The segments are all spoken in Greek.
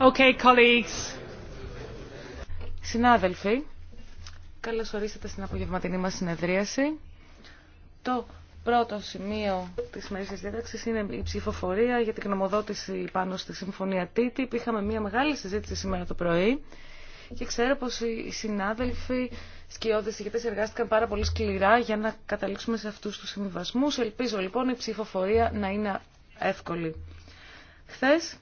Okay, colleagues. Συνάδελφοι, καλώς ορίσατε στην απογευματινή μας συνεδρίαση. Το πρώτο σημείο της σημερινής διάταξης είναι η ψηφοφορία για την γνωμοδότηση πάνω στη Συμφωνία TTIP. Είχαμε μια μεγάλη συζήτηση σήμερα το πρωί και ξέρω πως οι συνάδελφοι σκιώδες γιατί εργάστηκαν πάρα πολύ σκληρά για να καταλήξουμε σε αυτούς τους συμβιβασμούς. Ελπίζω λοιπόν η ψηφοφορία να είναι εύκολη. Χθες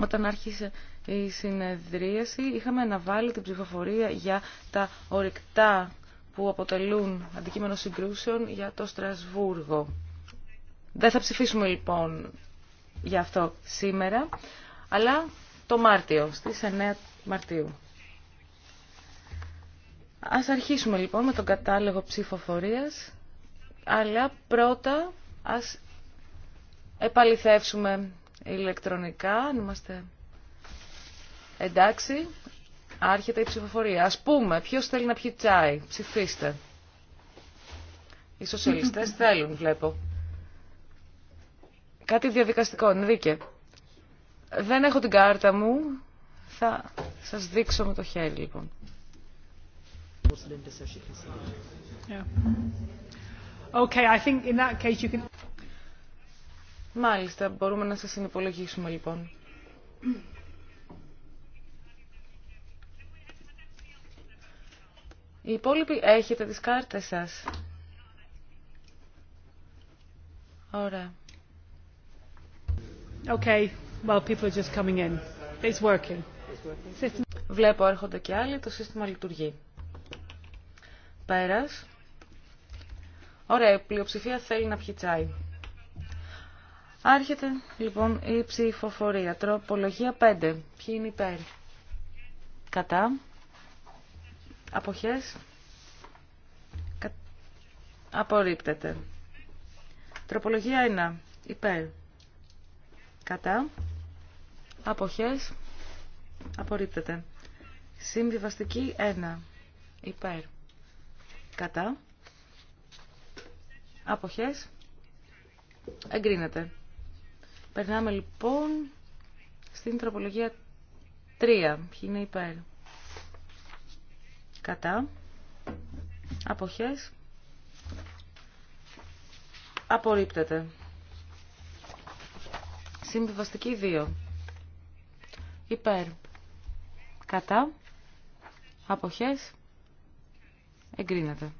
όταν άρχισε η συνεδρίαση είχαμε αναβάλει την ψηφοφορία για τα ορυκτά που αποτελούν αντικείμενο συγκρούσεων για το Στρασβούργο. Δεν θα ψηφίσουμε λοιπόν για αυτό σήμερα, αλλά το Μάρτιο, στις 9 Μαρτίου. Ας αρχίσουμε λοιπόν με τον κατάλογο ψηφοφορίας, αλλά πρώτα ας επαληθεύσουμε ηλεκτρονικά, αν είμαστε εντάξει, άρχεται η ψηφοφορία. Ας πούμε, ποιος θέλει να πιει τσάι, ψηφίστε. Οι σοσιαλιστές θέλουν, βλέπω. Κάτι διαδικαστικό, είναι Δεν έχω την κάρτα μου, θα σας δείξω με το χέρι λοιπόν. Okay, I think in that case you can... Μάλιστα, μπορούμε να σας συνυπολογίσουμε λοιπόν. Οι υπόλοιποι έχετε τις κάρτες σας. Ωραία. Okay, well people are just coming in. It's working. Βλέπω έρχονται και άλλοι, το σύστημα λειτουργεί. Πέρας. Ωραία, η πλειοψηφία θέλει να πιει τσάι. Άρχεται λοιπόν η ψηφοφορία. Τροπολογία 5. Ποιοι είναι υπέρ. Κατά. Αποχές. Κα... Απορρίπτεται. Τροπολογία 1. Υπέρ. Κατά. Αποχές. Απορρίπτεται. Συμβιβαστική 1. Υπέρ. Κατά. Αποχές. Εγκρίνεται. Περνάμε λοιπόν στην τροπολογία 3. Ποιοι είναι υπέρ. Κατά. Αποχές. Απορρίπτεται. Συμβιβαστική 2. Υπέρ. Κατά. Αποχές. Εγκρίνεται.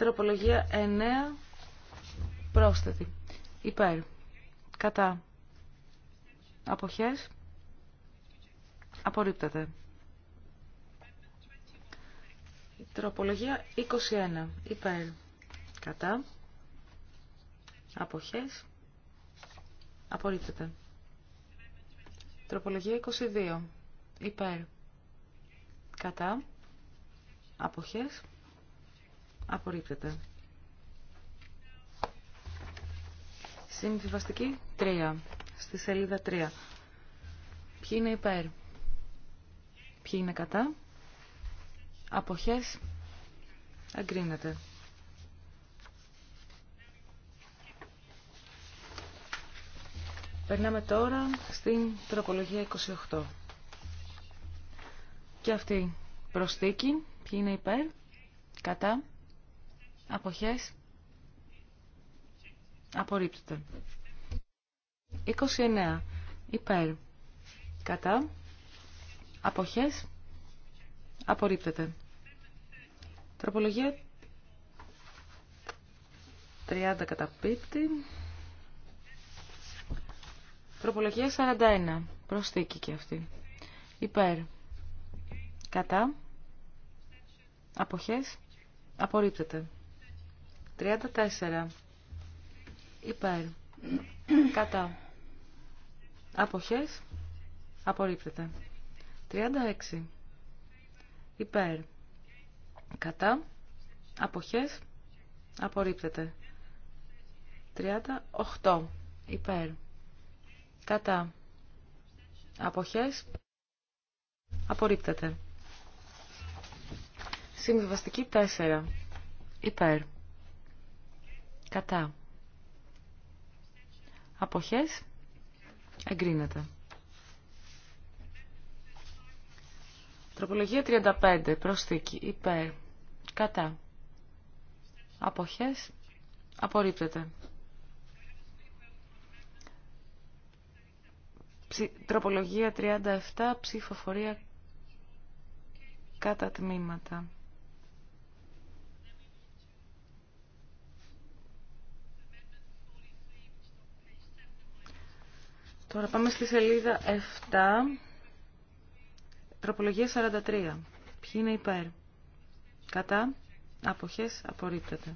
Τροπολογία 9. Πρόσθετη. Υπέρ. Κατά. Αποχές. Απορρίπτεται. Τροπολογία 21. Υπέρ. Κατά. Αποχές. Απορρίπτεται. Τροπολογία 22. Υπέρ. Κατά. Αποχές. Απορρίπτεται. Συμβιβαστική 3. Στη σελίδα 3. Ποιοι είναι υπέρ. Ποιοι είναι κατά. Αποχές. Αγκρίνεται. Περνάμε τώρα στην τροπολογία 28. Και αυτή προσθήκη. Ποιοι είναι υπέρ. Κατά. Αποχές. Απορρίπτεται. 29. Υπέρ. Κατά. Αποχές. Απορρίπτεται. Τροπολογία 30 καταπίπτει. Τροπολογία 41. Προσθήκη και αυτή. Υπέρ. Κατά. Αποχές. Απορρίπτεται. 34. Υπέρ. Κατά. Αποχές. Απορρίπτεται. 36. Υπέρ. Κατά. Αποχές. Απορρίπτεται. 38. Υπέρ. Κατά. Αποχές. Απορρίπτεται. Συμβιβαστική 4. Υπέρ. Κατά. Αποχές. Εγκρίνεται. Τροπολογία 35. Προσθήκη. Υπέρ. Κατά. Αποχές. Απορρίπτεται. Τροπολογία 37. Ψηφοφορία κατά τμήματα. Τώρα πάμε στη σελίδα 7, τροπολογία 43. Ποιοι είναι υπέρ. Κατά. Αποχές απορρίπτεται.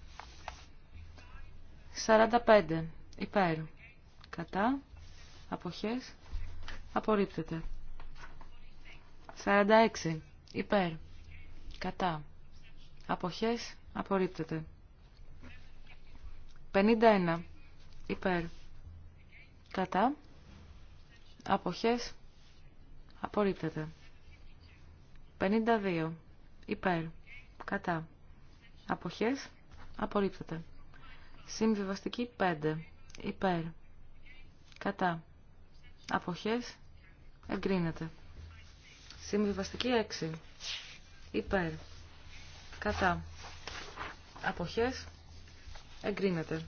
45. Υπέρ. Κατά. Αποχές απορρίπτεται. 46. Υπέρ. Κατά. Αποχές απορρίπτεται. 51. Υπέρ. Κατά. Αποχές. Απορρίπτεται. 52. Υπέρ. Κατά. Αποχές. Απορρίπτεται. Συμβιβαστική 5. Υπέρ. Κατά. Αποχές. Εγκρίνεται. Συμβιβαστική 6. Υπέρ. Κατά. Αποχές. Εγκρίνεται.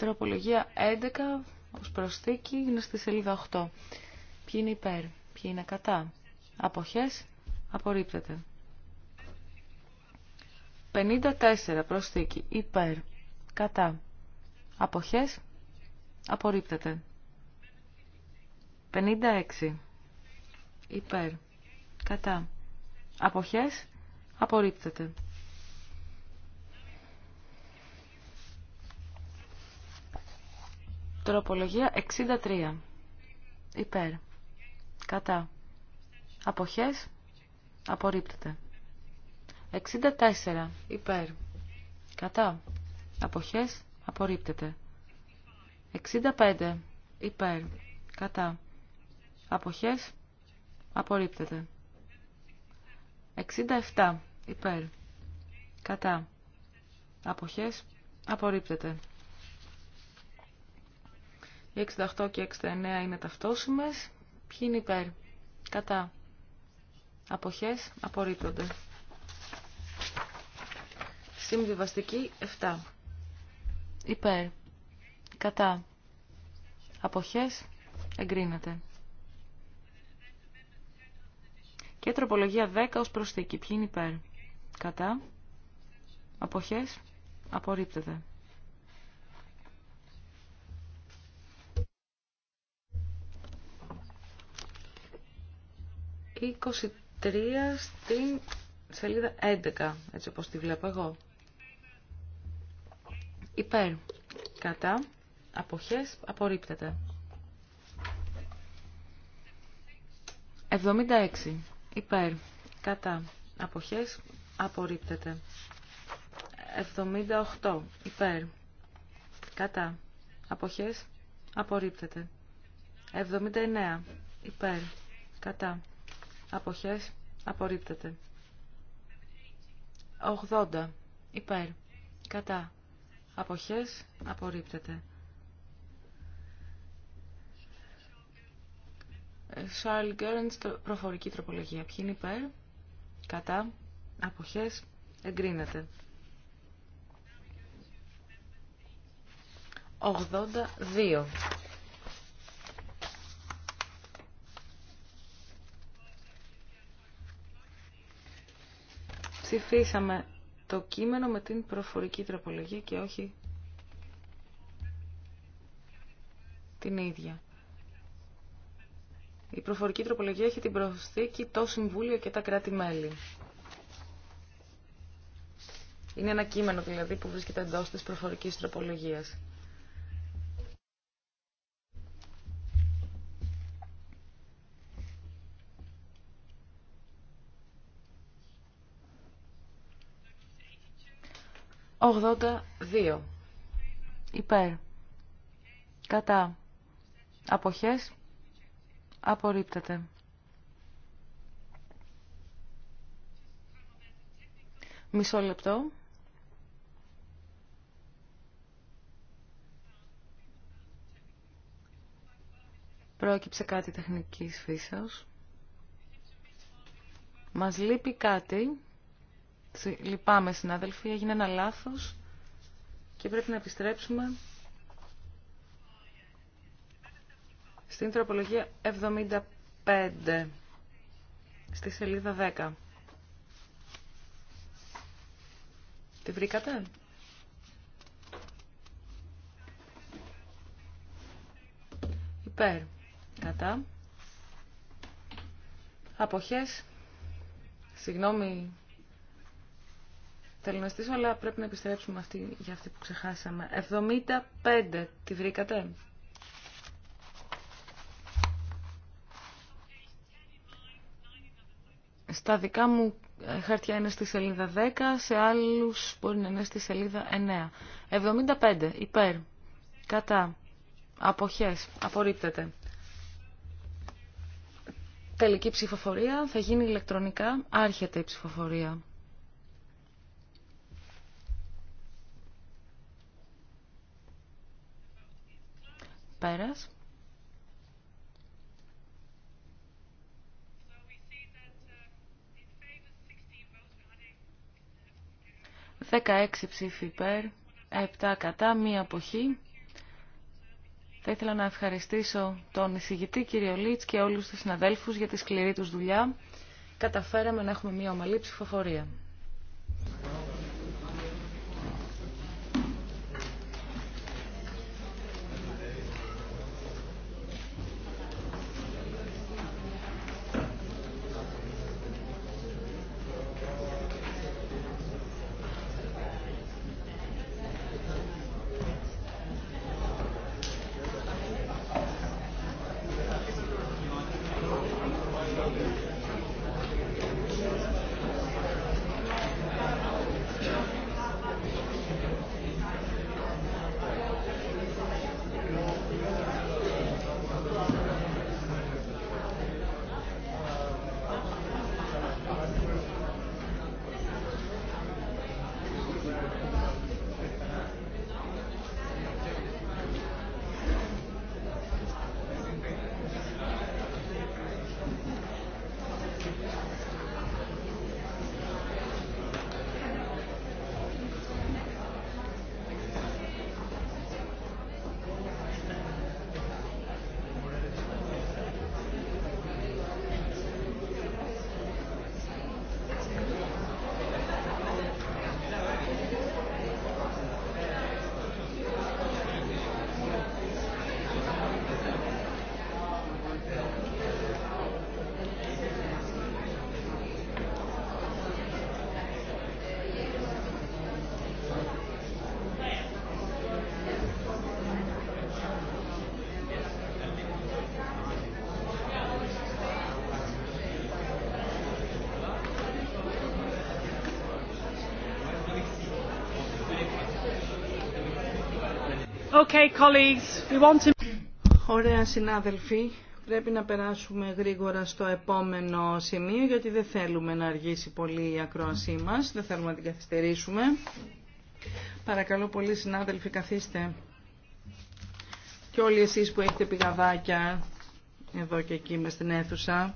Τροπολογία 11 ως προσθήκη είναι στη σελίδα 8. Ποιοι είναι υπέρ, ποιοι είναι κατά. Αποχές απορρίπτεται. 54 προσθήκη υπέρ, κατά. Αποχές απορρίπτεται. 56 υπέρ, κατά. Αποχές απορρίπτεται. Τροπολογία 63. Υπέρ. Κατά. Αποχές. Απορρίπτεται. 64. Υπέρ. Κατά. Αποχές. Απορρίπτεται. 65. Υπέρ. Κατά. Αποχές. Απορρίπτεται. 67. Υπέρ. Κατά. Αποχές. Απορρίπτεται. Οι 68 και 69 είναι ταυτόσιμες. Ποιοι είναι υπέρ. Κατά. Αποχές απορρίπτονται. Συμβιβαστική 7. Υπέρ. Κατά. Αποχές εγκρίνεται. Και τροπολογία 10 ως προσθήκη. Ποιοι είναι υπέρ. Κατά. Αποχές απορρίπτεται. 23 στην σελίδα 11, έτσι όπως τη βλέπω εγώ. Υπέρ, κατά, αποχές, απορρίπτεται. 76. Υπέρ, κατά, αποχές, απορρίπτεται. 78. Υπέρ, κατά, αποχές, απορρίπτεται. 79. Υπέρ, κατά, αποχές απορρίπτεται. 80 υπέρ κατά αποχές απορρίπτεται. Σαρλ ε, Γκέρντς, προφορική τροπολογία. Ποιοι είναι υπέρ, κατά, αποχές, εγκρίνεται. 82. Ψηφίσαμε το κείμενο με την προφορική τροπολογία και όχι την ίδια. Η προφορική τροπολογία έχει την προσθήκη το Συμβούλιο και τα κράτη-μέλη. Είναι ένα κείμενο δηλαδή που βρίσκεται εντός της προφορικής τροπολογίας. 82. Υπέρ. Κατά. Αποχές. Απορρίπτεται. Μισό λεπτό. Πρόκειψε κάτι τεχνικής φύσεως. Μας λείπει κάτι Λυπάμαι συνάδελφοι, έγινε ένα λάθος και πρέπει να επιστρέψουμε στην τροπολογία 75 στη σελίδα 10. Τη βρήκατε? Υπέρ. Κατά. Αποχές. Συγγνώμη Θέλω να στήσω, αλλά πρέπει να επιστρέψουμε αυτή, για αυτή που ξεχάσαμε. 75, τη βρήκατε. Στα δικά μου ε, χαρτιά είναι στη σελίδα 10, σε άλλους μπορεί να είναι στη σελίδα 9. 75, υπέρ, κατά, αποχές, απορρίπτεται. Τελική ψηφοφορία θα γίνει ηλεκτρονικά, άρχεται η ψηφοφορία. Πέρας. Δεκαέξι ψήφοι υπέρ, επτά κατά, μία αποχή. Θα ήθελα να ευχαριστήσω τον εισηγητή κύριο Λίτς και όλους τους συναδέλφους για τη σκληρή τους δουλειά. Καταφέραμε να έχουμε μία ομαλή ψηφοφορία. Ωραία συνάδελφοι, πρέπει να περάσουμε γρήγορα στο επόμενο σημείο γιατί δεν θέλουμε να αργήσει πολύ η ακρόασή μας, δεν θέλουμε να την καθυστερήσουμε. Παρακαλώ πολύ συνάδελφοι καθίστε και όλοι εσείς που έχετε πηγαδάκια εδώ και εκεί με στην αίθουσα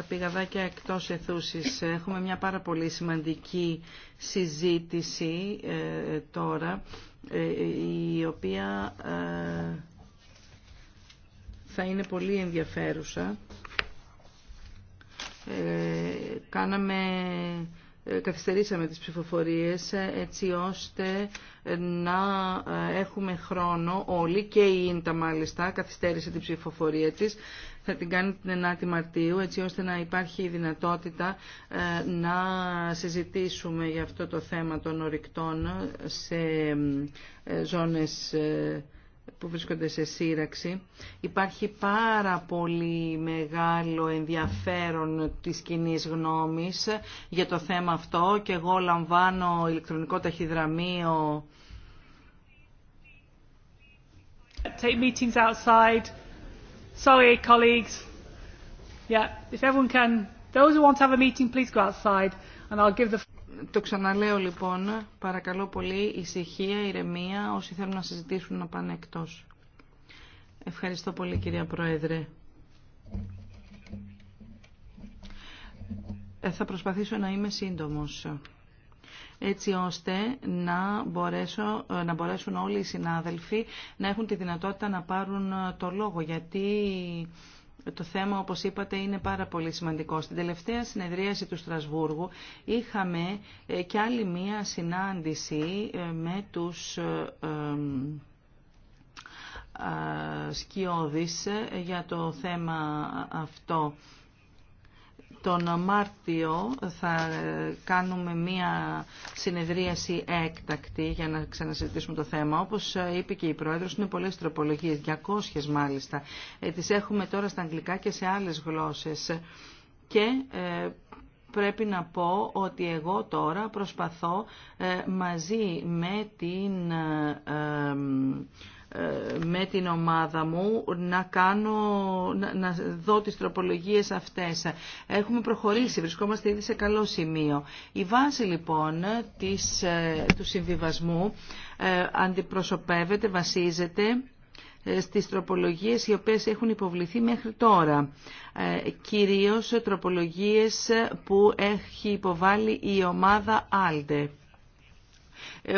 τα πηγαδάκια εκτός εθούσης. Έχουμε μια πάρα πολύ σημαντική συζήτηση ε, τώρα, ε, η οποία ε, θα είναι πολύ ενδιαφέρουσα. Κάναμε καθυστερήσαμε τις ψηφοφορίες έτσι ώστε να έχουμε χρόνο όλοι και η ίντα μάλιστα καθυστέρησε την ψηφοφορία της θα την κάνει την 9η Μαρτίου έτσι ώστε να υπάρχει η δυνατότητα ε, να συζητήσουμε για αυτό το θέμα των ορυκτών σε ε, ζώνες ε, που βρίσκονται σε σύραξη. Υπάρχει πάρα πολύ μεγάλο ενδιαφέρον της κοινή γνώμης για το θέμα αυτό και εγώ λαμβάνω ηλεκτρονικό ταχυδραμείο. Take meetings outside. Το ξαναλέω λοιπόν, παρακαλώ πολύ, ησυχία, ηρεμία, όσοι θέλουν να συζητήσουν να πάνε εκτός. Ευχαριστώ πολύ κυρία Πρόεδρε. Ε, θα προσπαθήσω να είμαι σύντομος έτσι ώστε να, μπορέσω, να μπορέσουν όλοι οι συνάδελφοι να έχουν τη δυνατότητα να πάρουν ε, το λόγο. Γιατί το θέμα, όπως είπατε, είναι πάρα πολύ σημαντικό. Στην τελευταία συνεδρίαση του Στρασβούργου είχαμε ε, και άλλη μία συνάντηση ε, με τους σκιώδης για το θέμα αυτό τον Μάρτιο θα κάνουμε μία συνεδρίαση έκτακτη για να ξανασυζητήσουμε το θέμα. Όπως είπε και η Πρόεδρος, είναι πολλές τροπολογίες, 200 μάλιστα. Ε, τις έχουμε τώρα στα αγγλικά και σε άλλες γλώσσες. Και ε, πρέπει να πω ότι εγώ τώρα προσπαθώ ε, μαζί με την ε, με την ομάδα μου να, κάνω, να, να δω τις τροπολογίες αυτές. Έχουμε προχωρήσει, βρισκόμαστε ήδη σε καλό σημείο. Η βάση λοιπόν της, ε, του συμβιβασμού ε, αντιπροσωπεύεται, βασίζεται στις τροπολογίες οι οποίες έχουν υποβληθεί μέχρι τώρα. Κυρίως τροπολογίες που έχει υποβάλει η ομάδα ALDE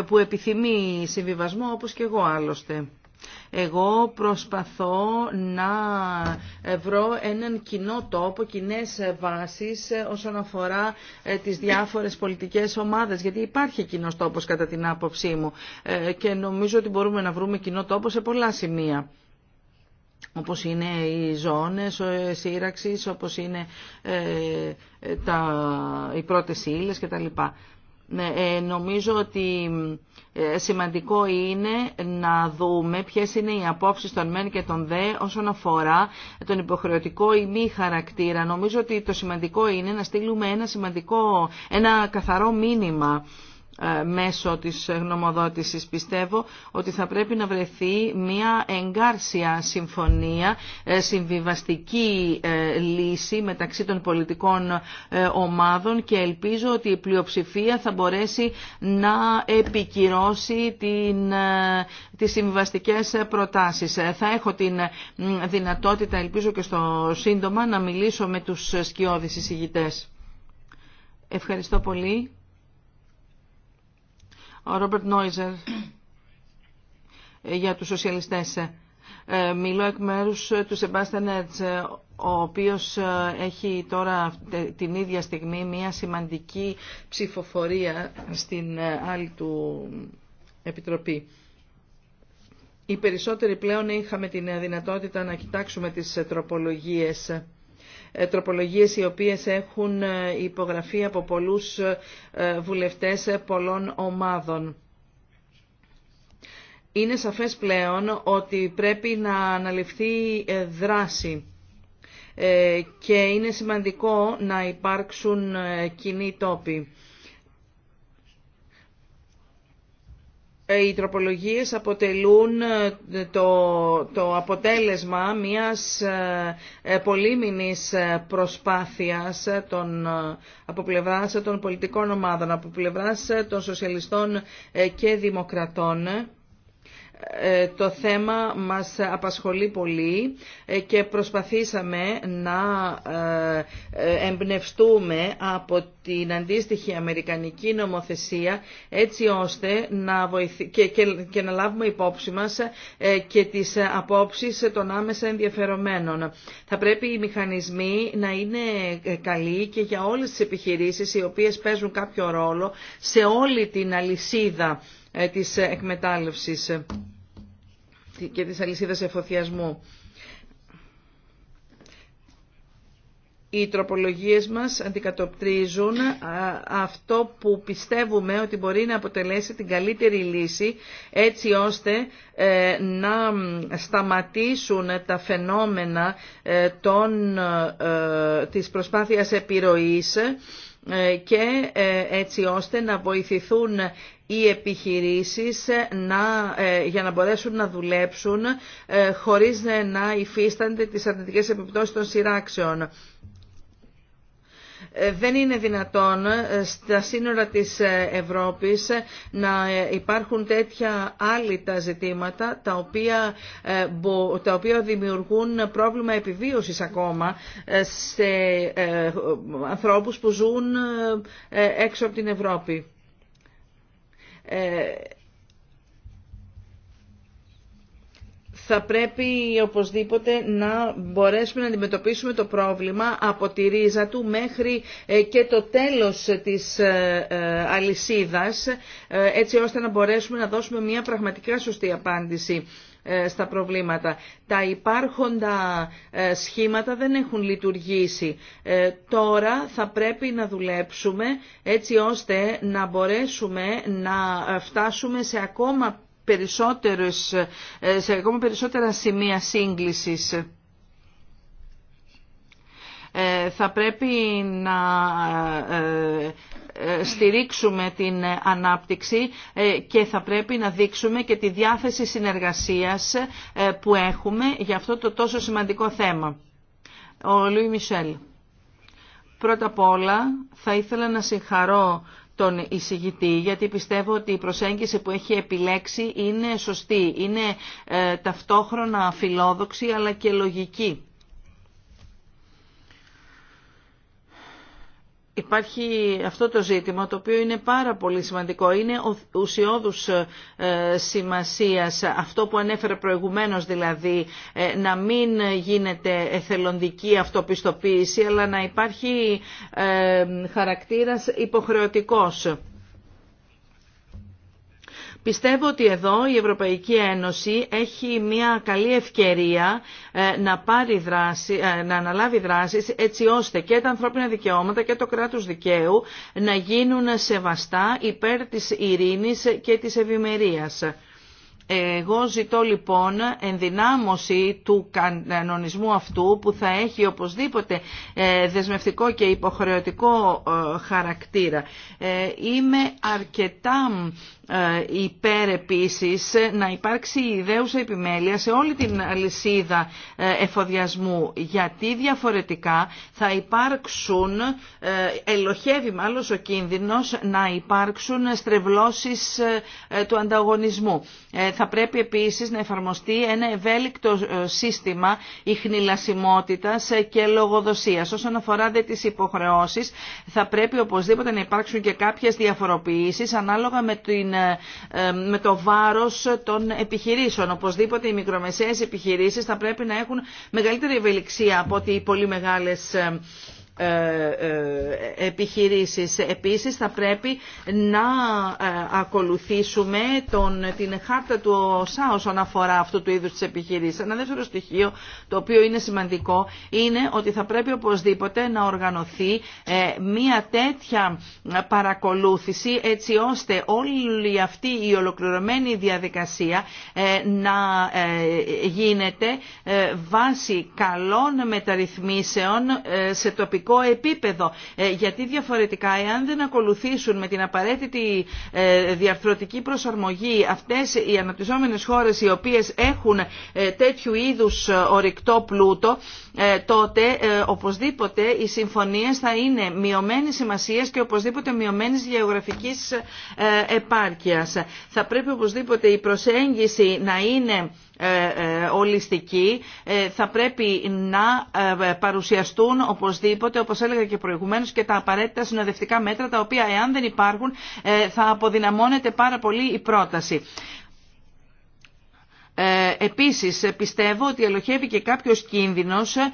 που επιθυμεί συμβιβασμό όπως και εγώ άλλωστε. Εγώ προσπαθώ να βρω έναν κοινό τόπο, κοινέ βάσεις όσον αφορά ε, τις διάφορες πολιτικές ομάδες, γιατί υπάρχει κοινό τόπος κατά την άποψή μου ε, και νομίζω ότι μπορούμε να βρούμε κοινό τόπο σε πολλά σημεία όπως είναι οι ζώνες ε, σύραξης, όπως είναι τα, οι πρώτες τα κτλ. Ναι, ε, νομίζω ότι ε, σημαντικό είναι να δούμε ποιες είναι οι απόψεις των μεν και των δε όσον αφορά τον υποχρεωτικό ή μη χαρακτήρα. Νομίζω ότι το σημαντικό είναι να στείλουμε ένα σημαντικό, ένα καθαρό μήνυμα ε, μέσω της γνωμοδότησης. Πιστεύω ότι θα πρέπει να βρεθεί μια εγκάρσια συμφωνία, ε, συμβιβαστική ε, λύση μεταξύ των πολιτικών ομάδων και ελπίζω ότι η πλειοψηφία θα μπορέσει να επικυρώσει την, τις συμβιβαστικές προτάσεις. Θα έχω την δυνατότητα, ελπίζω και στο σύντομα, να μιλήσω με τους σκιώδεις εισηγητές. Ευχαριστώ πολύ. Ο Ρόμπερτ Νόιζερ ε, για τους σοσιαλιστές. Ε, μιλώ εκ μέρους ε, του Σεμπάστεν Ερτς, ο οποίος έχει τώρα την ίδια στιγμή μια σημαντική ψηφοφορία στην άλλη του Επιτροπή. Οι περισσότεροι πλέον είχαμε την δυνατότητα να κοιτάξουμε τις τροπολογίες ε, τροπολογίες οι οποίες έχουν ε, υπογραφεί από πολλούς ε, βουλευτές πολλών ομάδων. Είναι σαφές πλέον ότι πρέπει να αναλυφθεί δράση και είναι σημαντικό να υπάρξουν κοινοί τόποι. Ε, οι τροπολογίες αποτελούν ε, το, το αποτέλεσμα μιας ε, πολύμηνης προσπάθειας των, από πλευράς των πολιτικών ομάδων, από πλευράς των σοσιαλιστών και δημοκρατών ε, το θέμα μας απασχολεί πολύ ε, και προσπαθήσαμε να ε, εμπνευστούμε από την αντίστοιχη αμερικανική νομοθεσία έτσι ώστε να και, να λάβουμε υπόψη μας και τις απόψεις των άμεσα ενδιαφερομένων. Θα πρέπει οι μηχανισμοί να είναι καλοί και για όλες τις επιχειρήσεις οι οποίες παίζουν κάποιο ρόλο σε όλη την αλυσίδα ε, της εκμετάλλευσης και της αλυσίδας εφοθιασμού. Οι τροπολογίες μας αντικατοπτρίζουν αυτό που πιστεύουμε ότι μπορεί να αποτελέσει την καλύτερη λύση έτσι ώστε ε, να σταματήσουν τα φαινόμενα ε, των, της προσπάθειας επιρροής ε, και ε, έτσι ώστε να βοηθηθούν οι επιχειρήσεις να, ε, για να μπορέσουν να δουλέψουν χωρίς να υφίστανται τις αρνητικές επιπτώσεις των σειράξεων. Ε, δεν είναι δυνατόν ε, στα σύνορα της ε, Ευρώπης να υπάρχουν τέτοια άλυτα ζητήματα τα οποία, τα οποία δημιουργούν πρόβλημα επιβίωσης ακόμα σε ανθρώπους που ζουν έξω από την Ευρώπη. θα πρέπει οπωσδήποτε να μπορέσουμε να αντιμετωπίσουμε το πρόβλημα από τη ρίζα του μέχρι ε, και το τέλος της ε, ε, αλυσίδας έτσι ώστε να μπορέσουμε να δώσουμε μια πραγματικά σωστή απάντηση στα προβλήματα. Τα υπάρχοντα σχήματα δεν έχουν λειτουργήσει. Τώρα θα πρέπει να δουλέψουμε έτσι ώστε να μπορέσουμε να φτάσουμε σε ακόμα περισσότερες, ε, σε ακόμα περισσότερα σημεία σύγκλησης ε, θα πρέπει να ε, στηρίξουμε την ανάπτυξη και θα πρέπει να δείξουμε και τη διάθεση συνεργασίας που έχουμε για αυτό το τόσο σημαντικό θέμα. Ο Λουί Μισελ. Πρώτα απ' όλα θα ήθελα να συγχαρώ τον εισηγητή γιατί πιστεύω ότι η προσέγγιση που έχει επιλέξει είναι σωστή. Είναι ε, ταυτόχρονα φιλόδοξη αλλά και λογική. Υπάρχει αυτό το ζήτημα το οποίο είναι πάρα πολύ σημαντικό. Είναι ουσιώδους ε, σημασίας αυτό που ανέφερε προηγουμένως δηλαδή ε, να μην γίνεται εθελοντική αυτοπιστοποίηση αλλά να υπάρχει ε, χαρακτήρας υποχρεωτικός. Πιστεύω ότι εδώ η Ευρωπαϊκή Ένωση έχει μια καλή ευκαιρία ε, να, πάρει δράση, ε, να αναλάβει δράσεις έτσι ώστε και τα ανθρώπινα δικαιώματα και το κράτος δικαίου να γίνουν σεβαστά υπέρ της ειρήνης και της ευημερία. Εγώ ζητώ λοιπόν ενδυνάμωση του κανονισμού αυτού που θα έχει οπωσδήποτε ε, δεσμευτικό και υποχρεωτικό χαρακτήρα. Είμαι αρκετά ε, υπέρ επίσης να υπάρξει ιδέουσα επιμέλεια σε όλη την αλυσίδα ε, εφοδιασμού γιατί διαφορετικά θα υπάρξουν, ε, ελοχεύει μάλλον ο κίνδυνος να υπάρξουν στρεβλώσεις του ανταγωνισμού. Θα πρέπει επίσης να εφαρμοστεί ένα ευέλικτο σύστημα ηχνηλασιμότητας και λογοδοσίας. Όσον αφορά δε τις υποχρεώσεις θα πρέπει οπωσδήποτε να υπάρξουν και κάποιες διαφοροποιήσεις ανάλογα με την ε, ε, με το βάρος των επιχειρήσεων. Οπωσδήποτε οι μικρομεσαίες επιχειρήσεις θα πρέπει να έχουν μεγαλύτερη ευελιξία από ότι οι πολύ μεγάλες ε, ε, ε, επιχειρήσεις. Επίσης θα πρέπει να ε, ακολουθήσουμε τον, την χάρτα του ΩΣΑ όσον αφορά αυτού του είδους της επιχειρήσεις. Ένα δεύτερο στοιχείο το οποίο είναι σημαντικό είναι ότι θα πρέπει οπωσδήποτε να οργανωθεί μια τέτοια παρακολούθηση έτσι ώστε όλη αυτή η ολοκληρωμένη διαδικασία να γίνεται βάσει καλών μεταρρυθμίσεων σε τοπικό επίπεδο. Ε, γιατί διαφορετικά, εάν δεν ακολουθήσουν με την απαραίτητη ε, διαρθρωτική προσαρμογή αυτές οι αναπτυσσόμενες χώρες οι οποίες έχουν ε, τέτοιου είδους ορυκτό πλούτο, τότε οπωσδήποτε οι συμφωνίε θα είναι μειωμένη σημασίας και οπωσδήποτε μειωμένη γεωγραφικής επάρκεια. Θα πρέπει οπωσδήποτε η προσέγγιση να είναι ε, ε, ολιστική ε, θα πρέπει να παρουσιαστούν οπωσδήποτε όπως έλεγα και προηγουμένως και τα απαραίτητα συνοδευτικά μέτρα τα οποία εάν δεν υπάρχουν θα αποδυναμώνεται πάρα πολύ η πρόταση. Επίσης πιστεύω ότι ελοχεύει και κάποιος κίνδυνος ε,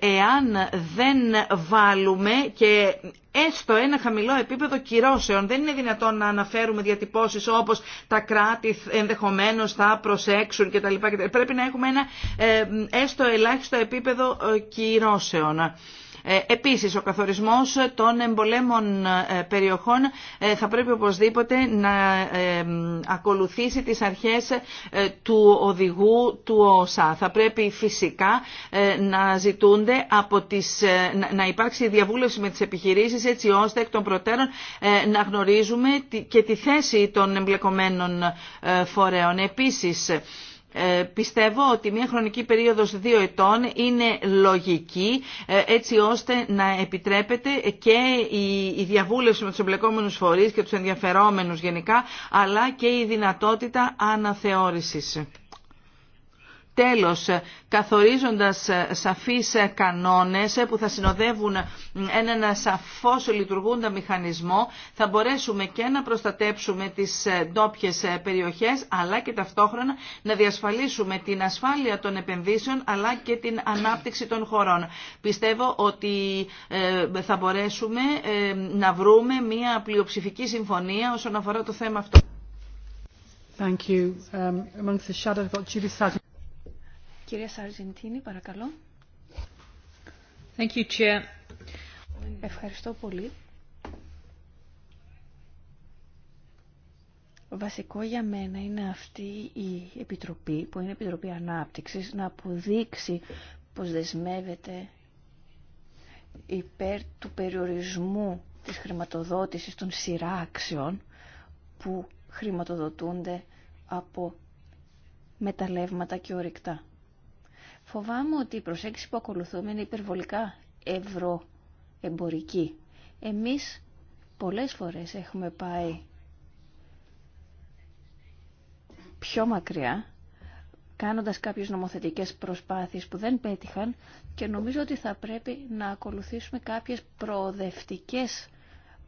εάν δεν βάλουμε και έστω ένα χαμηλό επίπεδο κυρώσεων. Δεν είναι δυνατόν να αναφέρουμε διατυπώσεις όπως τα κράτη ενδεχομένως θα προσέξουν κτλ. Πρέπει να έχουμε ένα ε, έστω ελάχιστο επίπεδο ε, κυρώσεων. Ε, επίσης, ο καθορισμός των εμπολέμων ε, περιοχών ε, θα πρέπει οπωσδήποτε να ακολουθήσει τις αρχές του οδηγού του ΟΣΑ. Θα πρέπει φυσικά να ζητούνται από τις, να υπάρξει διαβούλευση με τις επιχειρήσεις έτσι ώστε εκ των προτέρων να γνωρίζουμε και τη θέση των εμπλεκομένων φορέων. Επίσης, ε, πιστεύω ότι μια χρονική περίοδος δύο ετών είναι λογική ε, έτσι ώστε να επιτρέπεται και η διαβούλευση με τους εμπλεκόμενους φορείς και τους ενδιαφερόμενους γενικά αλλά και η δυνατότητα αναθεώρησης. Τέλος, καθορίζοντας σαφείς κανόνες που θα συνοδεύουν έναν σαφώς λειτουργούντα μηχανισμό, θα μπορέσουμε και να προστατέψουμε τις ντόπιε περιοχές, αλλά και ταυτόχρονα να διασφαλίσουμε την ασφάλεια των επενδύσεων, αλλά και την ανάπτυξη των χωρών. Πιστεύω ότι ε, θα μπορέσουμε ε, να βρούμε μια πλειοψηφική συμφωνία όσον αφορά το θέμα αυτό. Thank you. Um, Κυρία Σαρζεντίνη, παρακαλώ. Ευχαριστώ πολύ. Βασικό για μένα είναι αυτή η Επιτροπή, που είναι Επιτροπή Ανάπτυξης, να αποδείξει πως δεσμεύεται υπέρ του περιορισμού της χρηματοδότησης των σειράξεων που χρηματοδοτούνται από μεταλλεύματα και ορυκτά. Φοβάμαι ότι η προσέγγιση που ακολουθούμε είναι υπερβολικά ευρωεμπορική. Εμείς πολλές φορές έχουμε πάει πιο μακριά, κάνοντας κάποιες νομοθετικές προσπάθειες που δεν πέτυχαν και νομίζω ότι θα πρέπει να ακολουθήσουμε κάποιες προοδευτικές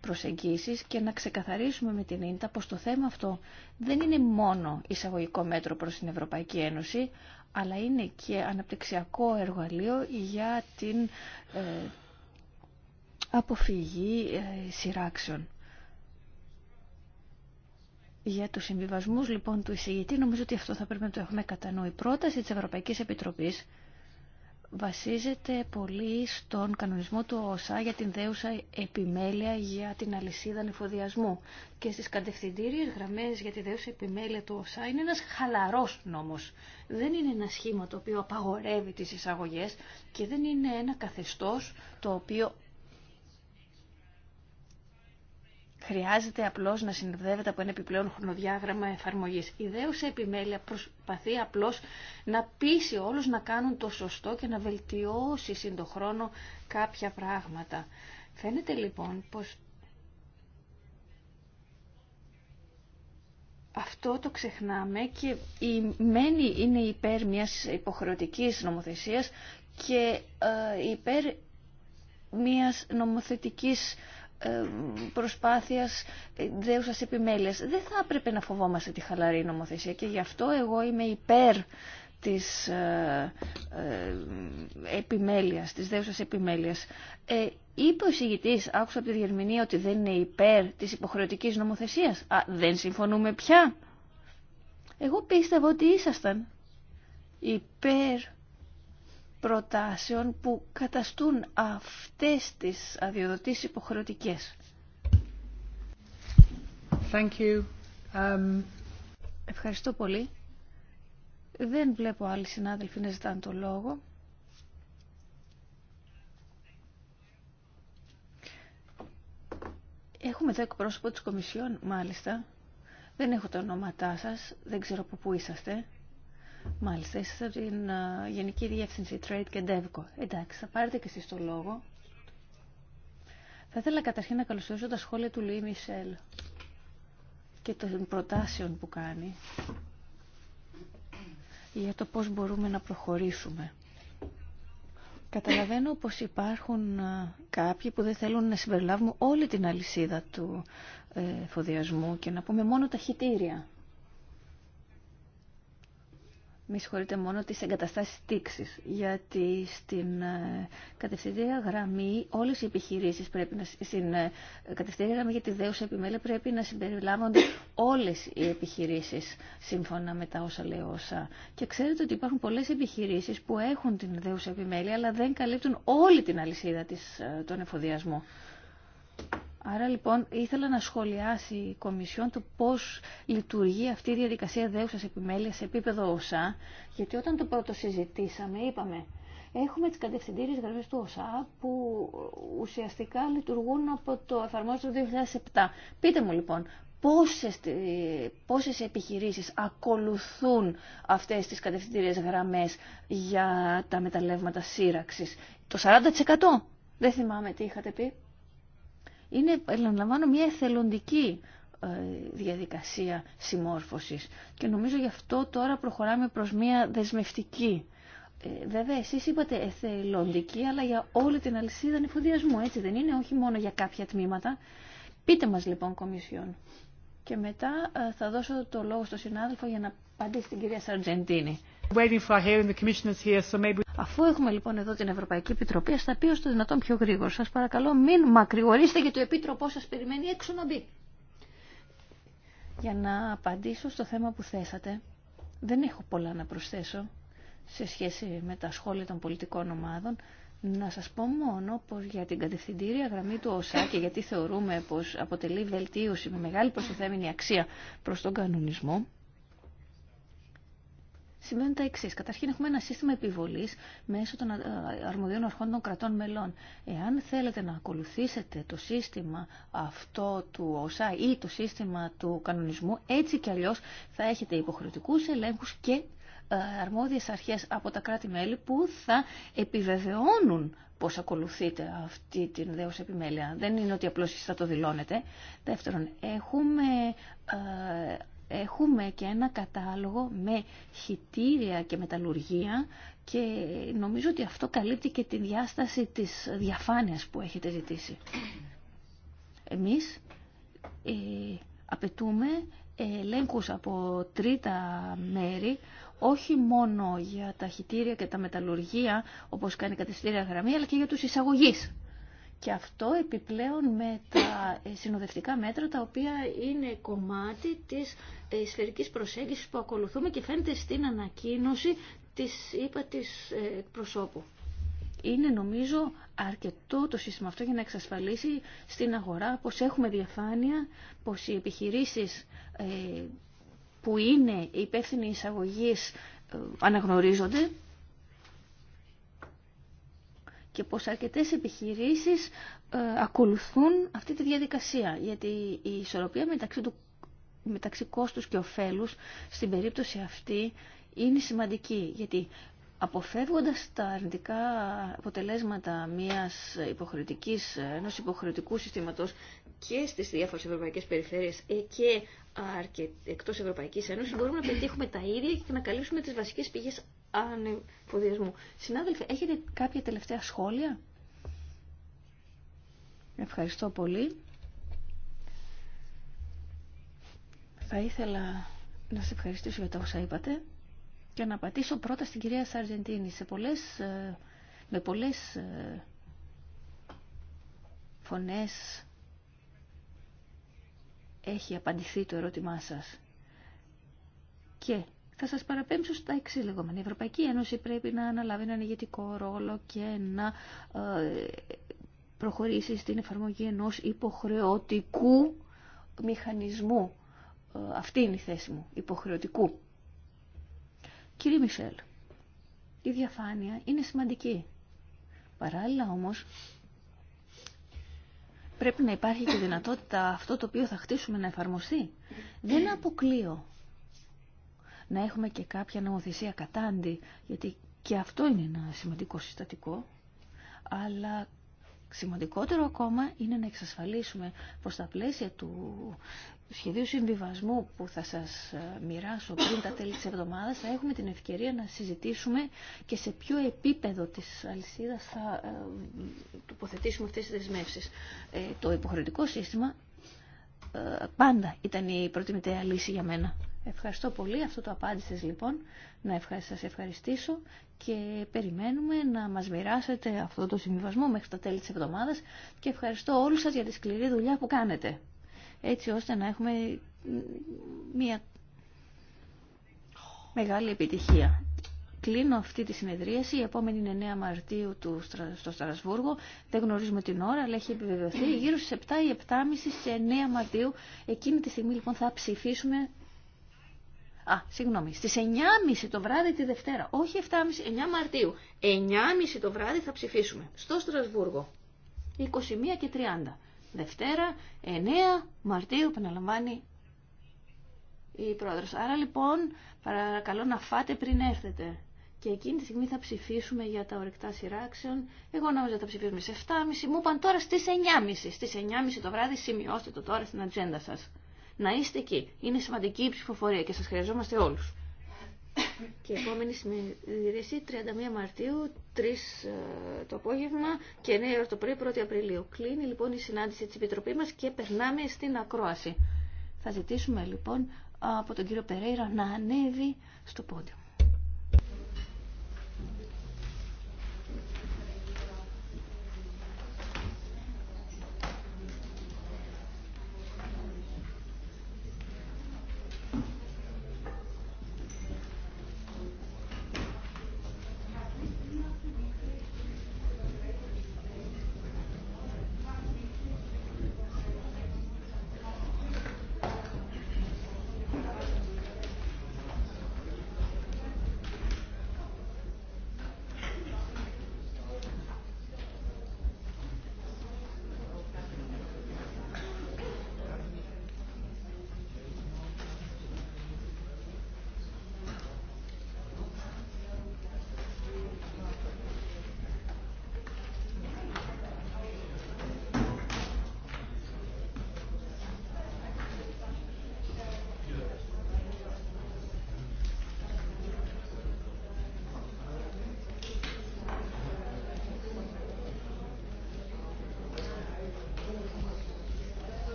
προσεγγίσεις και να ξεκαθαρίσουμε με την ίντα πως το θέμα αυτό δεν είναι μόνο εισαγωγικό μέτρο προς την Ευρωπαϊκή Ένωση, αλλά είναι και αναπτυξιακό εργαλείο για την ε, αποφυγή ε, σειράξεων. Για τους συμβιβασμούς λοιπόν του εισηγητή νομίζω ότι αυτό θα πρέπει να το έχουμε κατανοεί. Η πρόταση της Ευρωπαϊκής Επιτροπής βασίζεται πολύ στον κανονισμό του ΟΣΑ για την δέουσα επιμέλεια για την αλυσίδα νεφοδιασμού Και στις κατευθυντήριες γραμμές για τη δέουσα επιμέλεια του ΟΣΑ είναι ένας χαλαρός νόμος. Δεν είναι ένα σχήμα το οποίο απαγορεύει τις εισαγωγές και δεν είναι ένα καθεστώς το οποίο Χρειάζεται απλώς να συνδεύεται από ένα επιπλέον χρονοδιάγραμμα εφαρμογής. δέουσα επιμέλεια προσπαθεί απλώς να πείσει όλους να κάνουν το σωστό και να βελτιώσει συντοχρόνω κάποια πράγματα. Φαίνεται λοιπόν πως Αυτό το ξεχνάμε και η μένη είναι υπέρ μιας υποχρεωτικής νομοθεσίας και ε, υπέρ μιας νομοθετικής ε, προσπάθειας ε, δέουσας επιμέλειας. Δεν θα έπρεπε να φοβόμαστε τη χαλαρή νομοθεσία και γι' αυτό εγώ είμαι υπέρ της ε, ε, επιμέλειας, της δέουσας επιμέλειας. Ε, είπε ο εισηγητής, άκουσα από τη Διερμηνία, ότι δεν είναι υπέρ της υποχρεωτικής νομοθεσίας. Α, δεν συμφωνούμε πια. Εγώ πίστευα ότι ήσασταν υπέρ προτάσεων που καταστούν αυτές τις αδειοδοτήσεις υποχρεωτικές. Thank you. Um... Ευχαριστώ πολύ. Δεν βλέπω άλλοι συνάδελφοι να ζητάνε το λόγο. Έχουμε εδώ εκπρόσωπο της Κομισιόν, μάλιστα. Δεν έχω τα ονόματά σας, δεν ξέρω από πού είσαστε. Μάλιστα, είστε από την Γενική Διεύθυνση Trade και DevCo. Εντάξει, θα πάρετε και εσείς το λόγο. Θα ήθελα καταρχήν να καλωσορίσω τα σχόλια του Λουί Μισελ και των προτάσεων που κάνει για το πώς μπορούμε να προχωρήσουμε. Καταλαβαίνω πως υπάρχουν κάποιοι που δεν θέλουν να συμπεριλάβουμε όλη την αλυσίδα του ε, φοδιασμού και να πούμε μόνο τα χιτήρια. Μη συγχωρείτε μόνο τις εγκαταστάσεις τήξης, γιατί στην ε, κατευθυντήρια γραμμή όλες οι επιχειρήσεις πρέπει να, στην ε, κατευθυντήρια γραμμή για τη δέουσα επιμέλεια πρέπει να συμπεριλάμβονται όλες οι επιχειρήσεις σύμφωνα με τα όσα λέω όσα. Και ξέρετε ότι υπάρχουν πολλές επιχειρήσεις που έχουν την δέουσα επιμέλεια αλλά δεν καλύπτουν όλη την αλυσίδα της, ε, τον εφοδιασμό. Άρα λοιπόν ήθελα να σχολιάσει η Κομισιόν το πώς λειτουργεί αυτή η διαδικασία δέουσας επιμέλειας σε επίπεδο ΩΣΑ. γιατί όταν το πρώτο συζητήσαμε είπαμε Έχουμε τις κατευθυντήριες γραμμές του ΟΣΑ που ουσιαστικά λειτουργούν από το εφαρμόζεται του 2007. Πείτε μου λοιπόν, πόσες, ε, πόσες επιχειρήσεις ακολουθούν αυτές τις κατευθυντήριες γραμμές για τα μεταλλεύματα σύραξης. Το 40%? Δεν θυμάμαι τι είχατε πει είναι, επαναλαμβάνω, μια εθελοντική ε, διαδικασία συμμόρφωσης και νομίζω γι' αυτό τώρα προχωράμε προς μια δεσμευτική ε, βέβαια εσείς είπατε εθελοντική αλλά για όλη την αλυσίδα νεφοδιασμού έτσι δεν είναι όχι μόνο για κάποια τμήματα πείτε μας λοιπόν κομισιόν και μετά ε, θα δώσω το λόγο στον συνάδελφο για να απαντήσει την κυρία Σαρτζεντίνη Αφού έχουμε λοιπόν εδώ την Ευρωπαϊκή Επιτροπή, α τα πει το δυνατόν πιο γρήγορα. σα παρακαλώ μην μακρηγορήσετε γιατί ο Επίτροπο σας περιμένει έξω να μπει. Για να απαντήσω στο θέμα που θέσατε, δεν έχω πολλά να προσθέσω σε σχέση με τα σχόλια των πολιτικών ομάδων. Να σας πω μόνο πως για την κατευθυντήρια γραμμή του ΩΣΑ και γιατί θεωρούμε πως αποτελεί βελτίωση με μεγάλη προστιθέμενη αξία προς τον κανονισμό, Σημαίνει τα εξή. Καταρχήν έχουμε ένα σύστημα επιβολή μέσω των ε, αρμοδίων αρχών των κρατών μελών. Εάν θέλετε να ακολουθήσετε το σύστημα αυτό του ΟΣΑ ή το σύστημα του κανονισμού, έτσι κι αλλιώ θα έχετε υποχρεωτικού ελέγχους και ε, αρμόδιες αρχές από τα κράτη-μέλη που θα επιβεβαιώνουν πώς ακολουθείτε αυτή την δέωση επιμέλεια. Δεν είναι ότι απλώς θα το δηλώνετε. Δεύτερον, έχουμε ε, έχουμε και ένα κατάλογο με χιτήρια και μεταλλουργία και νομίζω ότι αυτό καλύπτει και τη διάσταση της διαφάνειας που έχετε ζητήσει. Εμείς ε, απαιτούμε ελέγχους από τρίτα μέρη όχι μόνο για τα χιτήρια και τα μεταλλουργία όπως κάνει κατευθυντήρια γραμμή αλλά και για τους εισαγωγείς. Και αυτό επιπλέον με τα συνοδευτικά μέτρα τα οποία είναι κομμάτι της ε, σφαιρικής προσέγγισης που ακολουθούμε και φαίνεται στην ανακοίνωση της είπα ε, προσώπου. Είναι νομίζω αρκετό το σύστημα αυτό για να εξασφαλίσει στην αγορά πως έχουμε διαφάνεια, πως οι επιχειρήσεις ε, που είναι υπεύθυνοι εισαγωγής αναγνωρίζονται και πως αρκετές επιχειρήσεις ε, ακολουθούν αυτή τη διαδικασία. Γιατί η ισορροπία μεταξύ, του, μεταξύ κόστους και ωφέλους στην περίπτωση αυτή είναι σημαντική. Γιατί αποφεύγοντας τα αρνητικά αποτελέσματα μιας υποχρεωτικής, ενός υποχρεωτικού συστήματος και στις διάφορες ευρωπαϊκές περιφέρειες ε, και εκτός Ευρωπαϊκής Ένωσης μπορούμε να πετύχουμε τα ίδια και να καλύψουμε τις βασικές πηγές ανεφοδιασμού. Συνάδελφε, έχετε κάποια τελευταία σχόλια? Ευχαριστώ πολύ. Θα ήθελα να σας ευχαριστήσω για τα όσα είπατε και να πατήσω πρώτα στην κυρία Σαρζεντίνη. Σε πολλές, ε, με πολλές ε, φωνές έχει απαντηθεί το ερώτημά σας. Και θα σας παραπέμψω στα εξή λεγόμενα. Η Ευρωπαϊκή Ένωση πρέπει να αναλάβει έναν ηγετικό ρόλο και να ε, προχωρήσει στην εφαρμογή ενός υποχρεωτικού μηχανισμού. Ε, αυτή είναι η θέση μου, υποχρεωτικού. Κύριε Μισελ, η διαφάνεια είναι σημαντική. Παράλληλα όμως, πρέπει να υπάρχει και δυνατότητα αυτό το οποίο θα χτίσουμε να εφαρμοστεί. Δεν αποκλείω να έχουμε και κάποια νομοθεσία κατάντη, γιατί και αυτό είναι ένα σημαντικό συστατικό, αλλά σημαντικότερο ακόμα είναι να εξασφαλίσουμε προς τα πλαίσια του σχεδίου συμβιβασμού που θα σας ε, μοιράσω πριν τα τέλη της εβδομάδας θα έχουμε την ευκαιρία να συζητήσουμε και σε ποιο επίπεδο της αλυσίδας θα ε, τοποθετήσουμε αυτές τις δεσμεύσεις. Ε, το υποχρεωτικό σύστημα πάντα ήταν η προτιμητέα λύση για μένα. Ευχαριστώ πολύ. Αυτό το απάντησες λοιπόν. Να σας ευχαριστήσω και περιμένουμε να μας μοιράσετε αυτό το συμβιβασμό μέχρι τα τέλη της εβδομάδας και ευχαριστώ όλους σας για τη σκληρή δουλειά που κάνετε έτσι ώστε να έχουμε μια μεγάλη επιτυχία. Κλείνω αυτή τη συνεδρίαση. Η επόμενη είναι 9 Μαρτίου του, στο Στρασβούργο. Δεν γνωρίζουμε την ώρα, αλλά έχει επιβεβαιωθεί γύρω στις 7 ή 7.30 σε 9 Μαρτίου. Εκείνη τη στιγμή λοιπόν θα ψηφίσουμε... Α, συγγνώμη, στις 9.30 το βράδυ τη Δευτέρα, όχι 7.30, 9 Μαρτίου. 9.30 το βράδυ θα ψηφίσουμε στο Στρασβούργο. 21 και 30. Δευτέρα, 9 Μαρτίου, επαναλαμβάνει η πρόεδρος. Άρα λοιπόν, παρακαλώ να φάτε πριν έρθετε. Και εκείνη τη στιγμή θα ψηφίσουμε για τα ορεκτά σειράξεων. Εγώ νόμιζα τα ψηφίσουμε σε 7.30. Μου είπαν τώρα στις 9.30. Στις 9.30 το βράδυ σημειώστε το τώρα στην ατζέντα σας. Να είστε εκεί. Είναι σημαντική η ψηφοφορία και σας χρειαζόμαστε όλους. Και επόμενη συνεδρίαση 31 Μαρτίου, 3 ε, το απόγευμα και 9 το πρωί, 1η Απριλίου. Κλείνει λοιπόν η συνάντηση της Επιτροπής μας και περνάμε στην ακρόαση. Θα ζητήσουμε λοιπόν από τον κύριο Περέιρα να ανέβει στο πόντιο.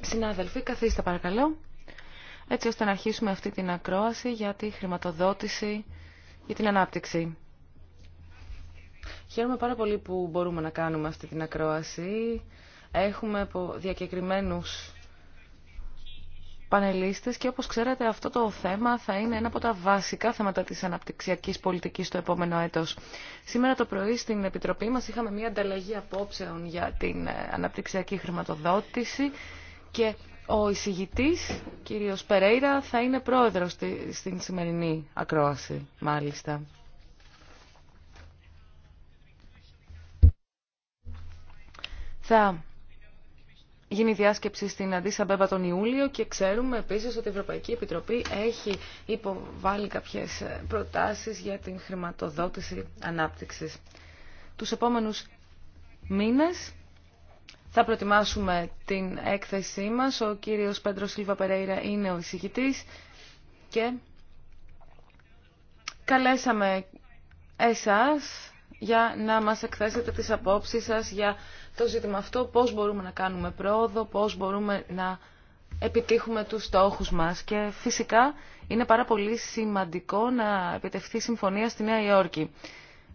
Συνάδελφοι, καθίστε παρακαλώ, έτσι ώστε να αρχίσουμε αυτή την ακρόαση για τη χρηματοδότηση για την ανάπτυξη. Χαίρομαι πάρα πολύ που μπορούμε να κάνουμε αυτή την ακρόαση. Έχουμε διακεκριμένους πανελίστες και όπως ξέρετε αυτό το θέμα θα είναι ένα από τα βασικά θέματα της αναπτυξιακής πολιτικής το επόμενο έτος. Σήμερα το πρωί στην Επιτροπή μας είχαμε μια ανταλλαγή απόψεων για την ε, αναπτυξιακή χρηματοδότηση και ο εισηγητής, κύριος Περέιρα, θα είναι πρόεδρος στην σημερινή ακρόαση, μάλιστα. Θα γίνει διάσκεψη στην Αντίσα τον Ιούλιο και ξέρουμε επίσης ότι η Ευρωπαϊκή Επιτροπή έχει υποβάλει κάποιες προτάσεις για την χρηματοδότηση ανάπτυξης. Τους επόμενους μήνες θα προετοιμάσουμε την έκθεσή μας. Ο κύριος Πέντρος Σίλβα Περέιρα είναι ο εισηγητής και καλέσαμε εσάς για να μας εκθέσετε τις απόψεις σας για το ζήτημα αυτό, πώς μπορούμε να κάνουμε πρόοδο, πώς μπορούμε να επιτύχουμε τους στόχους μας. Και φυσικά είναι πάρα πολύ σημαντικό να επιτευχθεί συμφωνία στη Νέα Υόρκη.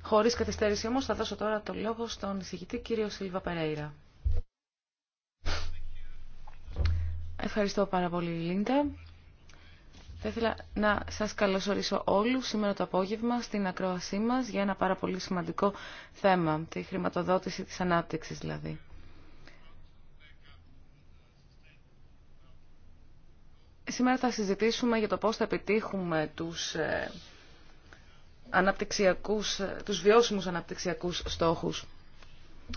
Χωρίς καθυστέρηση όμως θα δώσω τώρα το λόγο στον εισηγητή κύριο Σίλβα Περέιρα. Ευχαριστώ πάρα πολύ Λίντα. Θα ήθελα να σας καλωσορίσω όλους σήμερα το απόγευμα στην ακρόασή μας για ένα πάρα πολύ σημαντικό θέμα, τη χρηματοδότηση της ανάπτυξης δηλαδή. Σήμερα θα συζητήσουμε για το πώς θα επιτύχουμε τους, ε, αναπτυξιακούς, ε, τους βιώσιμους αναπτυξιακούς στόχους.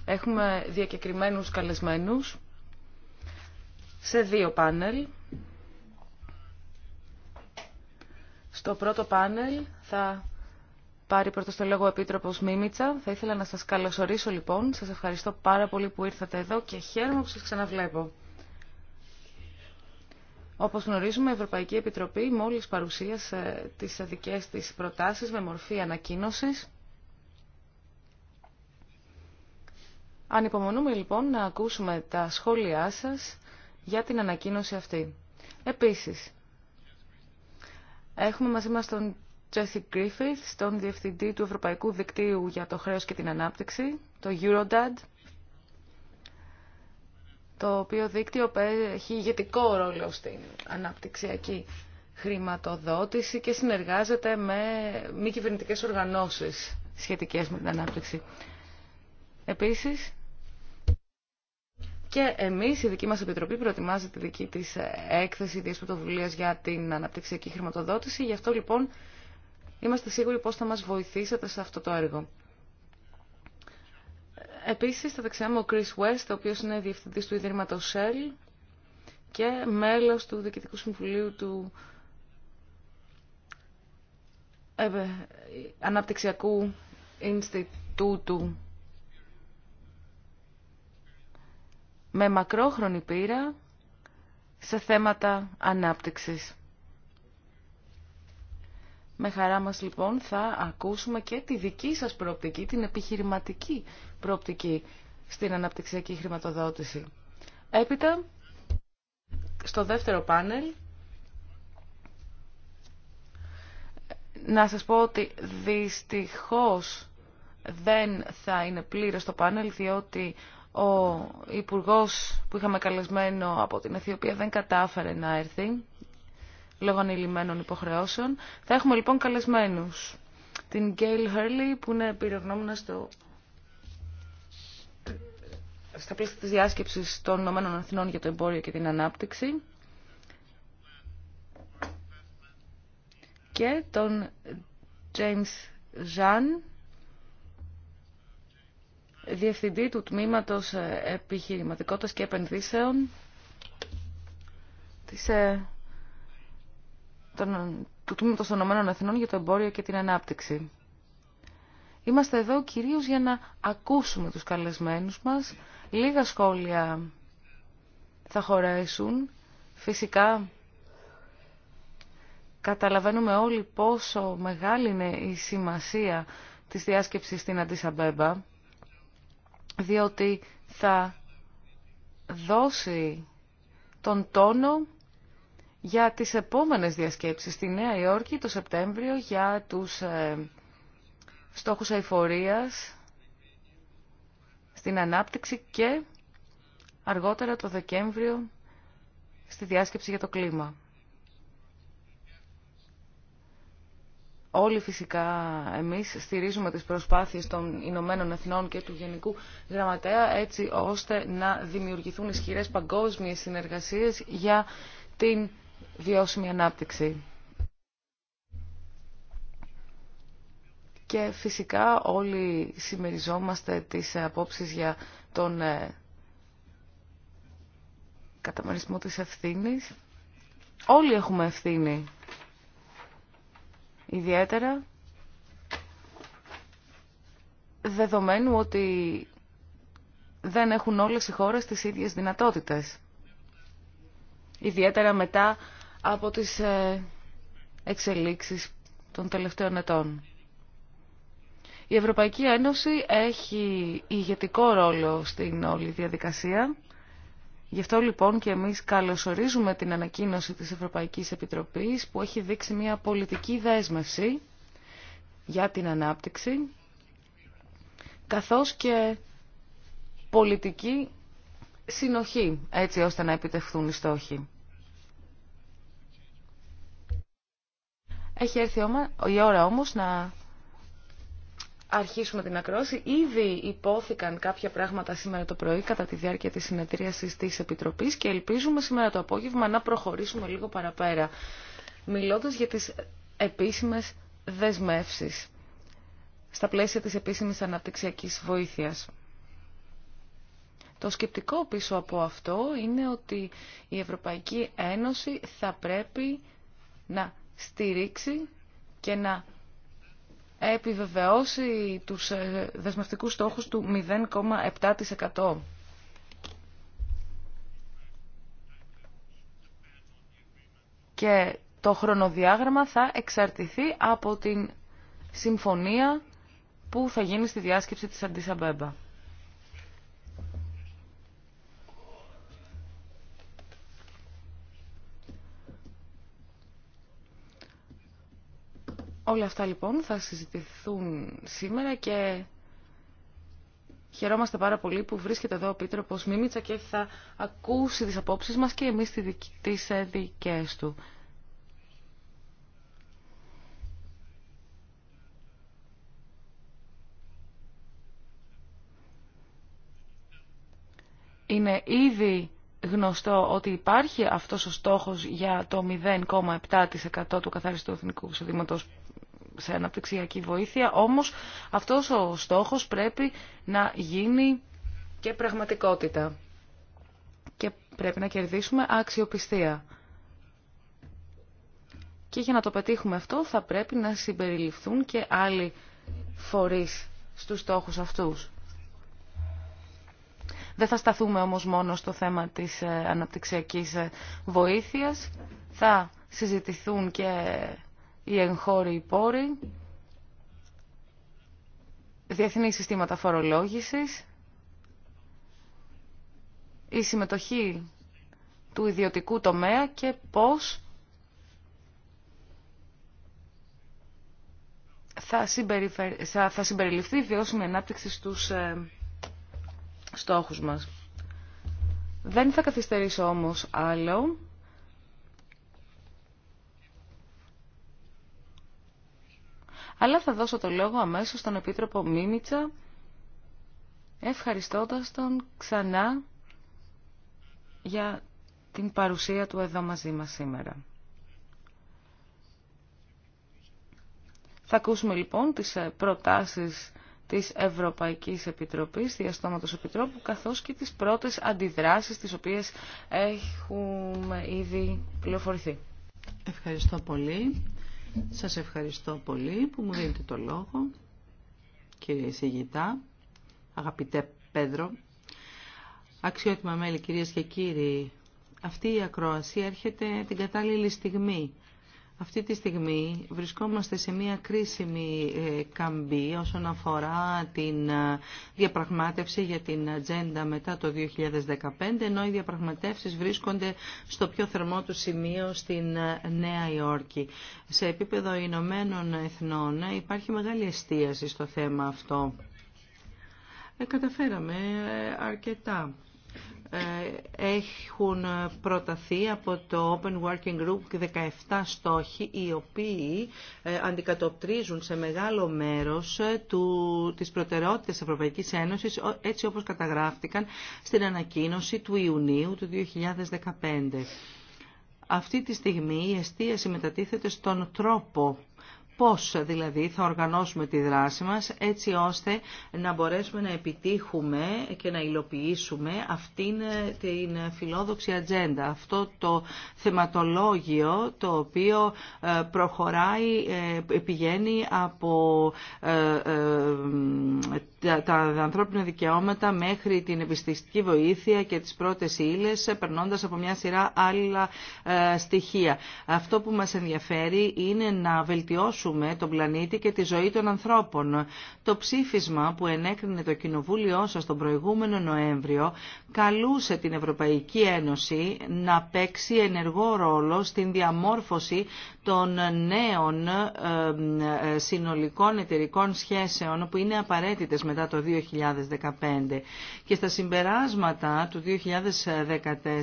Έχουμε διακεκριμένους καλεσμένους σε δύο πάνελ. Στο πρώτο πάνελ θα πάρει πρώτο το λόγο ο Επίτροπος Μίμητσα. Θα ήθελα να σας καλωσορίσω λοιπόν. Σας ευχαριστώ πάρα πολύ που ήρθατε εδώ και χαίρομαι που σας ξαναβλέπω. Όπως γνωρίζουμε, η Ευρωπαϊκή Επιτροπή μόλις παρουσίασε τις δικέ της προτάσεις με μορφή ανακοίνωσης. Ανυπομονούμε λοιπόν να ακούσουμε τα σχόλιά σας για την ανακοίνωση αυτή. Επίσης, Έχουμε μαζί μας τον Jesse Griffith, τον Διευθυντή του Ευρωπαϊκού Δικτύου για το Χρέος και την Ανάπτυξη, το Eurodad, το οποίο δίκτυο έχει ηγετικό ρόλο στην αναπτυξιακή χρηματοδότηση και συνεργάζεται με μη κυβερνητικές οργανώσεις σχετικές με την ανάπτυξη. Επίσης, και εμεί, η δική μα Επιτροπή, προετοιμάζει τη δική τη ε, έκθεση ιδίας πρωτοβουλία για την αναπτυξιακή χρηματοδότηση. Γι' αυτό λοιπόν είμαστε σίγουροι πώ θα μα βοηθήσετε σε αυτό το έργο. Επίσης, θα μου ο Chris West, ο οποίο είναι διευθυντή του Ιδρύματο Shell και μέλο του Διοικητικού Συμβουλίου του ε, Αναπτυξιακού Ινστιτούτου με μακρόχρονη πείρα σε θέματα ανάπτυξης. Με χαρά μας λοιπόν θα ακούσουμε και τη δική σας προοπτική, την επιχειρηματική προοπτική στην αναπτυξιακή χρηματοδότηση. Έπειτα, στο δεύτερο πάνελ, να σας πω ότι δυστυχώς δεν θα είναι πλήρως το πάνελ, διότι ο Υπουργός που είχαμε καλεσμένο από την Αιθιοπία δεν κατάφερε να έρθει λόγω ανηλυμένων υποχρεώσεων. Θα έχουμε λοιπόν καλεσμένους. Την Γκέιλ Χέρλι που είναι πυρογνώμονα στο... στα πλαίσια της διάσκεψης των Ηνωμένων Αθηνών για το εμπόριο και την ανάπτυξη. Και τον James Jean Διευθυντή του Τμήματος ε, Επιχειρηματικότητας και Επενδύσεων της, ε, του Τμήματος των Ηνωμένων Εθνών για το Εμπόριο και την Ανάπτυξη. Είμαστε εδώ κυρίως για να ακούσουμε τους καλεσμένους μας. Λίγα σχόλια θα χωρέσουν. Φυσικά καταλαβαίνουμε όλοι πόσο μεγάλη είναι η σημασία της διάσκεψης στην Αντισαμπέμπα διότι θα δώσει τον τόνο για τις επόμενες διασκέψεις στη Νέα Υόρκη το Σεπτέμβριο για τους ε, στόχους αηφορίας στην ανάπτυξη και αργότερα το Δεκέμβριο στη διάσκεψη για το κλίμα. Όλοι φυσικά εμείς στηρίζουμε τις προσπάθειες των Ηνωμένων Εθνών και του Γενικού Γραμματέα έτσι ώστε να δημιουργηθούν ισχυρές παγκόσμιες συνεργασίες για την βιώσιμη ανάπτυξη. Και φυσικά όλοι συμμεριζόμαστε τις απόψεις για τον ε, καταμερισμό της ευθύνης. Όλοι έχουμε ευθύνη Ιδιαίτερα δεδομένου ότι δεν έχουν όλες οι χώρες τις ίδιες δυνατότητες. Ιδιαίτερα μετά από τις ε, εξελίξεις των τελευταίων ετών. Η Ευρωπαϊκή Ένωση έχει ηγετικό ρόλο στην όλη διαδικασία Γι' αυτό λοιπόν και εμείς καλωσορίζουμε την ανακοίνωση της Ευρωπαϊκής Επιτροπής που έχει δείξει μια πολιτική δέσμευση για την ανάπτυξη καθώς και πολιτική συνοχή έτσι ώστε να επιτευχθούν οι στόχοι. Έχει έρθει η ώρα όμως να αρχίσουμε την ακρόση. Ήδη υπόθηκαν κάποια πράγματα σήμερα το πρωί κατά τη διάρκεια της συνεδρίασης της Επιτροπής και ελπίζουμε σήμερα το απόγευμα να προχωρήσουμε λίγο παραπέρα, μιλώντας για τις επίσημες δεσμεύσεις στα πλαίσια της επίσημης αναπτυξιακής βοήθειας. Το σκεπτικό πίσω από αυτό είναι ότι η Ευρωπαϊκή Ένωση θα πρέπει να στηρίξει και να επιβεβαιώσει τους ε, δεσμευτικούς στόχους του 0,7%. Και το χρονοδιάγραμμα θα εξαρτηθεί από την συμφωνία που θα γίνει στη διάσκεψη της Αντισαμπέμπα. Όλα αυτά λοιπόν θα συζητηθούν σήμερα και χαιρόμαστε πάρα πολύ που βρίσκεται εδώ ο Πίτροπος Μίμητσα και θα ακούσει τις απόψεις μας και εμείς τις ε, δικές του. Είναι ήδη γνωστό ότι υπάρχει αυτός ο στόχος για το 0,7% του καθαριστού εθνικού εισοδήματος σε αναπτυξιακή βοήθεια, όμως αυτός ο στόχος πρέπει να γίνει και πραγματικότητα και πρέπει να κερδίσουμε αξιοπιστία. Και για να το πετύχουμε αυτό θα πρέπει να συμπεριληφθούν και άλλοι φορείς στους στόχους αυτούς. Δεν θα σταθούμε όμως μόνο στο θέμα της ε, αναπτυξιακής ε, βοήθειας. Θα συζητηθούν και οι εγχώροι πόροι, διεθνή συστήματα φορολόγησης, η συμμετοχή του ιδιωτικού τομέα και πώς θα, θα συμπεριληφθεί η βιώσιμη ανάπτυξη στους ε, στόχους μας. Δεν θα καθυστερήσω όμως άλλο. αλλά θα δώσω το λόγο αμέσως στον Επίτροπο Μίμητσα, ευχαριστώντας τον ξανά για την παρουσία του εδώ μαζί μας σήμερα. Θα ακούσουμε λοιπόν τις ε, προτάσεις της Ευρωπαϊκής Επιτροπής, Διαστόματος Επιτρόπου, καθώς και τις πρώτες αντιδράσεις τις οποίες έχουμε ήδη πληροφορηθεί. Ευχαριστώ πολύ. Σας ευχαριστώ πολύ που μου δίνετε το λόγο, κύριε Σιγητά, αγαπητέ Πέδρο. Αξιότιμα μέλη, κυρίες και κύριοι, αυτή η ακρόαση έρχεται την κατάλληλη στιγμή. Αυτή τη στιγμή βρισκόμαστε σε μια κρίσιμη ε, καμπή όσον αφορά την ε, διαπραγμάτευση για την ατζέντα μετά το 2015, ενώ οι διαπραγματεύσεις βρίσκονται στο πιο θερμό του σημείο στην ε, Νέα Υόρκη. Σε επίπεδο Ηνωμένων Εθνών υπάρχει μεγάλη εστίαση στο θέμα αυτό. καταφέραμε αρκετά. Ε, έχουν προταθεί από το Open Working Group 17 στόχοι οι οποίοι ε, αντικατοπτρίζουν σε μεγάλο μέρος ε, του, τις προτεραιότητες Ευρωπαϊκής Ένωσης έτσι όπως καταγράφτηκαν στην ανακοίνωση του Ιουνίου του 2015. Αυτή τη στιγμή η εστίαση μετατίθεται στον τρόπο πώς δηλαδή θα οργανώσουμε τη δράση μας έτσι ώστε να μπορέσουμε να επιτύχουμε και να υλοποιήσουμε αυτήν ε, την φιλόδοξη ατζέντα, αυτό το θεματολόγιο το οποίο ε, προχωράει, ε, πηγαίνει από τα ανθρώπινα δικαιώματα μέχρι την επιστηστική βοήθεια και τις πρώτες ύλες, περνώντας από μια σειρά άλλα στοιχεία. Αυτό που μας ενδιαφέρει είναι να βελτιώσουμε σώσουμε τον πλανήτη και τη ζωή των ανθρώπων. Το ψήφισμα που ενέκρινε το Κοινοβούλιο σας τον προηγούμενο Νοέμβριο καλούσε την Ευρωπαϊκή Ένωση να παίξει ενεργό ρόλο στην διαμόρφωση των νέων ε, συνολικών εταιρικών σχέσεων που είναι απαραίτητες μετά το 2015. Και στα συμπεράσματα του 2014 ε,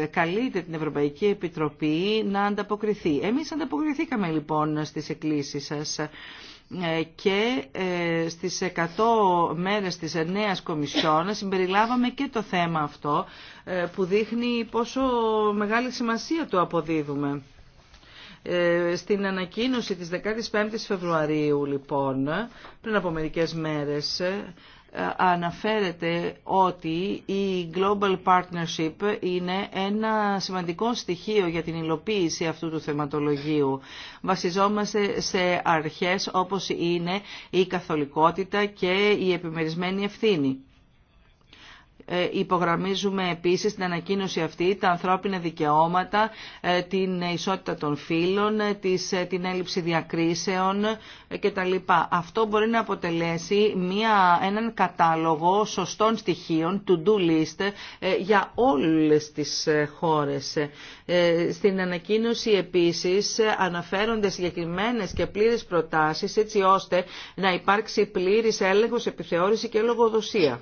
ε, καλείται την Ευρωπαϊκή Επιτροπή να ανταποκριθεί. Εμείς ανταποκριθήκαμε Βρεθήκαμε λοιπόν στις εκκλήσεις σας ε, και ε, στις 100 μέρες της νέας Κομισιόν συμπεριλάβαμε και το θέμα αυτό ε, που δείχνει πόσο μεγάλη σημασία το αποδίδουμε. Στην ανακοίνωση της 15ης Φεβρουαρίου λοιπόν, πριν από μερικές μέρες, αναφέρεται ότι η Global Partnership είναι ένα σημαντικό στοιχείο για την υλοποίηση αυτού του θεματολογίου. Βασιζόμαστε σε αρχές όπως είναι η καθολικότητα και η επιμερισμένη ευθύνη. Ε, υπογραμμίζουμε επίσης την ανακοίνωση αυτή, τα ανθρώπινα δικαιώματα, ε, την ισότητα των φύλων, ε, την έλλειψη διακρίσεων κτλ. Αυτό μπορεί να αποτελέσει μια, έναν κατάλογο σωστών του to-do list, για όλες τις χώρες. Στην ανακοίνωση επίσης αναφέρονται συγκεκριμένες και πλήρες προτάσεις έτσι ώστε να υπάρξει πλήρης έλεγχος, επιθεώρηση και λογοδοσία.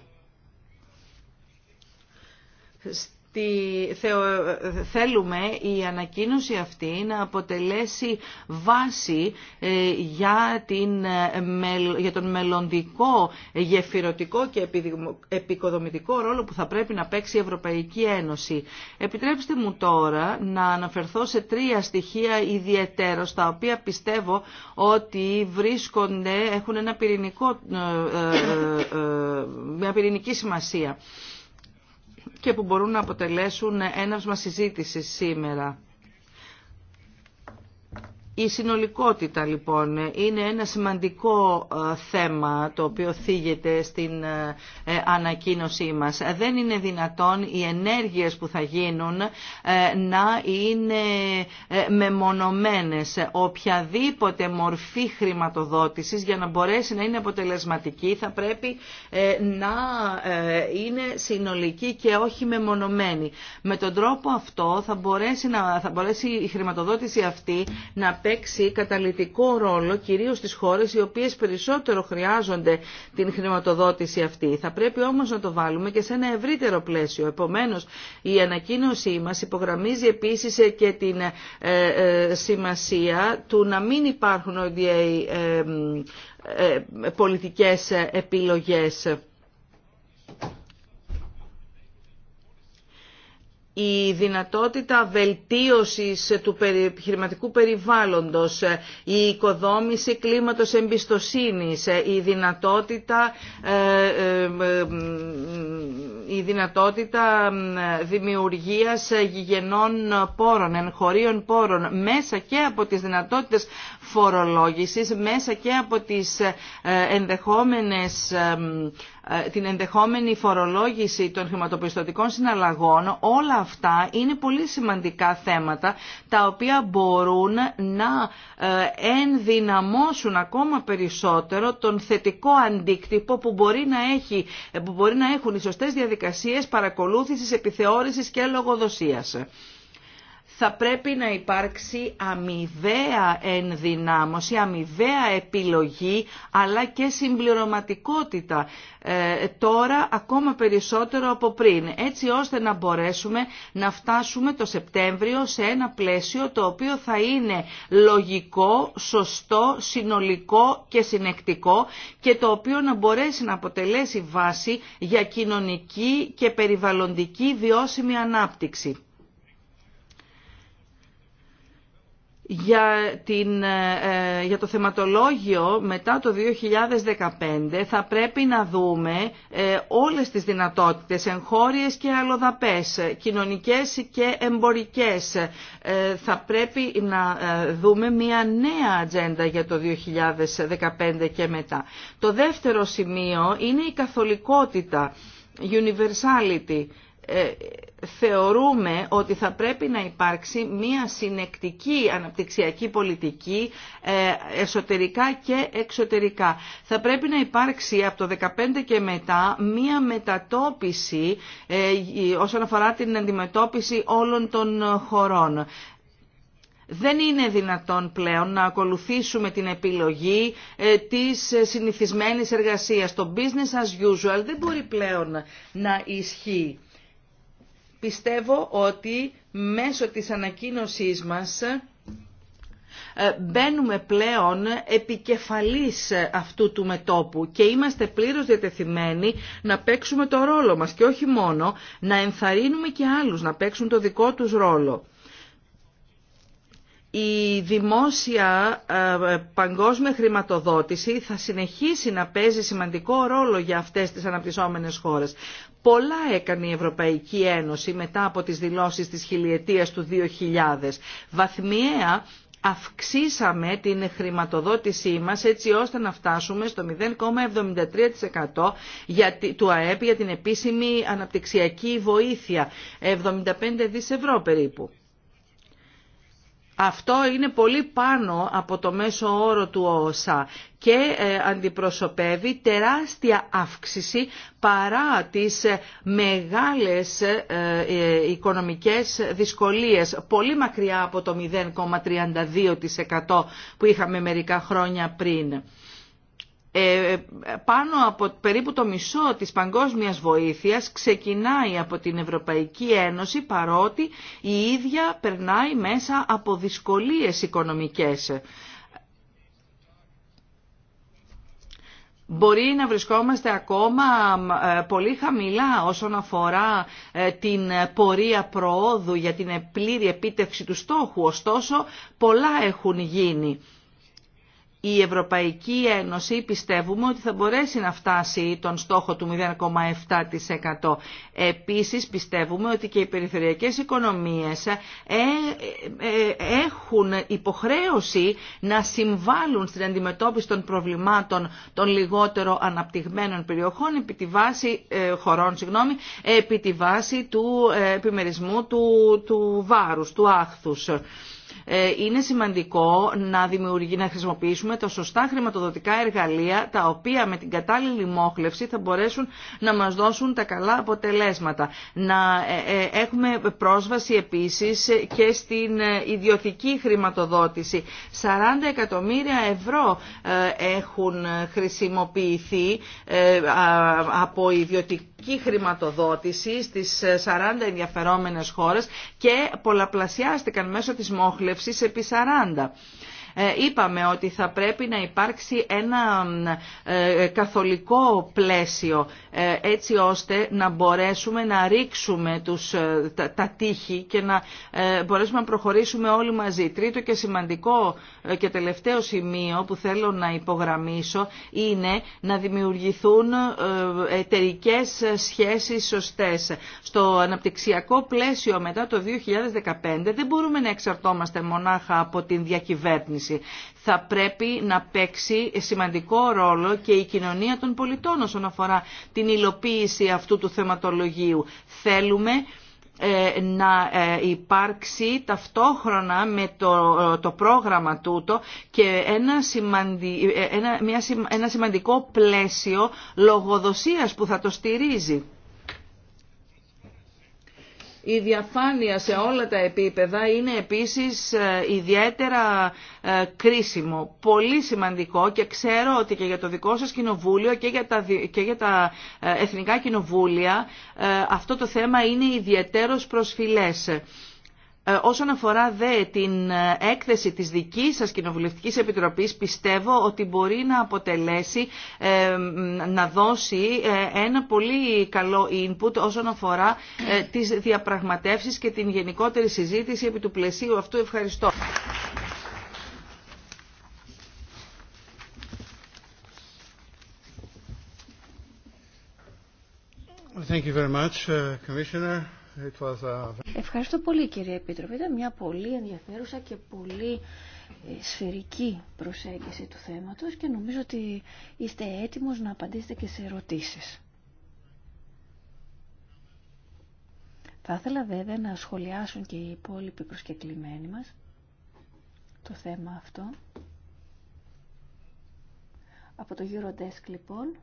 Στη, θέλουμε η ανακοίνωση αυτή να αποτελέσει βάση ε, για, την, ε, για τον μελλοντικό γεφυρωτικό και επικοδομητικό ρόλο που θα πρέπει να παίξει η Ευρωπαϊκή Ένωση. Επιτρέψτε μου τώρα να αναφερθώ σε τρία στοιχεία ιδιαίτερα τα οποία πιστεύω ότι βρίσκονται, έχουν ένα ε, μια πυρηνική σημασία και που μπορούν να αποτελέσουν έναυσμα συζήτησης σήμερα. Η συνολικότητα λοιπόν είναι ένα σημαντικό ε, θέμα το οποίο θίγεται στην ε, ε, ανακοίνωσή μας. Δεν είναι δυνατόν οι ενέργειες που θα γίνουν να είναι μεμονωμένες. Οποιαδήποτε μορφή χρηματοδότησης για να μπορέσει να είναι αποτελεσματική θα πρέπει να είναι συνολική και όχι μεμονωμένη. Με τον τρόπο αυτό θα μπορέσει, να, θα η χρηματοδότηση αυτή να παίξει καταλητικό ρόλο κυρίως στις χώρες οι οποίες περισσότερο χρειάζονται την χρηματοδότηση αυτή. Θα πρέπει όμως να το βάλουμε και σε ένα ευρύτερο πλαίσιο. Επομένως, η ανακοίνωσή μας υπογραμμίζει επίσης και την ε, ε, σημασία του να μην υπάρχουν ODA ε, πολιτικές επιλογές. η δυνατότητα βελτίωσης του επιχειρηματικού περιβάλλοντος, ε, η οικοδόμηση κλίματος εμπιστοσύνης, ε, η δυνατότητα, ε, η δυνατότητα δημιουργίας γηγενών πόρων, εγχωρίων πόρων, μέσα και από τις δυνατότητες φορολόγησης, μέσα και από τις ενδεχόμενες ε, την ενδεχόμενη φορολόγηση των χρηματοπιστωτικών συναλλαγών, όλα αυτά είναι πολύ σημαντικά θέματα τα οποία μπορούν να ε, ενδυναμώσουν ακόμα περισσότερο τον θετικό αντίκτυπο που μπορεί να, έχει, που μπορεί να έχουν οι σωστές διαδικασίες παρακολούθησης, επιθεώρησης και λογοδοσίας θα πρέπει να υπάρξει αμοιβαία ενδυνάμωση, αμοιβαία επιλογή αλλά και συμπληρωματικότητα ε, τώρα ακόμα περισσότερο από πριν έτσι ώστε να μπορέσουμε να φτάσουμε το Σεπτέμβριο σε ένα πλαίσιο το οποίο θα είναι λογικό, σωστό, συνολικό και συνεκτικό και το οποίο να μπορέσει να αποτελέσει βάση για κοινωνική και περιβαλλοντική βιώσιμη ανάπτυξη. για, την, ε, ε, για το θεματολόγιο μετά το 2015 θα πρέπει να δούμε ε, όλες τις δυνατότητες, εγχώριες και αλλοδαπές, κοινωνικές και εμπορικές. Θα πρέπει να δούμε μια νέα ατζέντα για το 2015 και μετά. Το δεύτερο σημείο είναι η καθολικότητα, universality ε, θεωρούμε ότι θα πρέπει να υπάρξει μία συνεκτική αναπτυξιακή πολιτική ε, εσωτερικά και εξωτερικά. Θα πρέπει να υπάρξει από το 2015 και μετά μία μετατόπιση ε, όσον αφορά την αντιμετώπιση όλων των χωρών. Δεν είναι δυνατόν πλέον να ακολουθήσουμε την επιλογή της συνηθισμένης εργασίας. Το business as usual δεν μπορεί πλέον να ισχύει πιστεύω ότι μέσω της ανακοίνωσής μας ε, μπαίνουμε πλέον επικεφαλής αυτού του μετόπου και είμαστε πλήρως διατεθειμένοι να παίξουμε το ρόλο μας και όχι μόνο να ενθαρρύνουμε και άλλους να παίξουν το δικό τους ρόλο. Η δημόσια ε, παγκόσμια χρηματοδότηση θα συνεχίσει να παίζει σημαντικό ρόλο για αυτές τις αναπτυσσόμενες χώρες. Πολλά έκανε η Ευρωπαϊκή Ένωση μετά από τις δηλώσεις της χιλιετίας του 2000. Βαθμιαία αυξήσαμε την χρηματοδότησή μας έτσι ώστε να φτάσουμε στο 0,73% του ΑΕΠ για την επίσημη αναπτυξιακή βοήθεια, 75 δις ευρώ περίπου. Αυτό είναι πολύ πάνω από το μέσο όρο του ΩΣΑ και ε, αντιπροσωπεύει τεράστια αύξηση παρά τις ε, μεγάλες ε, οικονομικές δυσκολίες, πολύ μακριά από το 0,32% που είχαμε μερικά χρόνια πριν. Ε, πάνω από περίπου το μισό της παγκόσμιας βοήθειας ξεκινάει από την Ευρωπαϊκή Ένωση παρότι η ίδια περνάει μέσα από δυσκολίες οικονομικές. Μπορεί να βρισκόμαστε ακόμα ε, πολύ χαμηλά όσον αφορά ε, την πορεία προόδου για την πλήρη επίτευξη του στόχου, ωστόσο πολλά έχουν γίνει η Ευρωπαϊκή Ένωση πιστεύουμε ότι θα μπορέσει να φτάσει τον στόχο του 0,7%. Επίσης πιστεύουμε ότι και οι περιφερειακές οικονομίες ε, ε, έχουν υποχρέωση να συμβάλλουν στην αντιμετώπιση των προβλημάτων των λιγότερο αναπτυγμένων περιοχών επί τη βάση, ε, χωρών συγγνώμη, επί του επιμερισμού του, του βάρους, του άχθους. Ε, είναι σημαντικό να, δημιουργεί, να χρησιμοποιήσουμε τα σωστά χρηματοδοτικά εργαλεία τα οποία με την κατάλληλη μόχλευση θα μπορέσουν να μας δώσουν τα καλά αποτελέσματα. Να ε, ε, έχουμε πρόσβαση επίσης και στην ιδιωτική χρηματοδότηση. 40 εκατομμύρια ευρώ έχουν χρησιμοποιηθεί από ιδιωτική χρηματοδότηση στις 40 ενδιαφερόμενες χώρες και πολλαπλασιάστηκαν μέσω της μόχλευσης διαβούλευσης επί 40. Ε, είπαμε ότι θα πρέπει να υπάρξει ένα ε, καθολικό πλαίσιο ε, έτσι ώστε να μπορέσουμε να ρίξουμε τους, τα, τείχη και να μπορέσουμε να προχωρήσουμε όλοι μαζί. Τρίτο και σημαντικό και τελευταίο σημείο που θέλω να υπογραμμίσω είναι να δημιουργηθούν εταιρικέ σχέσεις σωστές. Στο αναπτυξιακό πλαίσιο μετά το 2015 δεν μπορούμε να εξαρτώμαστε μονάχα από την διακυβέρνηση θα πρέπει να παίξει σημαντικό ρόλο και η κοινωνία των πολιτών όσον αφορά την υλοποίηση αυτού του θεματολογίου. Θέλουμε ε, να ε, υπάρξει ταυτόχρονα με το, ε, το πρόγραμμα τούτο και ένα, ένα, σημαντικό πλαίσιο λογοδοσίας που θα το στηρίζει. Η διαφάνεια σε όλα τα επίπεδα είναι επίσης ε, ιδιαίτερα ε, κρίσιμο, πολύ σημαντικό και ξέρω ότι και για το δικό σας κοινοβούλιο και για τα, και για τα ε, εθνικά κοινοβούλια αυτό το θέμα είναι ιδιαίτερος προσφυλές. Ε, όσον αφορά δε την ε, έκθεση της δικής σας Κοινοβουλευτικής Επιτροπής πιστεύω ότι μπορεί να αποτελέσει, ε, να δώσει ένα πολύ καλό input όσον αφορά τις διαπραγματεύσεις και την γενικότερη συζήτηση επί του πλαισίου αυτού. Ευχαριστώ. Thank you very uh, Ευχαριστώ πολύ κύριε Επίτροπε. Ήταν μια πολύ ενδιαφέρουσα και πολύ ε, σφαιρική προσέγγιση του θέματος και νομίζω ότι είστε έτοιμος να απαντήσετε και σε ερωτήσεις. Θα ήθελα βέβαια να σχολιάσουν και οι υπόλοιποι προσκεκλημένοι μας το θέμα αυτό. Από το Eurodesk λοιπόν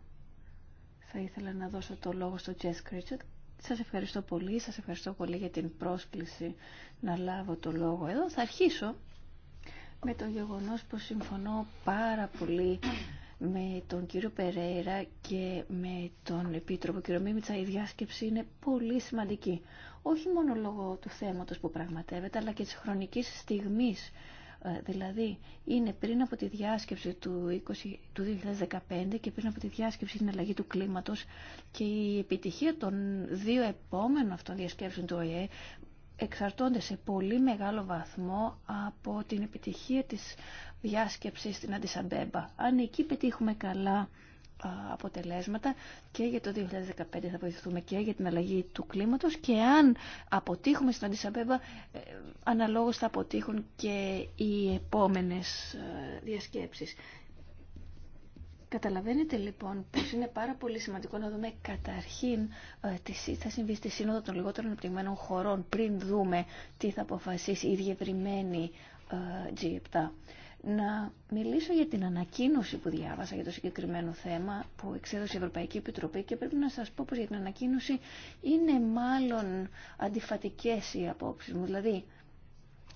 θα ήθελα να δώσω το λόγο στο Jess Critchett σας ευχαριστώ πολύ, σας ευχαριστώ πολύ για την πρόσκληση να λάβω το λόγο εδώ. Θα αρχίσω με το γεγονός που συμφωνώ πάρα πολύ με τον κύριο Περέιρα και με τον Επίτροπο κύριο Μίμητσα η διάσκεψη είναι πολύ σημαντική. Όχι μόνο λόγω του θέματος που πραγματεύεται, αλλά και της χρονικής στιγμής ε, δηλαδή, είναι πριν από τη διάσκεψη του, 20, του 2015 και πριν από τη διάσκεψη στην αλλαγή του κλίματος και η επιτυχία των δύο επόμενων αυτών διασκέψεων του ΟΕΕ εξαρτώνται σε πολύ μεγάλο βαθμό από την επιτυχία της διάσκεψης στην Αντισαμπέμπα. Αν εκεί πετύχουμε καλά αποτελέσματα και για το 2015 θα βοηθηθούμε και για την αλλαγή του κλίματος και αν αποτύχουμε στην Αντισαμπέμπα ε, αναλόγως θα αποτύχουν και οι επόμενες ε, διασκέψεις. Καταλαβαίνετε λοιπόν πως είναι πάρα πολύ σημαντικό να δούμε καταρχήν ε, τι θα συμβεί στη Σύνοδο των λιγότερων επιτυγμένων χωρών πριν δούμε τι θα αποφασίσει η διευρυμένη G7 να μιλήσω για την ανακοίνωση που διάβασα για το συγκεκριμένο θέμα που εξέδωσε η Ευρωπαϊκή Επιτροπή και πρέπει να σας πω πως για την ανακοίνωση είναι μάλλον αντιφατικές οι απόψεις μου. Δηλαδή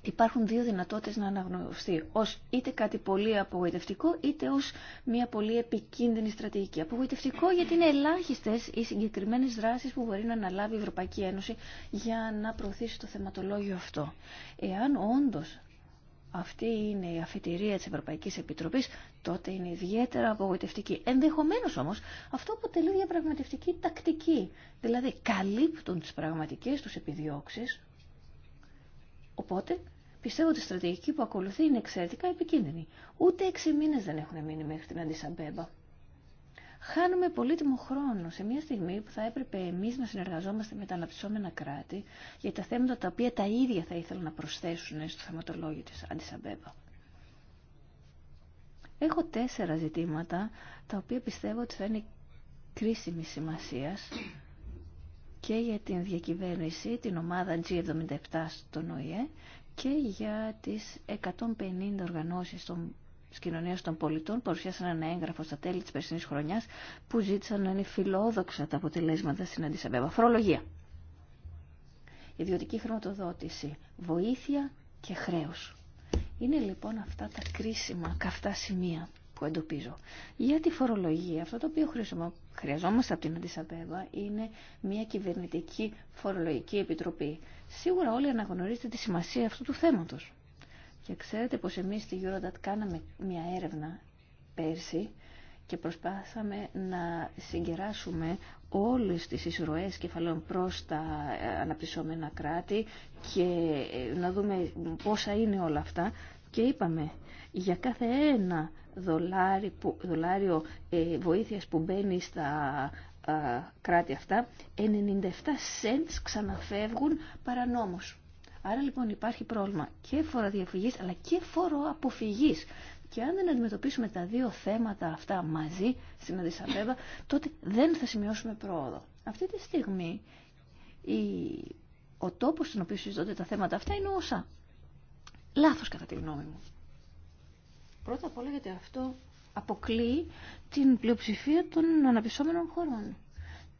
υπάρχουν δύο δυνατότητες να αναγνωριστεί ως είτε κάτι πολύ απογοητευτικό είτε ως μια πολύ επικίνδυνη στρατηγική. Απογοητευτικό γιατί είναι ελάχιστες οι συγκεκριμένες δράσεις που μπορεί να αναλάβει η Ευρωπαϊκή Ένωση για να προωθήσει το θεματολόγιο αυτό. Εάν όντως αυτή είναι η αφιτηρία της Ευρωπαϊκής Επιτροπής, τότε είναι ιδιαίτερα απογοητευτική. Ενδεχομένως όμως αυτό αποτελεί διαπραγματευτική τακτική. Δηλαδή καλύπτουν τις πραγματικές τους επιδιώξεις. Οπότε πιστεύω ότι η στρατηγική που ακολουθεί είναι εξαιρετικά επικίνδυνη. Ούτε έξι μήνες δεν έχουν μείνει μέχρι την Αντισαμπέμπα χάνουμε πολύτιμο χρόνο σε μια στιγμή που θα έπρεπε εμείς να συνεργαζόμαστε με τα αναπτυσσόμενα κράτη για τα θέματα τα οποία τα ίδια θα ήθελαν να προσθέσουν στο θεματολόγιο της Αντισαμπέμπα. Έχω τέσσερα ζητήματα τα οποία πιστεύω ότι θα είναι κρίσιμη σημασίας και για την διακυβέρνηση, την ομάδα G77 στον ΟΗΕ και για τις 150 οργανώσεις των της κοινωνίας των πολιτών παρουσιάσαν ένα έγγραφο στα τέλη της περσινής χρονιάς που ζήτησαν να είναι φιλόδοξα τα αποτελέσματα στην Αντισαμπέβα. Φορολογία. Ιδιωτική χρηματοδότηση. Βοήθεια και χρέος. Είναι λοιπόν αυτά τα κρίσιμα καυτά σημεία που εντοπίζω. Για τη φορολογία, αυτό το οποίο χρειαζόμαστε από την αντισαβέβα είναι μια κυβερνητική φορολογική επιτροπή. Σίγουρα όλοι αναγνωρίζετε τη σημασία αυτού του θέματος. Και ξέρετε πως εμείς στη Eurodat κάναμε μια έρευνα πέρσι και προσπάθαμε να συγκεράσουμε όλες τις εισρωές κεφαλαίων προς τα ε, αναπτυσσόμενα κράτη και ε, να δούμε πόσα είναι όλα αυτά και είπαμε για κάθε ένα δολάρι, δολάριο ε, βοήθειας που μπαίνει στα ε, κράτη αυτά 97 cents ξαναφεύγουν παρανόμως. Άρα λοιπόν υπάρχει πρόβλημα και φοροδιαφυγής αλλά και φοροαποφυγής. Και αν δεν αντιμετωπίσουμε τα δύο θέματα αυτά μαζί στην αντισαβέβα, τότε δεν θα σημειώσουμε πρόοδο. Αυτή τη στιγμή η... ο τόπος στον οποίο συζητώνται τα θέματα αυτά είναι ο ΩΣΑ. Λάθος κατά τη γνώμη μου. Πρώτα απ' όλα γιατί αυτό αποκλεί την πλειοψηφία των αναπτυσσόμενων χωρών.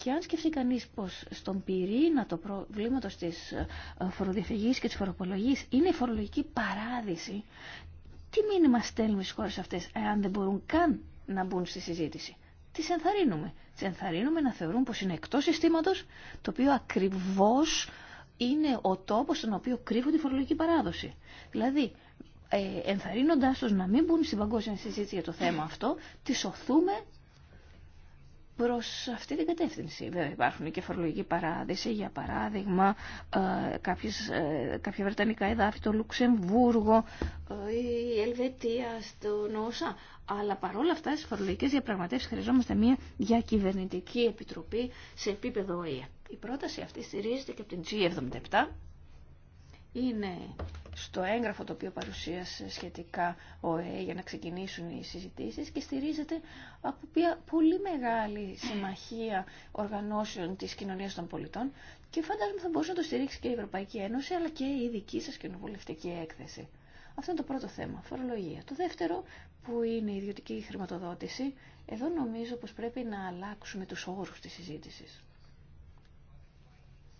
Και αν σκεφτεί κανεί πω στον πυρήνα το προβλήματο τη ε, φοροδιαφυγή και τη φοροπολογή είναι η φορολογική παράδειση, τι μήνυμα στέλνουμε στι χώρε αυτέ, εάν δεν μπορούν καν να μπουν στη συζήτηση. Τι ενθαρρύνουμε. Τι ενθαρρύνουμε να θεωρούν πω είναι εκτό συστήματο, το οποίο ακριβώ είναι ο τόπο στον οποίο κρύβονται η φορολογική παράδοση. Δηλαδή, ε, ενθαρρύνοντά του να μην μπουν στην παγκόσμια συζήτηση για το θέμα αυτό, τη σωθούμε προς αυτή την κατεύθυνση. Βέβαια υπάρχουν και φορολογική παράδειση, για παράδειγμα ε, κάποιες, ε, κάποια βρετανικά εδάφη, το Λουξεμβούργο, ε, η Ελβετία, το Νόσα Αλλά παρόλα αυτά στις φορολογικές διαπραγματεύσεις χρειαζόμαστε μια διακυβερνητική επιτροπή σε επίπεδο ΟΗΕ. Η πρόταση αυτή στηρίζεται και από την G77. Είναι στο έγγραφο το οποίο παρουσίασε σχετικά ο ΕΕ για να ξεκινήσουν οι συζητήσεις και στηρίζεται από μια πολύ μεγάλη συμμαχία οργανώσεων της κοινωνίας των πολιτών και φαντάζομαι θα μπορούσε να το στηρίξει και η Ευρωπαϊκή Ένωση αλλά και η δική σας κοινοβουλευτική έκθεση. Αυτό είναι το πρώτο θέμα, φορολογία. Το δεύτερο που είναι η ιδιωτική χρηματοδότηση, εδώ νομίζω πως πρέπει να αλλάξουμε τους όρους της συζήτησης.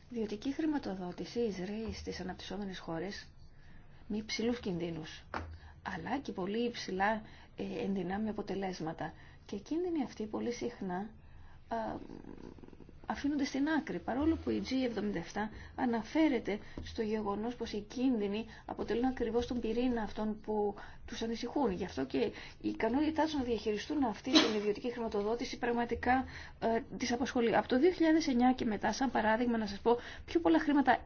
Η ιδιωτική χρηματοδότηση εισραίει στις αναπτυσσόμενες χώρες με υψηλούς κινδύνους, αλλά και πολύ υψηλά ε, ενδυνάμει αποτελέσματα. Και κίνδυνοι αυτοί πολύ συχνά αφήνονται στην άκρη, παρόλο που η G77 αναφέρεται στο γεγονός πως οι κίνδυνοι αποτελούν ακριβώς τον πυρήνα αυτών που τους ανησυχούν. Γι' αυτό και η ικανότητά τους να διαχειριστούν αυτή την ιδιωτική χρηματοδότηση πραγματικά ε, τις απασχολεί. Από το 2009 και μετά, σαν παράδειγμα να σας πω, πιο πολλά χρήματα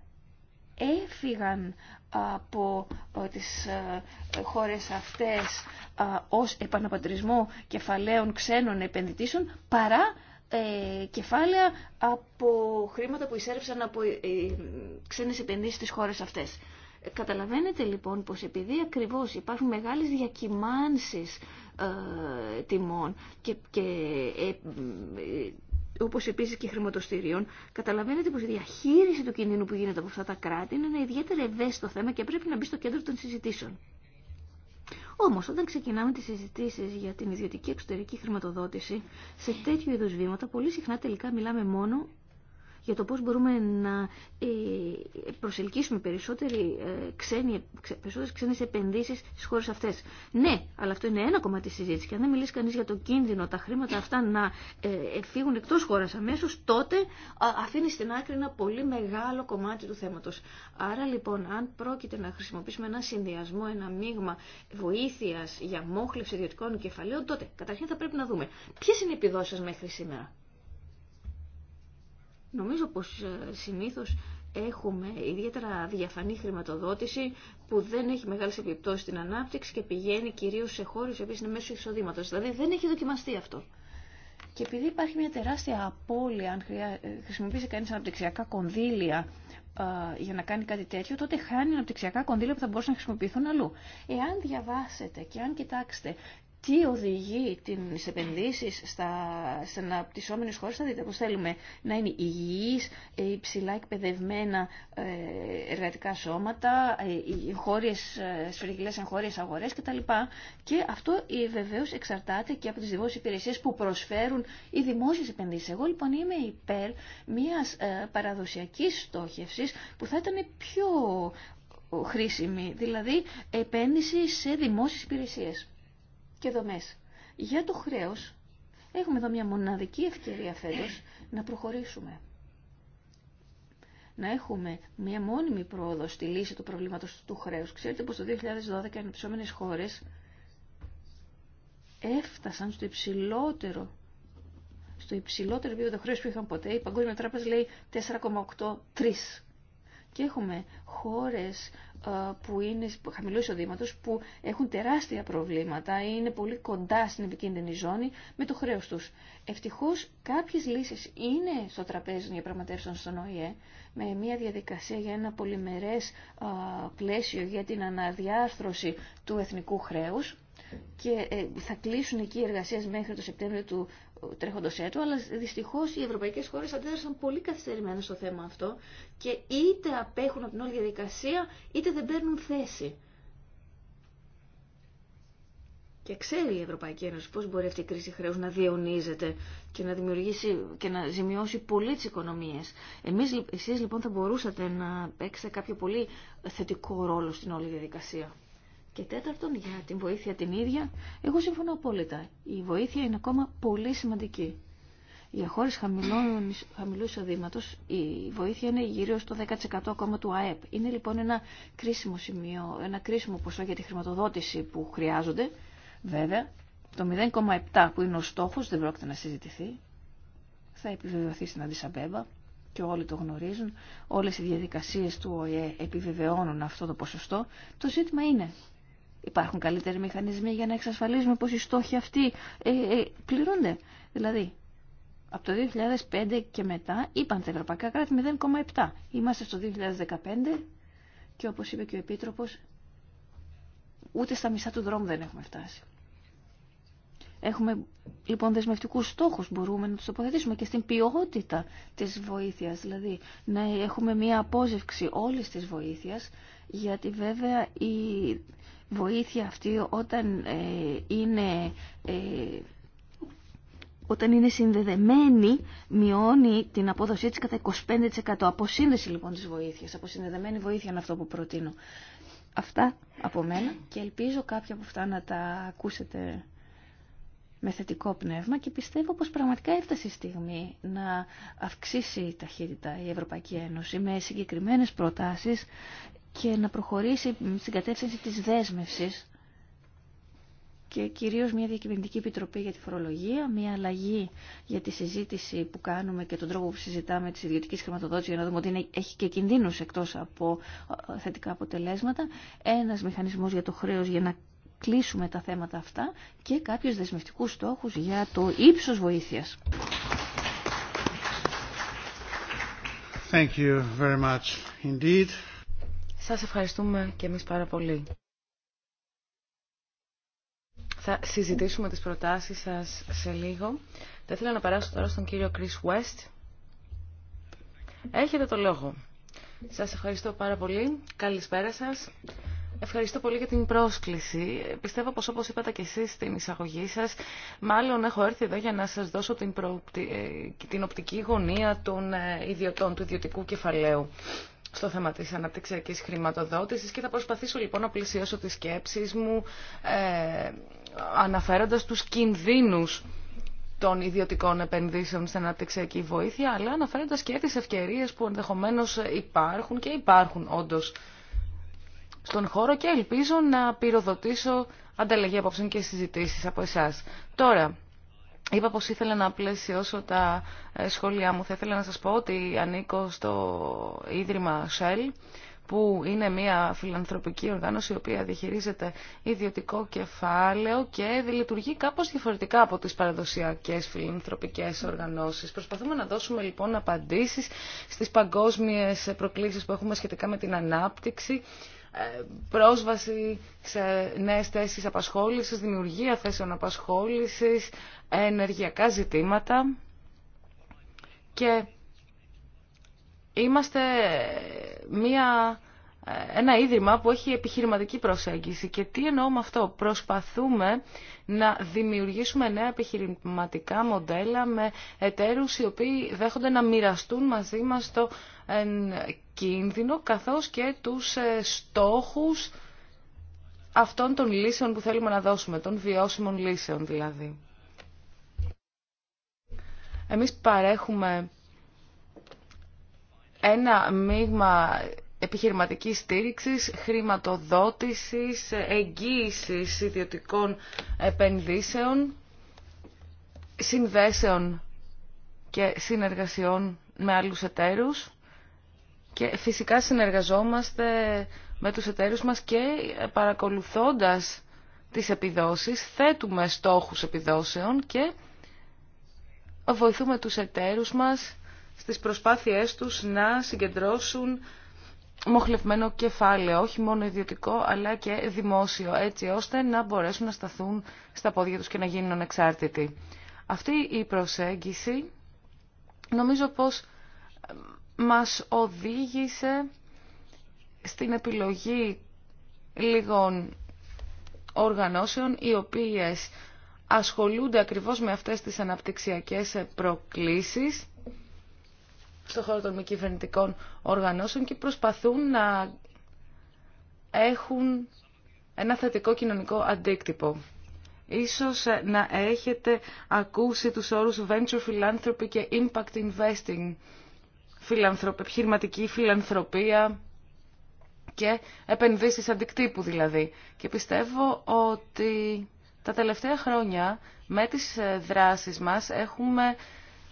έφυγαν από τις ε, χώρες αυτές ε, ως επαναπατρισμό κεφαλαίων ξένων επενδυτήσεων παρά ε, κεφάλαια από χρήματα που εισέρευσαν από ξένες επενδύσεις στις χώρες αυτές. Καταλαβαίνετε λοιπόν πως επειδή ακριβώς υπάρχουν μεγάλες διακυμάνσεις τιμών και, και όπω επίση και χρηματοστηρίων, καταλαβαίνετε πω η διαχείριση του κινδύνου που γίνεται από αυτά τα κράτη είναι ένα ιδιαίτερα ευαίσθητο θέμα και πρέπει να μπει στο κέντρο των συζητήσεων. Όμω, όταν ξεκινάμε τι συζητήσει για την ιδιωτική εξωτερική χρηματοδότηση, σε τέτοιου είδου βήματα πολύ συχνά τελικά μιλάμε μόνο για το πώς μπορούμε να ε, προσελκύσουμε περισσότεροι ε, περισσότερες ξένες επενδύσεις στις χώρες αυτές. Ναι, αλλά αυτό είναι ένα κομμάτι της συζήτησης. Και αν δεν μιλήσει κανείς για το κίνδυνο, τα χρήματα αυτά να ε, φύγουν εκτός χώρας αμέσως, τότε αφήνει στην άκρη ένα πολύ μεγάλο κομμάτι του θέματος. Άρα λοιπόν, αν πρόκειται να χρησιμοποιήσουμε ένα συνδυασμό, ένα μείγμα βοήθειας για μόχλευση ιδιωτικών κεφαλαίων, τότε καταρχήν θα πρέπει να δούμε ποιες είναι οι επιδόσεις μέχρι σήμερα. Νομίζω πως ε, συνήθως έχουμε ιδιαίτερα διαφανή χρηματοδότηση που δεν έχει μεγάλη επιπτώσει στην ανάπτυξη και πηγαίνει κυρίως σε χώρους που είναι μέσω εισοδήματος. Δηλαδή δεν έχει δοκιμαστεί αυτό. Και επειδή υπάρχει μια τεράστια απώλεια, αν ε, χρησιμοποιήσει κανείς αναπτυξιακά κονδύλια για να κάνει κάτι τέτοιο, τότε χάνει αναπτυξιακά κονδύλια που θα μπορούσαν να χρησιμοποιηθούν αλλού. Εάν διαβάσετε και αν κοιτάξετε τι οδηγεί τι επενδύσει στα, στα αναπτυσσόμενες χώρες, θα δείτε πως θέλουμε να είναι υγιεί, ε, υψηλά εκπαιδευμένα ε, εργατικά σώματα, ε, χώρες, εγχώριε αγορέ αγορές κτλ. Και αυτό βεβαίω εξαρτάται και από τι δημόσιες υπηρεσίε που προσφέρουν οι δημόσιε επενδύσεις. Εγώ λοιπόν είμαι υπέρ μια παραδοσιακή στοχεύση που θα ήταν πιο χρήσιμη, δηλαδή επένδυση σε δημόσιες υπηρεσίες και δομές. Για το χρέος έχουμε εδώ μια μοναδική ευκαιρία φέτος να προχωρήσουμε. Να έχουμε μια μόνιμη πρόοδο στη λύση του προβλήματος του χρέους. Ξέρετε πως το 2012 οι ανεψόμενες χώρες έφτασαν στο υψηλότερο στο υψηλότερο επίπεδο χρέους που είχαν ποτέ. Η Παγκόσμια Τράπεζα λέει 4,83 και έχουμε χώρες ε, που είναι χαμηλού εισοδήματο, που έχουν τεράστια προβλήματα ή είναι πολύ κοντά στην επικίνδυνη ζώνη με το χρέο του. Ευτυχώ κάποιε λύσει είναι στο τραπέζι των διαπραγματεύσεων στον ΟΗΕ με μια διαδικασία για ένα πολυμερέ πλαίσιο για την αναδιάρθρωση του εθνικού χρέου και ε, θα κλείσουν εκεί οι εργασίε μέχρι το Σεπτέμβριο του τρέχοντο έτου, αλλά δυστυχώ οι ευρωπαϊκέ χώρε αντέδρασαν πολύ καθυστερημένα στο θέμα αυτό και είτε απέχουν από την όλη διαδικασία, είτε δεν παίρνουν θέση. Και ξέρει η Ευρωπαϊκή Ένωση πώ μπορεί αυτή η κρίση χρέου να διαιωνίζεται και να δημιουργήσει και να ζημιώσει πολύ τι οικονομίε. Εσεί λοιπόν θα μπορούσατε να παίξετε κάποιο πολύ θετικό ρόλο στην όλη διαδικασία. Και τέταρτον, για την βοήθεια την ίδια, εγώ συμφωνώ απόλυτα. Η βοήθεια είναι ακόμα πολύ σημαντική. Για χώρε χαμηλού εισοδήματο η βοήθεια είναι γύρω στο 10% ακόμα του ΑΕΠ. Είναι λοιπόν ένα κρίσιμο σημείο, ένα κρίσιμο ποσό για τη χρηματοδότηση που χρειάζονται. Βέβαια, το 0,7 που είναι ο στόχο δεν πρόκειται να συζητηθεί. Θα επιβεβαιωθεί στην Αντισαμπέμπα και όλοι το γνωρίζουν. Όλε οι διαδικασίε του ΟΗΕ επιβεβαιώνουν αυτό το ποσοστό. Το ζήτημα είναι Υπάρχουν καλύτεροι μηχανισμοί για να εξασφαλίσουμε πως οι στόχοι αυτοί ε, ε πληρούνται. Δηλαδή, από το 2005 και μετά είπαν τα ευρωπαϊκά κράτη 0,7. Είμαστε στο 2015 και όπως είπε και ο Επίτροπος, ούτε στα μισά του δρόμου δεν έχουμε φτάσει. Έχουμε λοιπόν δεσμευτικού στόχου. Μπορούμε να του τοποθετήσουμε και στην ποιότητα τη βοήθεια. Δηλαδή να έχουμε μία απόζευξη όλη τη βοήθεια, γιατί βέβαια η βοήθεια αυτή όταν ε, είναι. Ε, όταν είναι συνδεδεμένη, μειώνει την απόδοσή της κατά 25%. Αποσύνδεση λοιπόν της βοήθειας, αποσυνδεδεμένη βοήθεια είναι αυτό που προτείνω. Αυτά από μένα και ελπίζω κάποια από αυτά να τα ακούσετε με θετικό πνεύμα και πιστεύω πως πραγματικά έφτασε η στιγμή να αυξήσει η ταχύτητα η Ευρωπαϊκή Ένωση με συγκεκριμένες προτάσεις και να προχωρήσει στην κατεύθυνση της δέσμευσης και κυρίως μια διακυβερνητική επιτροπή για τη φορολογία, μια αλλαγή για τη συζήτηση που κάνουμε και τον τρόπο που συζητάμε τη ιδιωτική χρηματοδότηση για να δούμε ότι έχει και κινδύνους εκτός από ε, θετικά αποτελέσματα, ένας μηχανισμός για το χρέος για να κλείσουμε τα θέματα αυτά και κάποιους δεσμευτικούς στόχους για το ύψος βοήθειας. Thank indeed. Σας ευχαριστούμε και εμείς πάρα πολύ. Θα συζητήσουμε τις προτάσεις σας σε λίγο. Θα ήθελα να περάσω τώρα στον κύριο Chris West. Έχετε το λόγο. Σας ευχαριστώ πάρα πολύ. Καλησπέρα σας. Ευχαριστώ πολύ για την πρόσκληση. Πιστεύω πως όπως είπατε και εσείς στην εισαγωγή σας, μάλλον έχω έρθει εδώ για να σας δώσω την, ε, την οπτική γωνία των ε, ιδιωτών του ιδιωτικού κεφαλαίου στο θέμα της αναπτυξιακής χρηματοδότησης και θα προσπαθήσω λοιπόν να πλησιώσω τις σκέψεις μου ε, αναφέροντας τους κινδύνους των ιδιωτικών επενδύσεων στην αναπτυξιακή βοήθεια αλλά αναφέροντας και τις ευκαιρίες που ενδεχομένως υπάρχουν και υπάρχουν όντως στον χώρο και ελπίζω να πυροδοτήσω ανταλλαγή απόψεων και συζητήσει από εσά. Τώρα, Είπα πως ήθελα να πλαισιώσω τα ε, σχόλιά μου. Θα ήθελα να σας πω ότι ανήκω στο Ίδρυμα Shell, που είναι μια φιλανθρωπική οργάνωση η οποία διαχειρίζεται ιδιωτικό κεφάλαιο και λειτουργεί κάπως διαφορετικά από τις παραδοσιακές φιλανθρωπικές οργανώσεις. Προσπαθούμε να δώσουμε λοιπόν απαντήσεις στις παγκόσμιες προκλήσεις που έχουμε σχετικά με την ανάπτυξη ε, πρόσβαση σε νέες θέσεις απασχόλησης, δημιουργία θέσεων απασχόλησης, ενεργειακά ζητήματα και είμαστε μία ένα ίδρυμα που έχει επιχειρηματική προσέγγιση. Και τι εννοώ με αυτό. Προσπαθούμε να δημιουργήσουμε νέα επιχειρηματικά μοντέλα με εταίρους οι οποίοι δέχονται να μοιραστούν μαζί μας το ε, κίνδυνο καθώς και τους ε, στόχους αυτών των λύσεων που θέλουμε να δώσουμε, των βιώσιμων λύσεων δηλαδή. Εμείς παρέχουμε ένα μείγμα Επιχειρηματική στήριξης, χρηματοδότησης, εγγύηση ιδιωτικών επενδύσεων, συνδέσεων και συνεργασιών με άλλους εταίρους και φυσικά συνεργαζόμαστε με τους εταίρους μας και παρακολουθώντας τις επιδόσεις, θέτουμε στόχους επιδόσεων και βοηθούμε τους εταίρους μας στις προσπάθειές τους να συγκεντρώσουν μοχλευμένο κεφάλαιο, όχι μόνο ιδιωτικό αλλά και δημόσιο, έτσι ώστε να μπορέσουν να σταθούν στα πόδια τους και να γίνουν ανεξάρτητοι. Αυτή η προσέγγιση νομίζω πως μας οδήγησε στην επιλογή λίγων οργανώσεων οι οποίες ασχολούνται ακριβώς με αυτές τις αναπτυξιακές προκλήσεις στον χώρο των μη κυβερνητικών οργανώσεων και προσπαθούν να έχουν ένα θετικό κοινωνικό αντίκτυπο. Ίσως ε, να έχετε ακούσει τους όρους Venture Philanthropy και Impact Investing, επιχειρηματική φιλανθρωπία και επενδύσεις αντικτύπου δηλαδή. Και πιστεύω ότι τα τελευταία χρόνια με τις ε, δράσεις μας έχουμε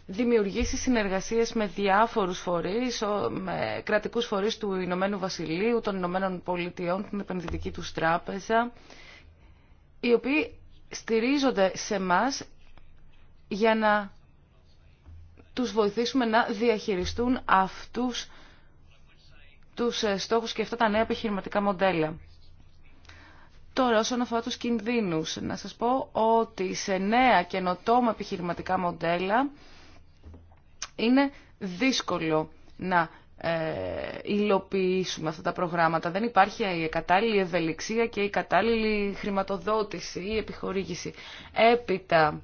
δημιουργήσει συνεργασίες με διάφορους φορείς, με κρατικούς φορείς του Ηνωμένου Βασιλείου, των Ηνωμένων Πολιτειών, την επενδυτική του τράπεζα, οι οποίοι στηρίζονται σε μας για να τους βοηθήσουμε να διαχειριστούν αυτούς τους ε, στόχους και αυτά τα νέα επιχειρηματικά μοντέλα. Τώρα, όσον αφορά τους κινδύνους, να σας πω ότι σε νέα καινοτόμα επιχειρηματικά μοντέλα είναι δύσκολο να ε, υλοποιήσουμε αυτά τα προγράμματα. Δεν υπάρχει η κατάλληλη ευελιξία και η κατάλληλη χρηματοδότηση ή επιχορήγηση. Έπειτα,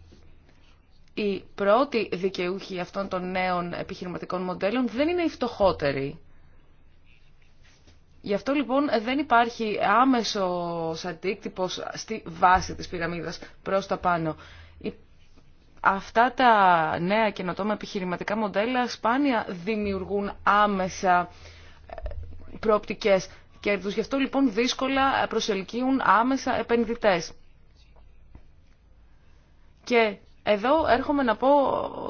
η πρωτη δικαιούχοι αυτών των νέων επιχειρηματικών μοντέλων δεν είναι οι φτωχότεροι. Γι' αυτό λοιπόν δεν υπάρχει άμεσο αντίκτυπος στη βάση της πυραμίδας προς τα πάνω αυτά τα νέα καινοτόμα επιχειρηματικά μοντέλα σπάνια δημιουργούν άμεσα ε, προοπτικές κέρδους. Γι' αυτό λοιπόν δύσκολα προσελκύουν άμεσα επενδυτές. Και εδώ έρχομαι να πω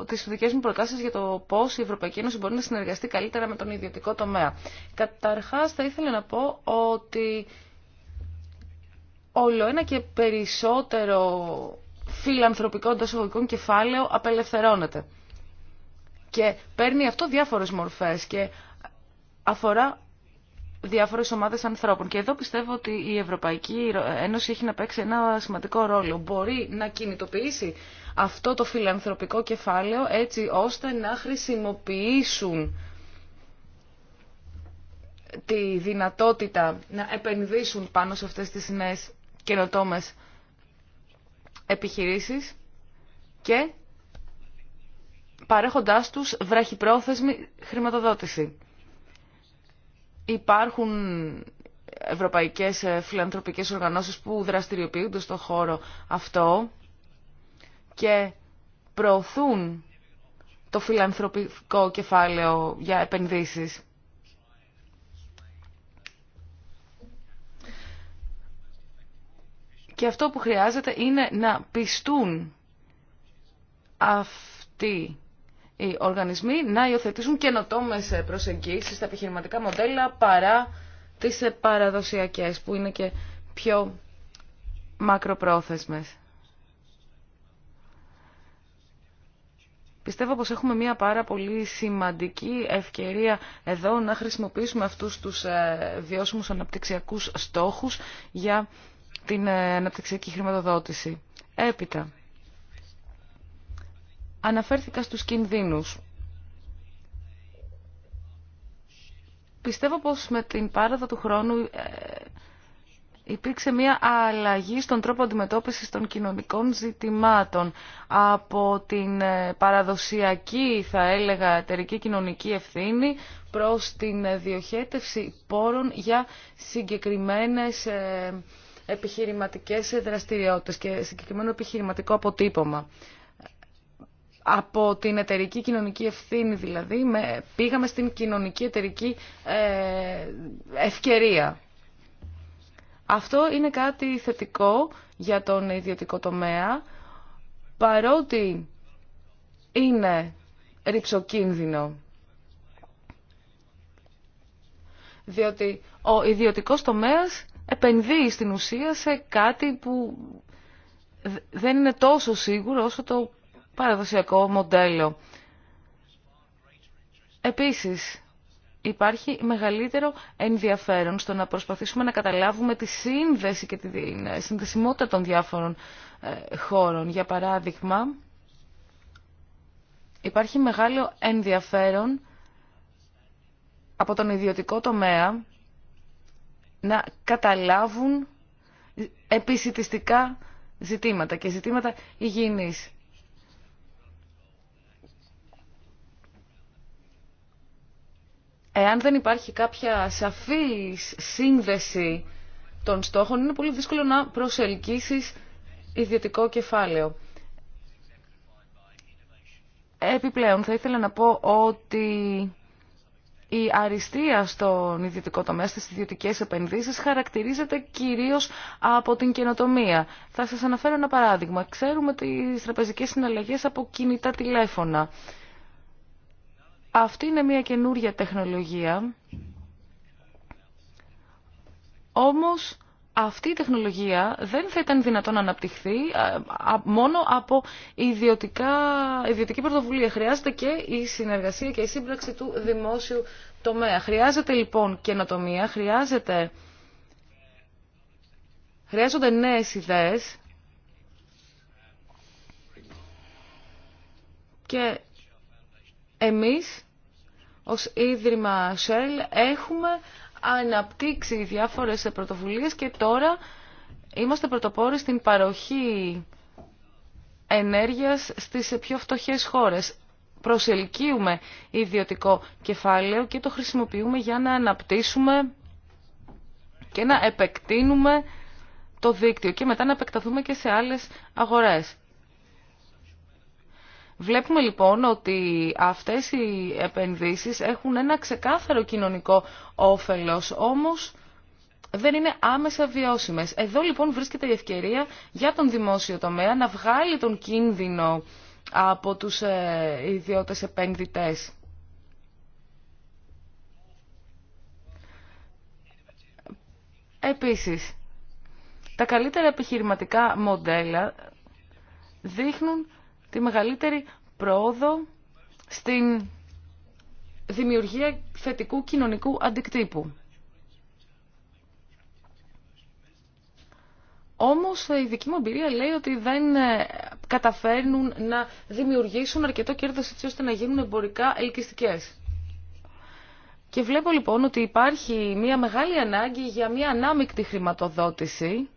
τις δικές μου προτάσεις για το πώς η Ευρωπαϊκή Ένωση μπορεί να συνεργαστεί καλύτερα με τον ιδιωτικό τομέα. Καταρχάς θα ήθελα να πω ότι όλο ένα και περισσότερο φιλανθρωπικό εντό κεφάλαιο απελευθερώνεται. Και παίρνει αυτό διάφορες μορφές και αφορά διάφορε ομάδε ανθρώπων. Και εδώ πιστεύω ότι η Ευρωπαϊκή Ένωση έχει να παίξει ένα σημαντικό ρόλο. Μπορεί να κινητοποιήσει αυτό το φιλανθρωπικό κεφάλαιο έτσι ώστε να χρησιμοποιήσουν τη δυνατότητα να επενδύσουν πάνω σε αυτές τις νέες καινοτόμες επιχειρήσεις και παρέχοντάς τους βραχυπρόθεσμη χρηματοδότηση. Υπάρχουν ευρωπαϊκές ε, φιλανθρωπικές οργανώσεις που δραστηριοποιούνται στον χώρο αυτό και προωθούν το φιλανθρωπικό κεφάλαιο για επενδύσεις. Και αυτό που χρειάζεται είναι να πιστούν αυτοί οι οργανισμοί να υιοθετήσουν καινοτόμε προσεγγίσεις στα επιχειρηματικά μοντέλα παρά τις παραδοσιακές που είναι και πιο μακροπρόθεσμες. Πιστεύω πως έχουμε μια πάρα πολύ σημαντική ευκαιρία εδώ να χρησιμοποιήσουμε αυτούς τους ε, βιώσιμους αναπτυξιακούς στόχους για την ε, αναπτυξιακή χρηματοδότηση. Έπειτα, αναφέρθηκα στους κινδύνους. Πιστεύω πως με την πάραδο του χρόνου ε, υπήρξε μια αλλαγή στον τρόπο αντιμετώπισης των κοινωνικών ζητημάτων από την ε, παραδοσιακή, θα έλεγα, εταιρική κοινωνική ευθύνη προς την διοχέτευση πόρων για συγκεκριμένες επιχειρηματικές δραστηριότητες και συγκεκριμένο επιχειρηματικό αποτύπωμα. Από την εταιρική κοινωνική ευθύνη δηλαδή πήγαμε στην κοινωνική εταιρική ε, ευκαιρία. Αυτό είναι κάτι θετικό για τον ιδιωτικό τομέα, παρότι είναι ρηψοκίνδυνο. Διότι ο ιδιωτικός τομέας επενδύει στην ουσία σε κάτι που δεν είναι τόσο σίγουρο όσο το παραδοσιακό μοντέλο. Επίσης, υπάρχει μεγαλύτερο ενδιαφέρον στο να προσπαθήσουμε να καταλάβουμε τη σύνδεση και τη συνδεσιμότητα των διάφορων ε, χώρων. Για παράδειγμα, υπάρχει μεγάλο ενδιαφέρον από τον ιδιωτικό τομέα να καταλάβουν επισητιστικά ζητήματα και ζητήματα υγιεινής. Εάν δεν υπάρχει κάποια σαφή σύνδεση των στόχων, είναι πολύ δύσκολο να προσελκύσεις ιδιωτικό κεφάλαιο. Επιπλέον, θα ήθελα να πω ότι η αριστεία στον ιδιωτικό τομέα, στις ιδιωτικές επενδύσεις, χαρακτηρίζεται κυρίως από την καινοτομία. Θα σας αναφέρω ένα παράδειγμα. Ξέρουμε τις τραπεζικές συναλλαγές από κινητά τηλέφωνα. Αυτή είναι μια καινούρια τεχνολογία, όμως αυτή η τεχνολογία δεν θα ήταν δυνατόν να αναπτυχθεί ε, μόνο από ιδιωτικά, ιδιωτική πρωτοβουλία. Χρειάζεται και η συνεργασία και η σύμπραξη του δημόσιου τομέα. Χρειάζεται λοιπόν καινοτομία, χρειάζεται, χρειάζονται νέες ιδέες και εμείς ως Ίδρυμα Shell έχουμε αναπτύξει διάφορες πρωτοβουλίες και τώρα είμαστε πρωτοπόροι στην παροχή ενέργειας στις πιο φτωχές χώρες. Προσελκύουμε ιδιωτικό κεφάλαιο και το χρησιμοποιούμε για να αναπτύσσουμε και να επεκτείνουμε το δίκτυο και μετά να επεκταθούμε και σε άλλες αγορές. Βλέπουμε λοιπόν ότι αυτές οι επενδύσεις έχουν ένα ξεκάθαρο κοινωνικό όφελος, όμως δεν είναι άμεσα βιώσιμες. Εδώ λοιπόν βρίσκεται η ευκαιρία για τον δημόσιο τομέα να βγάλει τον κίνδυνο από τους ε, ιδιώτες επενδυτές. Επίσης, τα καλύτερα επιχειρηματικά μοντέλα δείχνουν τη μεγαλύτερη πρόοδο στην δημιουργία θετικού κοινωνικού αντικτύπου. Όμως η δική μου εμπειρία λέει ότι δεν ε, καταφέρνουν να δημιουργήσουν αρκετό κέρδος έτσι ώστε να γίνουν εμπορικά ελκυστικές. Και βλέπω λοιπόν ότι υπάρχει μια μεγάλη ανάγκη για μια ανάμεικτη χρηματοδότηση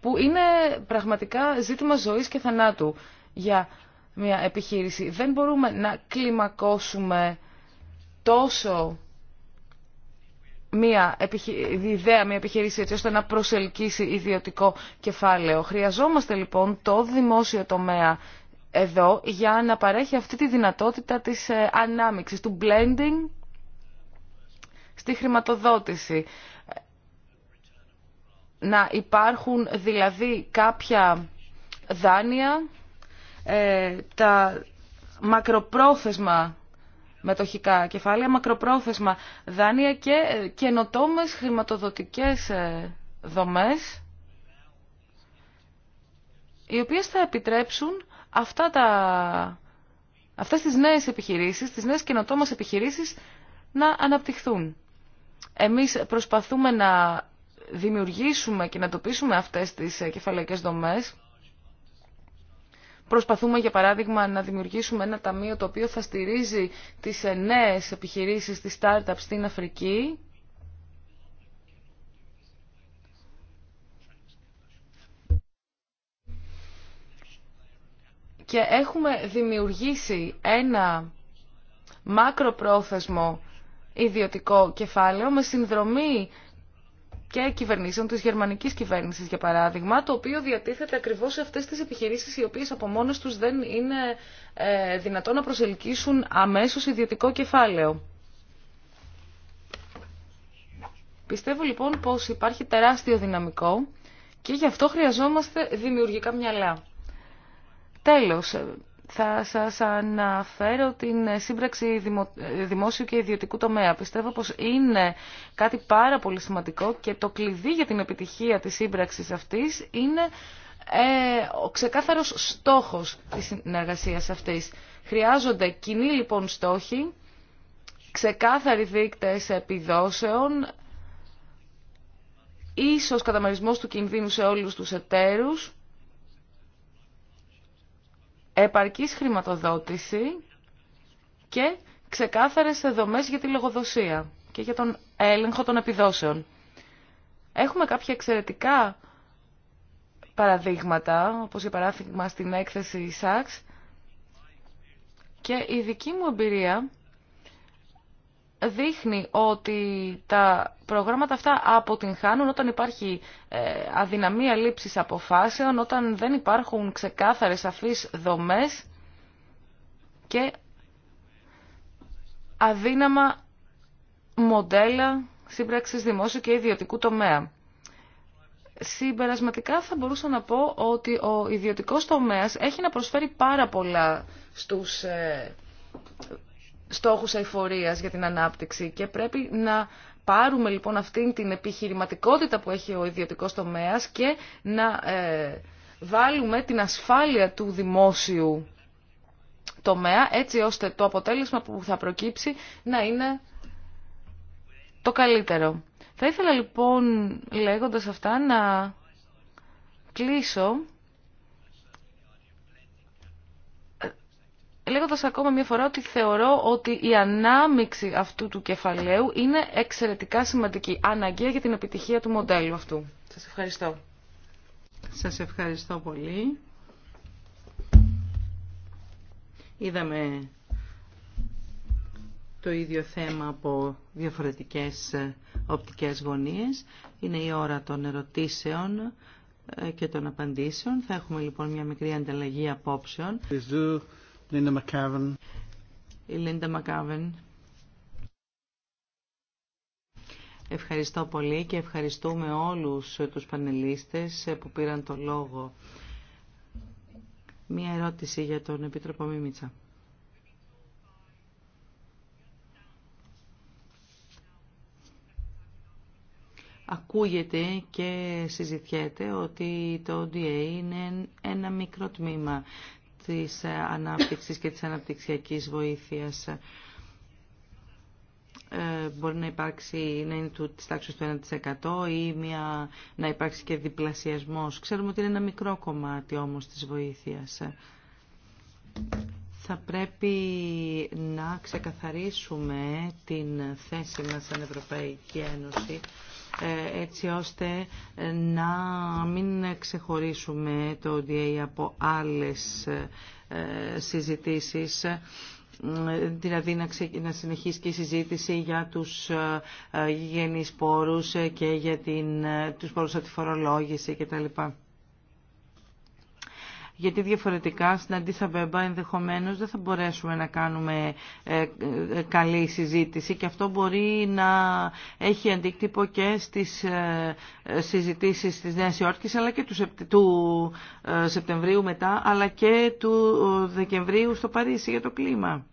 που είναι πραγματικά ζήτημα ζωής και θανάτου για μια επιχείρηση. Δεν μπορούμε να κλιμακώσουμε τόσο μια ιδέα, μια επιχείρηση έτσι ώστε να προσελκύσει ιδιωτικό κεφάλαιο. Χρειαζόμαστε λοιπόν το δημόσιο τομέα εδώ για να παρέχει αυτή τη δυνατότητα της ε, ανάμιξης του blending στη χρηματοδότηση. Να υπάρχουν δηλαδή κάποια δάνεια ε, τα μακροπρόθεσμα μετοχικά κεφάλαια, μακροπρόθεσμα δάνεια και ε, καινοτόμες χρηματοδοτικές ε, δομές οι οποίες θα επιτρέψουν αυτά τα, αυτές τις νέες επιχειρήσεις, τις νέες καινοτόμες επιχειρήσεις να αναπτυχθούν. Εμείς προσπαθούμε να δημιουργήσουμε και να τοπίσουμε αυτές τις κεφαλαϊκές δομές Προσπαθούμε, για παράδειγμα, να δημιουργήσουμε ένα ταμείο το οποίο θα στηρίζει τις νέες επιχειρήσεις, της startups στην Αφρική. Και έχουμε δημιουργήσει ένα μακροπρόθεσμο ιδιωτικό κεφάλαιο με συνδρομή και κυβερνήσεων τη γερμανική κυβέρνηση για παράδειγμα, το οποίο διατίθεται ακριβώς σε αυτέ τι επιχειρήσεις οι οποίες από μόνες τους δεν είναι ε, δυνατόν να προσελκύσουν αμέσως ιδιωτικό κεφάλαιο. Πιστεύω λοιπόν πως υπάρχει τεράστιο δυναμικό και γι' αυτό χρειαζόμαστε δημιουργικά μυαλά. Τέλος, ε, θα σας αναφέρω την σύμπραξη δημόσιου και ιδιωτικού τομέα. Πιστεύω πως είναι κάτι πάρα πολύ σημαντικό και το κλειδί για την επιτυχία της σύμπραξης αυτής είναι ε, ο ξεκάθαρος στόχος της συνεργασίας αυτής. Χρειάζονται κοινοί λοιπόν στόχοι, ξεκάθαροι δείκτες επιδόσεων, ίσως καταμερισμός του κινδύνου σε όλους τους εταίρους, επαρκής χρηματοδότηση και ξεκάθαρες δομές για τη λογοδοσία και για τον έλεγχο των επιδόσεων. Έχουμε κάποια εξαιρετικά παραδείγματα, όπως για παράδειγμα στην έκθεση ΣΑΞ, και η δική μου εμπειρία δείχνει ότι τα προγράμματα αυτά αποτυγχάνουν όταν υπάρχει ε, αδυναμία λήψης αποφάσεων, όταν δεν υπάρχουν ξεκάθαρες αφείς δομές και αδύναμα μοντέλα σύμπραξης δημόσιο και ιδιωτικού τομέα. Συμπερασματικά θα μπορούσα να πω ότι ο ιδιωτικός τομέας έχει να προσφέρει πάρα πολλά στους ε, στόχους εφορίας για την ανάπτυξη και πρέπει να πάρουμε λοιπόν αυτή την επιχειρηματικότητα που έχει ο ιδιωτικός τομέας και να ε, βάλουμε την ασφάλεια του δημόσιου τομέα έτσι ώστε το αποτέλεσμα που θα προκύψει να είναι το καλύτερο. Θα ήθελα λοιπόν λέγοντας αυτά να κλείσω λέγοντας ακόμα μια φορά ότι θεωρώ ότι η ανάμειξη αυτού του κεφαλαίου είναι εξαιρετικά σημαντική, αναγκαία για την επιτυχία του μοντέλου αυτού. Σας ευχαριστώ. Σας ευχαριστώ πολύ. Είδαμε το ίδιο θέμα από διαφορετικές οπτικές γωνίες. Είναι η ώρα των ερωτήσεων ε, και των απαντήσεων. Θα έχουμε λοιπόν μια μικρή ανταλλαγή απόψεων. Ευχαριστώ πολύ και ευχαριστούμε όλους τους πανελίστες που πήραν το λόγο. Μία ερώτηση για τον Επίτροπο Μίμητσα. Ακούγεται και συζητιέται ότι το ODA είναι ένα μικρό τμήμα της ε, ανάπτυξης και της αναπτυξιακής βοήθειας. Ε, μπορεί να υπάρξει, να είναι του, της τάξης του 1% ή μια, να υπάρξει και διπλασιασμός. Ξέρουμε ότι είναι ένα μικρό κομμάτι όμως της βοήθειας. Θα πρέπει να ξεκαθαρίσουμε την θέση μας σαν Ευρωπαϊκή Ένωση ε, έτσι ώστε ε, να μην ξεχωρίσουμε το ODA από άλλες ε, συζητήσεις δηλαδή να συνεχίσει και η συζήτηση για τους γενείς πόρους και για την, τους πόρους από κτλ γιατί διαφορετικά στην Αντίσαβέμπα ενδεχομένως δεν θα μπορέσουμε να κάνουμε ε, ε, καλή συζήτηση και αυτό μπορεί να έχει αντίκτυπο και στις ε, συζητήσεις της Νέας Υόρκης αλλά και του Σεπτεμβρίου μετά αλλά και του Δεκεμβρίου στο Παρίσι για το κλίμα.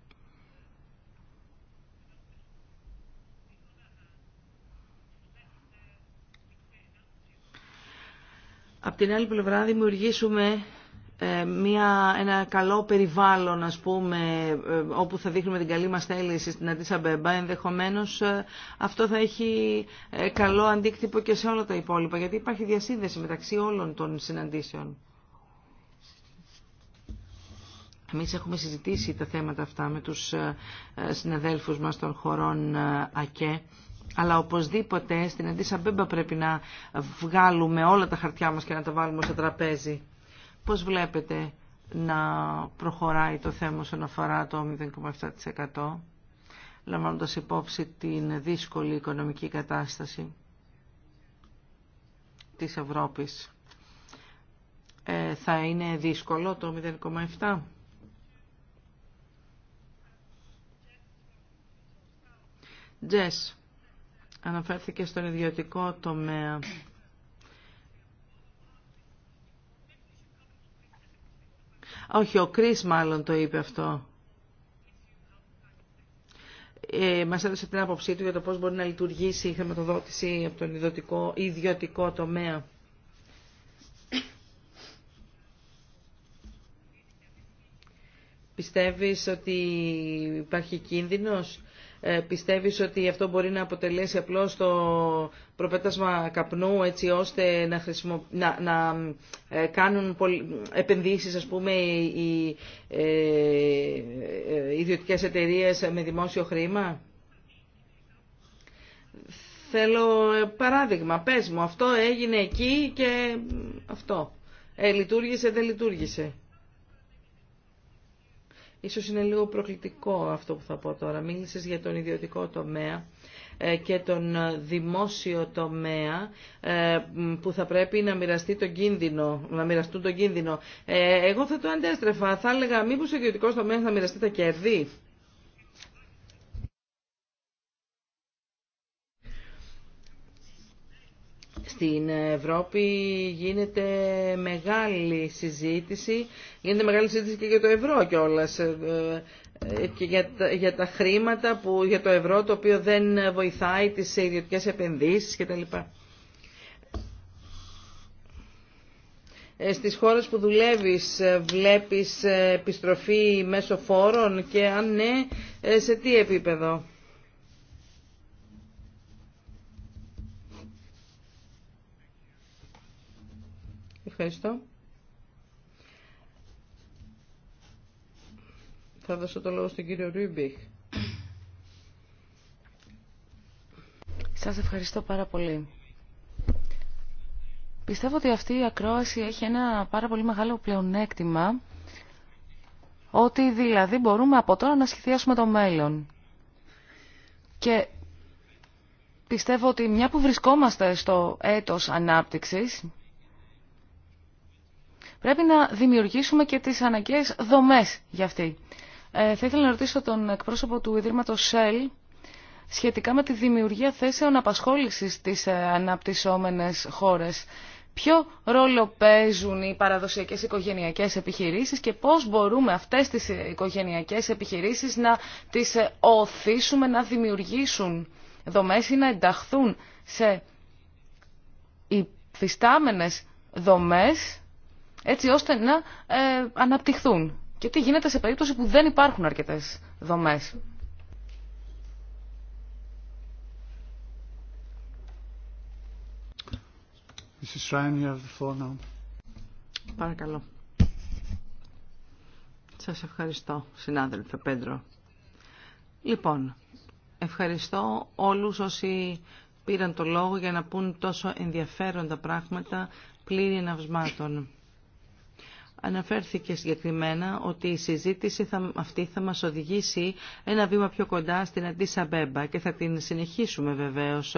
Απ' την άλλη πλευρά δημιουργήσουμε ε, μια, ένα καλό περιβάλλον ας πούμε ε, όπου θα δείχνουμε την καλή μας θέληση στην Αντίσα Μπέμπα ενδεχομένως ε, αυτό θα έχει καλό αντίκτυπο και σε όλα τα υπόλοιπα γιατί υπάρχει διασύνδεση μεταξύ όλων των συναντήσεων. Εμείς έχουμε συζητήσει τα θέματα αυτά με τους συναδέλφους μας των χωρών ΑΚΕ αλλά οπωσδήποτε στην Αντίσα Μπέμπα πρέπει να βγάλουμε όλα τα χαρτιά μας και να τα βάλουμε στο τραπέζι. Πώς βλέπετε να προχωράει το θέμα όσον αφορά το 0,7% λαμβάνοντας υπόψη την δύσκολη οικονομική κατάσταση της Ευρώπης. Ε, θα είναι δύσκολο το 0,7%. Τζες, αναφέρθηκε στον ιδιωτικό τομέα. Όχι, ο Κρίς μάλλον το είπε αυτό. Ε, μας έδωσε την άποψή του για το πώς μπορεί να λειτουργήσει η χρηματοδότηση από τον ιδιωτικό, ιδιωτικό τομέα. Πιστεύεις ότι υπάρχει κίνδυνος ε, πιστεύεις ότι αυτό μπορεί να αποτελέσει απλώς το προπέτασμα καπνού έτσι ώστε να, να, ε, κάνουν επενδύσεις ας πούμε οι ε, ιδιωτικές εταιρείες με δημόσιο χρήμα. Θέλω παράδειγμα, πες μου, αυτό έγινε εκεί και αυτό. Ε, λειτουργήσε, δεν λειτουργήσε. Ίσως είναι λίγο προκλητικό αυτό που θα πω τώρα. Μίλησες για τον ιδιωτικό τομέα ε, και τον δημόσιο τομέα ε, που θα πρέπει να μοιραστεί τον κίνδυνο, να μοιραστούν τον κίνδυνο. Ε, εγώ θα το αντέστρεφα. Θα έλεγα μήπως ο ιδιωτικός τομέας θα μοιραστεί τα κέρδη. Στην Ευρώπη γίνεται μεγάλη συζήτηση, γίνεται μεγάλη συζήτηση και για το ευρώ κιόλα ε, ε, και για τα, για τα χρήματα που, για το ευρώ το οποίο δεν βοηθάει τις ιδιωτικές επενδύσεις κτλ. Ε, στις χώρες που δουλεύεις βλέπεις επιστροφή μέσω φόρων και αν ναι σε τι επίπεδο. Ευχαριστώ. Θα δώσω το λόγο στον κύριο Ρούιμπιχ. Σας ευχαριστώ πάρα πολύ. Πιστεύω ότι αυτή η ακρόαση έχει ένα πάρα πολύ μεγάλο πλεονέκτημα, ότι δηλαδή μπορούμε από τώρα να σχεδιάσουμε το μέλλον. Και πιστεύω ότι μια που βρισκόμαστε στο έτος ανάπτυξης, Πρέπει να δημιουργήσουμε και τις αναγκαίες δομές για αυτή. Ε, θα ήθελα να ρωτήσω τον εκπρόσωπο του Ιδρύματος ΣΕΛ σχετικά με τη δημιουργία θέσεων απασχόλησης στις ε, αναπτυσσόμενες χώρες. Ποιο ρόλο παίζουν οι παραδοσιακές οικογενειακές επιχειρήσεις και πώς μπορούμε αυτές τις ε, οικογενειακές επιχειρήσεις να τις ε, οθήσουμε να δημιουργήσουν δομές ή να ενταχθούν σε υφιστάμενες δομές έτσι ώστε να ε, αναπτυχθούν. Και τι γίνεται σε περίπτωση που δεν υπάρχουν αρκετές δομές. Παρακαλώ. Σας ευχαριστώ, συνάδελφε Πέντρο. Λοιπόν, ευχαριστώ όλους όσοι πήραν το λόγο για να πούν τόσο ενδιαφέροντα πράγματα πλήρη εναυσμάτων. Αναφέρθηκε συγκεκριμένα ότι η συζήτηση αυτή θα μας οδηγήσει ένα βήμα πιο κοντά στην αντίσαμπέμπα και θα την συνεχίσουμε βεβαίως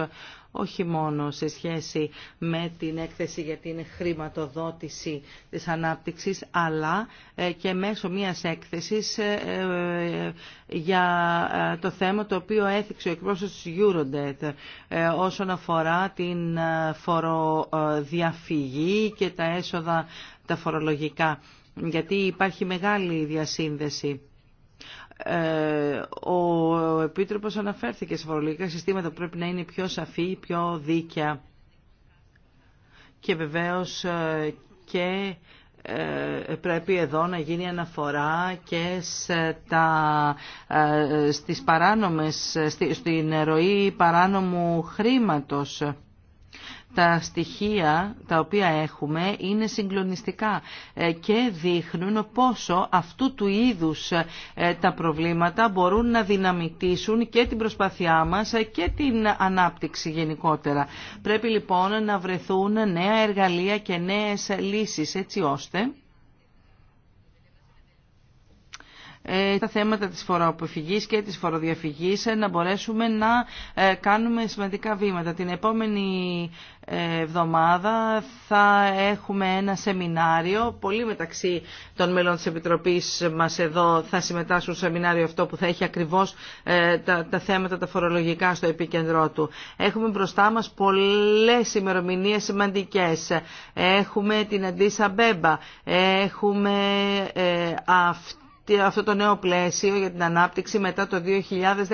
όχι μόνο σε σχέση με την έκθεση για την χρηματοδότηση της ανάπτυξης, αλλά ε, και μέσω μιας έκθεσης ε, ε, για το θέμα το οποίο έθιξε ο εκπρόσωπος της Eurodebt όσον αφορά την φοροδιαφυγή και τα έσοδα τα φορολογικά, γιατί υπάρχει μεγάλη διασύνδεση. Ε, ο Επίτροπος αναφέρθηκε σε φορολογικά συστήματα που πρέπει να είναι πιο σαφή, πιο δίκαια και βεβαίως ε, και ε, πρέπει εδώ να γίνει αναφορά και στις παράνομες, στην ροή παράνομου χρήματος τα στοιχεία τα οποία έχουμε είναι συγκλονιστικά ε, και δείχνουν πόσο αυτού του είδους ε, τα προβλήματα μπορούν να δυναμητήσουν και την προσπάθειά μας ε, και την ανάπτυξη γενικότερα. Πρέπει λοιπόν να βρεθούν νέα εργαλεία και νέες λύσεις έτσι ώστε Ε, τα θέματα της φοροαποφυγής και της φοροδιαφυγής ε, να μπορέσουμε να ε, κάνουμε σημαντικά βήματα. Την επόμενη εβδομάδα θα έχουμε ένα σεμινάριο. Πολλοί μεταξύ των μελών της Επιτροπής μας εδώ θα συμμετάσχουν στο σεμινάριο αυτό που θα έχει ακριβώς τα, θέματα τα φορολογικά στο επίκεντρό του. Έχουμε μπροστά μας πολλές ημερομηνίες σημαντικές. Έχουμε την Αντίσα Μπέμπα, έχουμε ε, αυτό το νέο πλαίσιο για την ανάπτυξη μετά το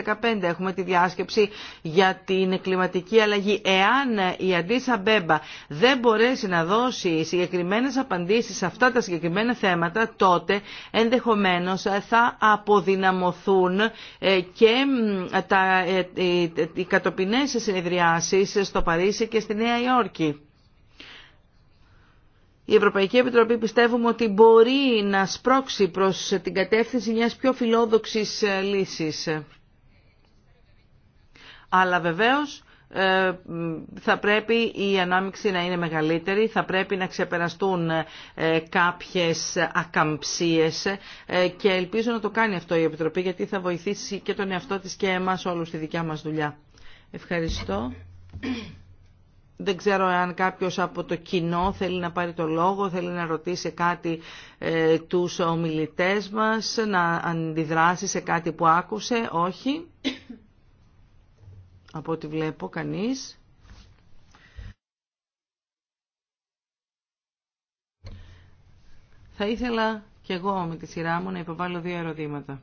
2015. Έχουμε τη διάσκεψη για την κλιματική αλλαγή. Εάν η Αντίσα Μπέμπα δεν μπορέσει να δώσει συγκεκριμένες απαντήσεις σε αυτά τα συγκεκριμένα θέματα, τότε ενδεχομένως θα αποδυναμωθούν ε, και τα, ε, ε, οι κατοπινές συνεδριάσεις στο Παρίσι και στη Νέα Υόρκη. Η Ευρωπαϊκή Επιτροπή πιστεύουμε ότι μπορεί να σπρώξει προς την κατεύθυνση μιας πιο φιλόδοξης ε, λύσης. Αλλά βεβαίως ε, θα πρέπει η ανάμειξη να είναι μεγαλύτερη, θα πρέπει να ξεπεραστούν ε, κάποιες ακαμψίες και ελπίζω να το κάνει αυτό η Επιτροπή γιατί θα βοηθήσει και τον εαυτό της και εμάς όλους στη δικιά μας δουλειά. Ευχαριστώ. Δεν ξέρω αν κάποιος από το κοινό θέλει να πάρει το λόγο, θέλει να ρωτήσει κάτι ε, τους ομιλητές μας, να αντιδράσει σε κάτι που άκουσε. Όχι. από ό,τι βλέπω κανείς. Θα ήθελα κι εγώ με τη σειρά μου να υποβάλω δύο ερωτήματα.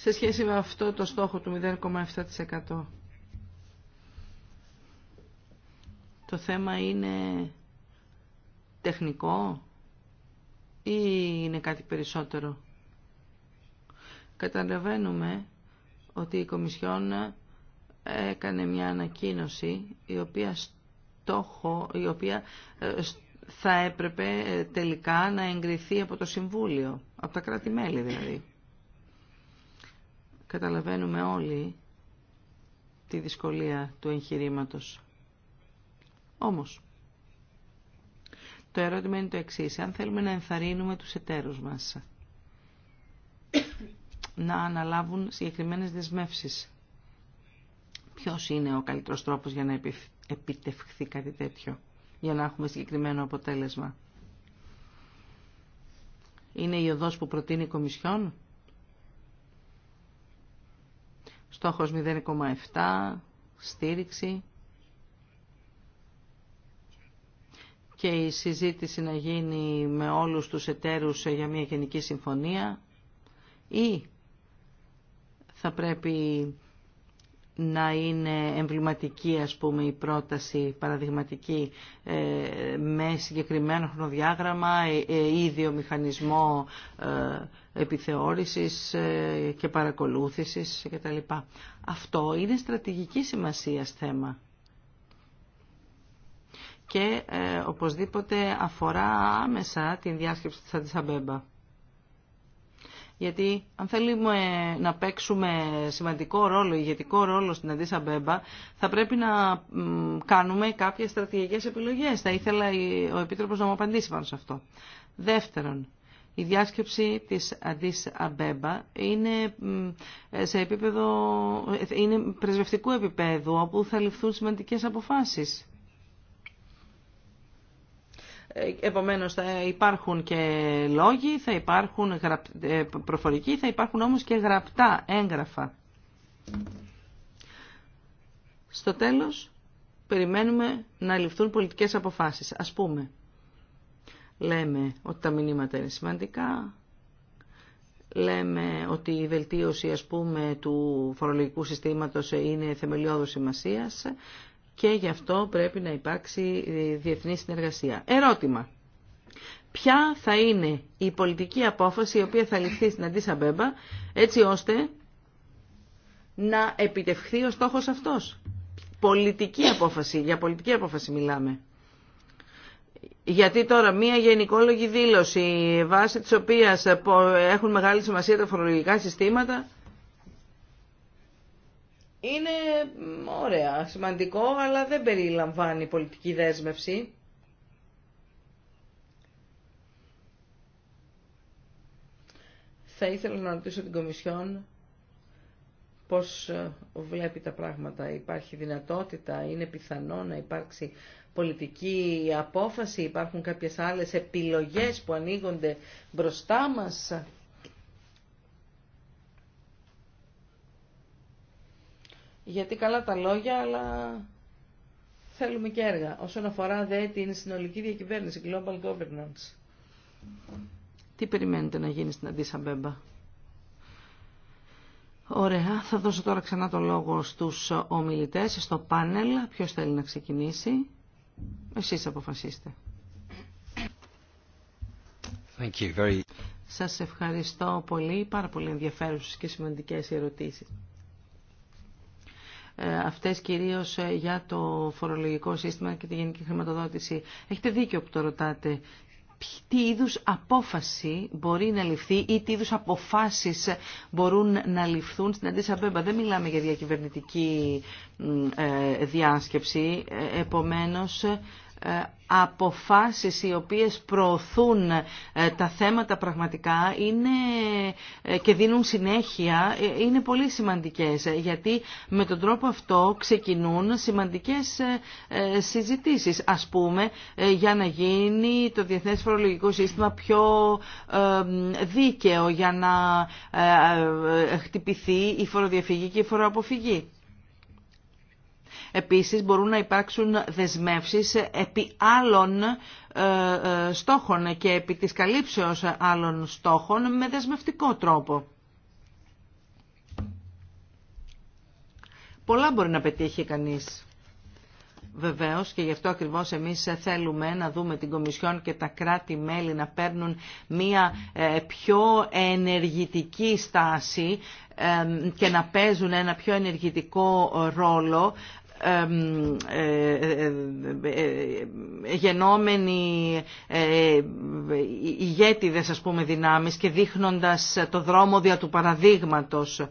σε σχέση με αυτό το στόχο του 0,7%. Το θέμα είναι τεχνικό ή είναι κάτι περισσότερο. Καταλαβαίνουμε ότι η Κομισιόν έκανε μια ανακοίνωση η οποία στόχο, η οποία ε, θα έπρεπε ε, τελικά να εγκριθεί από το Συμβούλιο, από τα κράτη-μέλη δηλαδή. Καταλαβαίνουμε όλοι τη δυσκολία του εγχειρήματο. Όμως, το ερώτημα είναι το εξή. Αν θέλουμε να ενθαρρύνουμε τους εταίρους μας να αναλάβουν συγκεκριμένες δεσμεύσεις, ποιος είναι ο καλύτερος τρόπος για να επιτευχθεί κάτι τέτοιο, για να έχουμε συγκεκριμένο αποτέλεσμα. Είναι η οδός που προτείνει η Κομισιόν στόχος 0,7, στήριξη και η συζήτηση να γίνει με όλους τους εταίρους για μια γενική συμφωνία ή θα πρέπει να είναι εμβληματική ας πούμε η πρόταση παραδειγματική ε, με συγκεκριμένο χρονοδιάγραμμα ίδιο ε, ε, μηχανισμό επιθεώρησης και παρακολούθησης κτλ. Αυτό είναι στρατηγική σημασία θέμα και ε, οπωσδήποτε αφορά άμεσα την διάσκεψη της Αντισαμπέμπα. Γιατί αν θέλουμε να παίξουμε σημαντικό ρόλο, ηγετικό ρόλο στην Αντίσα Μπέμπα, θα πρέπει να κάνουμε κάποιες στρατηγικές επιλογές. Θα ήθελα ο Επίτροπος να μου απαντήσει πάνω σε αυτό. Δεύτερον, η διάσκεψη της Αντίς Αμπέμπα είναι, σε επίπεδο, είναι πρεσβευτικού επίπεδου, όπου θα ληφθούν σημαντικές αποφάσεις. Επομένως θα υπάρχουν και λόγοι, θα υπάρχουν ε, προφορικοί, θα υπάρχουν όμως και γραπτά έγγραφα. Στο τέλος περιμένουμε να ληφθούν πολιτικές αποφάσεις. Ας πούμε, λέμε ότι τα μηνύματα είναι σημαντικά, λέμε ότι η βελτίωση ας πούμε του φορολογικού συστήματος είναι θεμελιώδου σημασίας και γι' αυτό πρέπει να υπάρξει ε, διεθνή συνεργασία. Ερώτημα. Ποια θα είναι η πολιτική απόφαση η οποία θα ληφθεί στην Αντίσα Μπέμπα έτσι ώστε να επιτευχθεί ο στόχος αυτός. Πολιτική απόφαση, για πολιτική απόφαση μιλάμε. Γιατί τώρα μία γενικόλογη δήλωση βάσει της οποίας ε, έχουν μεγάλη σημασία τα φορολογικά συστήματα είναι ωραία, σημαντικό, αλλά δεν περιλαμβάνει πολιτική δέσμευση. Θα ήθελα να ρωτήσω την Κομισιόν πώς ε, βλέπει τα πράγματα. Υπάρχει δυνατότητα, είναι πιθανό να υπάρξει πολιτική απόφαση, υπάρχουν κάποιες άλλες επιλογές που ανοίγονται μπροστά μας. γιατί καλά τα λόγια, αλλά θέλουμε και έργα. Όσον αφορά δε την συνολική διακυβέρνηση, global governance. Τι περιμένετε να γίνει στην Αντίσα Μπέμπα. Ωραία, θα δώσω τώρα ξανά το λόγο στους ομιλητές, στο πάνελ. Ποιος θέλει να ξεκινήσει. Εσείς αποφασίστε. Thank Σας ευχαριστώ πολύ. Πάρα πολύ ενδιαφέρουσες και σημαντικές ερωτήσεις. Ε, αυτές κυρίως ε, για το φορολογικό σύστημα και τη γενική χρηματοδότηση. Έχετε δίκιο που το ρωτάτε τι είδους απόφαση μπορεί να ληφθεί ή τι είδους αποφάσεις μπορούν να ληφθούν στην Αντίσα Δεν μιλάμε για διακυβερνητική ε, διάσκεψη, επομένως ε, αποφάσεις οι οποίες προωθούν ε, τα θέματα πραγματικά είναι, ε, και δίνουν συνέχεια είναι πολύ σημαντικές γιατί με τον τρόπο αυτό ξεκινούν σημαντικές συζητήσεις ας πούμε για να γίνει το Διεθνές Φορολογικό Σύστημα πιο δίκαιο για να χτυπηθεί η φοροδιαφυγή και η φοροαποφυγή. Επίσης μπορούν να υπάρξουν δεσμεύσεις επί άλλων ε, ε, στόχων και επί της καλύψεως άλλων στόχων με δεσμευτικό τρόπο. Πολλά μπορεί να πετύχει κανείς. Βεβαίως και γι' αυτό ακριβώς εμείς θέλουμε να δούμε την Κομισιόν και τα κράτη-μέλη να παίρνουν μία ε, πιο ενεργητική στάση και να παίζουν ένα πιο ενεργητικό ρόλο ε, ε, ε, γενόμενοι ηγέτιδες ας πούμε δυνάμεις και δείχνοντας το δρόμο δια του παραδείγματος.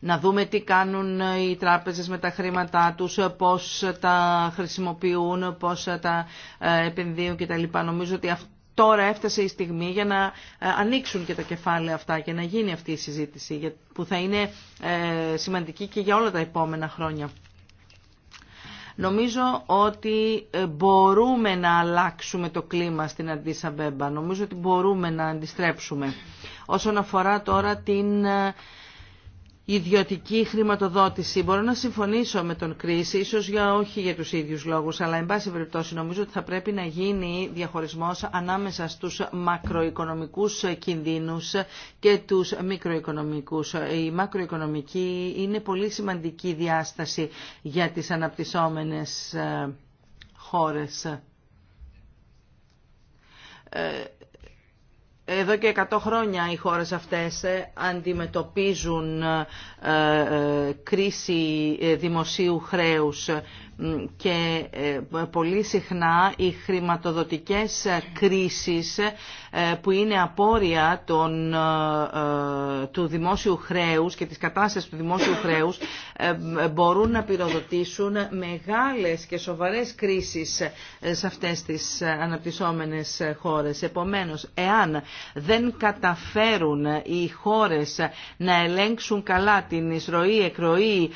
Να δούμε τι κάνουν οι τράπεζες με τα χρήματά τους, πώς τα χρησιμοποιούν, πώς τα επενδύουν κτλ. Νομίζω ότι αυτό τώρα έφτασε η στιγμή για να ε, ανοίξουν και τα κεφάλαια αυτά και να γίνει αυτή η συζήτηση που θα είναι ε, σημαντική και για όλα τα επόμενα χρόνια. Νομίζω ότι ε, μπορούμε να αλλάξουμε το κλίμα στην Αντίσα Μπέμπα. Νομίζω ότι μπορούμε να αντιστρέψουμε. Όσον αφορά τώρα την ιδιωτική χρηματοδότηση. Μπορώ να συμφωνήσω με τον κρίση, ίσως για όχι για τους ίδιους λόγους, αλλά εν πάση περιπτώσει νομίζω ότι θα πρέπει να γίνει διαχωρισμός ανάμεσα στους μακροοικονομικούς κινδύνους και τους μικροοικονομικούς. Η μακροοικονομική είναι πολύ σημαντική διάσταση για τις αναπτυσσόμενες ε, χώρες ε, εδώ και 100 χρόνια οι χώρες αυτές ε, αντιμετωπίζουν ε, ε, κρίση δημοσίου χρέους και ε, πολύ συχνά οι χρηματοδοτικές κρίσεις ε, που είναι απόρρια των, ε, του δημόσιου χρέους και της κατάστασης του δημόσιου χρέους μπορούν να πυροδοτήσουν μεγάλες και σοβαρές κρίσεις σε αυτές τις αναπτυσσόμενες χώρες. Επομένως, εάν δεν καταφέρουν οι χώρες να ελέγξουν καλά την εισρωή, εκροή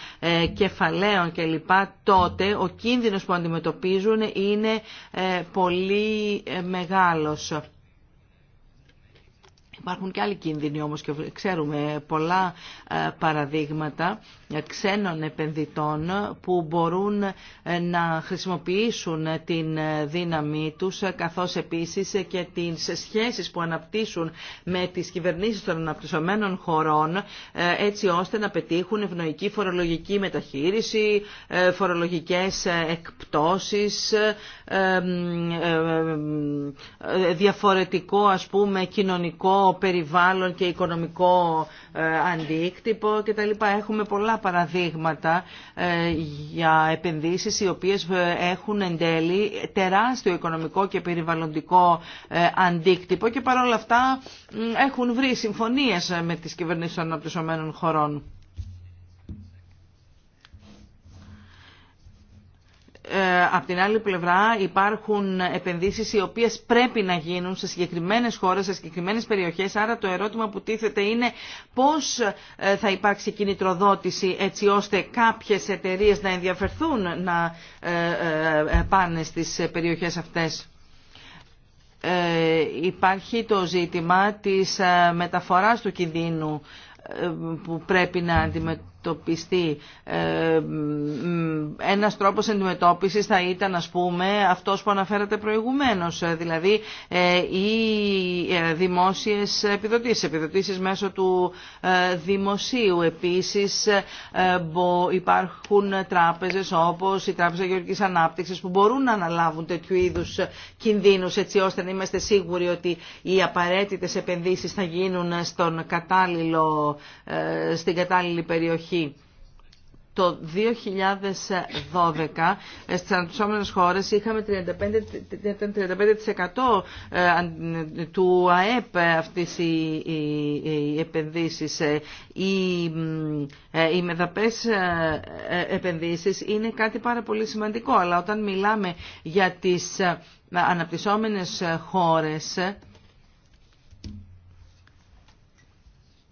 κεφαλαίων κλπ, τότε ο κίνδυνος που αντιμετωπίζουν είναι ε, πολύ ε, μεγάλος. Υπάρχουν και άλλοι κίνδυνοι όμως και ξέρουμε πολλά ε, παραδείγματα ε, ξένων επενδυτών που μπορούν ε, να χρησιμοποιήσουν την δύναμή τους καθώς επίσης και τις σχέσεις που αναπτύσσουν με τις κυβερνήσεις των αναπτυσσομένων χωρών έτσι ώστε να πετύχουν ευνοϊκή φορολογική μεταχείριση, φορολογικές εκπτώσεις, διαφορετικό ας πούμε κοινωνικό περιβάλλον και οικονομικό ε, αντίκτυπο κτλ. Έχουμε πολλά παραδείγματα ε, για επενδύσεις οι οποίες ε, έχουν εν τέλει τεράστιο οικονομικό και περιβαλλοντικό αντίκτυπο και παρόλα αυτά έχουν βρει συμφωνίες με τις κυβερνήσεις των αναπτυσσομένων χωρών. Ε, απ' την άλλη πλευρά υπάρχουν επενδύσεις οι οποίες πρέπει να γίνουν σε συγκεκριμένες χώρες, σε συγκεκριμένες περιοχές. Άρα το ερώτημα που τίθεται είναι πώς ε, θα υπάρξει κινητροδότηση έτσι ώστε κάποιες εταιρείες να ενδιαφερθούν να ε, πάνε στις περιοχές αυτές. Υπάρχει το ζήτημα της μεταφοράς του κινδύνου που πρέπει να αντιμετωπίσουμε ένα ε, Ένας τρόπος αντιμετώπισης θα ήταν ας πούμε αυτός που αναφέρατε προηγουμένως, ε, δηλαδή ε, οι δημόσιες επιδοτήσεις, επιδοτήσεις μέσω του δημοσίου. Επίσης υπάρχουν τράπεζες όπως η Τράπεζα Γεωργικής Ανάπτυξης που μπορούν να αναλάβουν τέτοιου είδους κινδύνους έτσι ώστε να είμαστε σίγουροι ότι οι απαραίτητες επενδύσεις θα γίνουν στον κατάλληλο, στην κατάλληλη περιοχή το 2012 ε, στις αναπτυσσόμενες χώρες είχαμε 35%, 35 ε, του ΑΕΠ ε, αυτής οι επενδύσεις. Οι, οι μεδαπές επενδύσεις είναι κάτι πάρα πολύ σημαντικό, αλλά όταν μιλάμε για τις αναπτυσσόμενες χώρες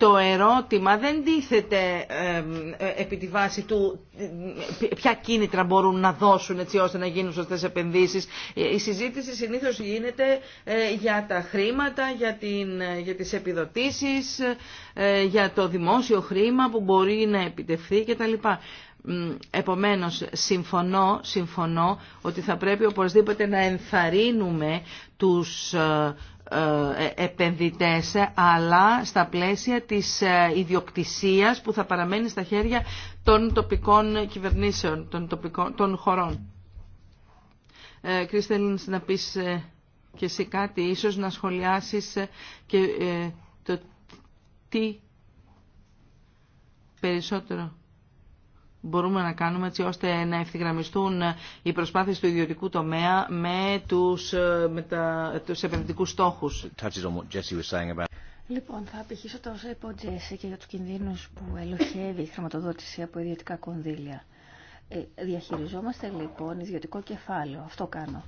το ερώτημα δεν τίθεται ε, επί τη βάση του ε, ποια κίνητρα μπορούν να δώσουν έτσι ώστε να γίνουν σωστές επενδύσεις. Ε, η συζήτηση συνήθως γίνεται για τα χρήματα, για, την, για τις επιδοτήσεις, για το δημόσιο χρήμα που μπορεί να επιτευχθεί κτλ. Επομένως, συμφωνώ, συμφωνώ ότι θα πρέπει οπωσδήποτε να ενθαρρύνουμε τους ε, επενδυτές αλλά στα πλαίσια της ε, ιδιοκτησίας που θα παραμένει στα χέρια των τοπικών κυβερνήσεων, των, τοπικών, των χωρών. Ε, Κρίστελ, να πεις ε, και εσύ κάτι, ίσως να σχολιάσεις και το τι περισσότερο μπορούμε να κάνουμε έτσι ώστε να ευθυγραμμιστούν οι προσπάθειες του ιδιωτικού τομέα με τους, ε, με τα, τους επενδυτικούς στόχους. Λοιπόν, θα απηχήσω τόσο, όσα είπε ο Τζέσι και για τους κινδύνους που ελοχεύει η χρηματοδότηση από ιδιωτικά κονδύλια. Ε, διαχειριζόμαστε λοιπόν ιδιωτικό κεφάλαιο. Αυτό κάνω.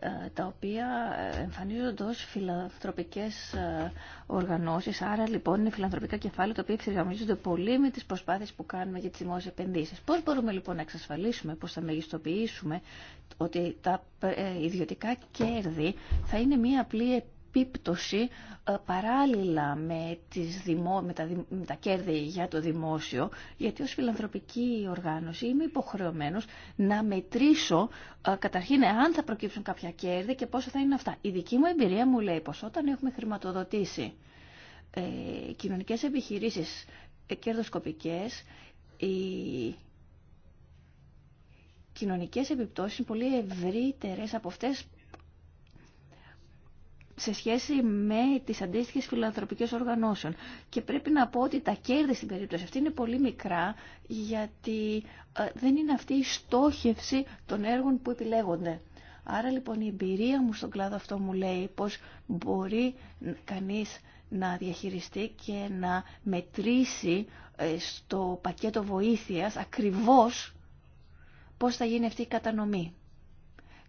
Ε, τα οποία ε, εμφανίζονται ως φιλανθρωπικές ε, οργανώσεις. Άρα λοιπόν είναι φιλανθρωπικά κεφάλαια τα οποία εξεργαμίζονται πολύ με τις προσπάθειες που κάνουμε για τις δημόσιες επενδύσεις. Πώς μπορούμε λοιπόν να εξασφαλίσουμε, πώς θα μεγιστοποιήσουμε ότι τα ιδιωτικά κέρδη θα είναι μία απλή επίπτωση ε, παράλληλα με, τις δημο... με, τα... με τα κέρδη για το δημόσιο, γιατί ως φιλανθρωπική οργάνωση είμαι υποχρεωμένος να μετρήσω ε, καταρχήν αν θα προκύψουν κάποια κέρδη και πόσο θα είναι αυτά. Η δική μου εμπειρία μου λέει πως όταν έχουμε χρηματοδοτήσει ε, κοινωνικές επιχειρήσεις ε, κερδοσκοπικές, οι κοινωνικές επιπτώσεις είναι πολύ ευρύτερες από αυτές σε σχέση με τις αντίστοιχες φιλανθρωπικές οργανώσεων. Και πρέπει να πω ότι τα κέρδη στην περίπτωση αυτή είναι πολύ μικρά γιατί ε, δεν είναι αυτή η στόχευση των έργων που επιλέγονται. Άρα λοιπόν η εμπειρία μου στον κλάδο αυτό μου λέει πως μπορεί κανείς να διαχειριστεί και να μετρήσει ε, στο πακέτο βοήθειας ακριβώς πώς θα γίνει αυτή η κατανομή.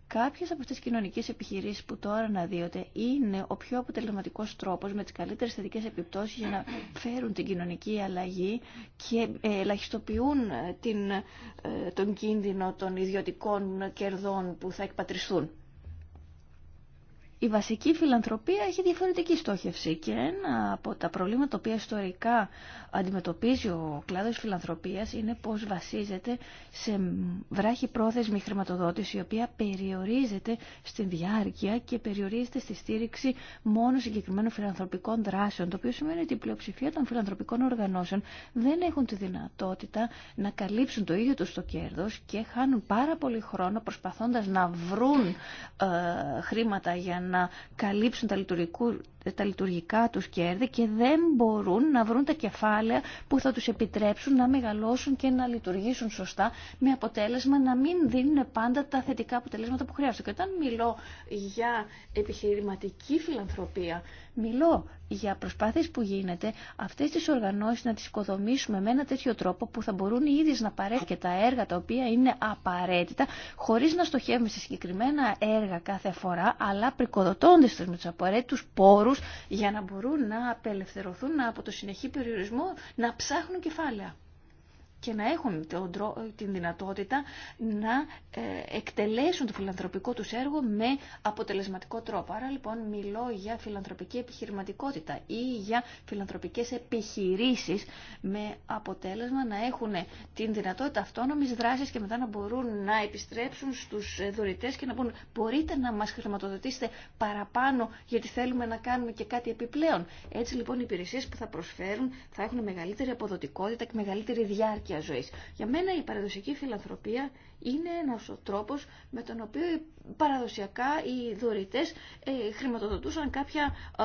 Κάποιες από τις κοινωνικές επιχειρήσεις που τώρα αναδύονται είναι ο πιο αποτελεσματικός τρόπος με τις καλύτερες θετικές επιπτώσεις για να φέρουν την κοινωνική αλλαγή και ε, ελαχιστοποιούν ε, την, ε, τον κίνδυνο των ιδιωτικών κερδών που θα εκπατριστούν η βασική φιλανθρωπία έχει διαφορετική στόχευση και ένα από τα προβλήματα τα οποία ιστορικά αντιμετωπίζει ο κλάδος φιλανθρωπίας είναι πως βασίζεται σε βράχη πρόθεσμη χρηματοδότηση η οποία περιορίζεται στην διάρκεια και περιορίζεται στη στήριξη μόνο συγκεκριμένων φιλανθρωπικών δράσεων το οποίο σημαίνει ότι η πλειοψηφία των φιλανθρωπικών οργανώσεων δεν έχουν τη δυνατότητα να καλύψουν το ίδιο τους το κέρδο και χάνουν πάρα πολύ χρόνο προσπαθώντας να βρουν ε, χρήματα για να καλύψουν τα λειτουργικού τα λειτουργικά τους κέρδη και δεν μπορούν να βρουν τα κεφάλαια που θα τους επιτρέψουν να μεγαλώσουν και να λειτουργήσουν σωστά με αποτέλεσμα να μην δίνουν πάντα τα θετικά αποτελέσματα που χρειάζονται. Και όταν μιλώ για επιχειρηματική φιλανθρωπία, μιλώ για προσπάθειες που γίνεται αυτές τις οργανώσεις να τις οικοδομήσουμε με ένα τέτοιο τρόπο που θα μπορούν οι ίδιες να παρέχουν και τα έργα τα οποία είναι απαραίτητα χωρίς να στοχεύουμε σε συγκεκριμένα έργα κάθε φορά αλλά πρικοδοτώντας με πόρους για να μπορούν να απελευθερωθούν από το συνεχή περιορισμό να ψάχνουν κεφάλαια και να έχουν την δυνατότητα να ε, εκτελέσουν το φιλανθρωπικό τους έργο με αποτελεσματικό τρόπο. Άρα λοιπόν μιλώ για φιλανθρωπική επιχειρηματικότητα ή για φιλανθρωπικές επιχειρήσεις με αποτέλεσμα να έχουν την δυνατότητα αυτόνομης δράσης και μετά να μπορούν να επιστρέψουν στους δωρητές και να πούν μπορείτε να μας χρηματοδοτήσετε παραπάνω γιατί θέλουμε να κάνουμε και κάτι επιπλέον. Έτσι λοιπόν οι υπηρεσίες που θα προσφέρουν θα έχουν μεγαλύτερη αποδοτικότητα και μεγαλύτερη διάρκεια ζωής. Για μένα η παραδοσιακή φιλανθρωπία είναι ένας ο τρόπος με τον οποίο παραδοσιακά οι δωρητές ε, χρηματοδοτούσαν κάποια ε,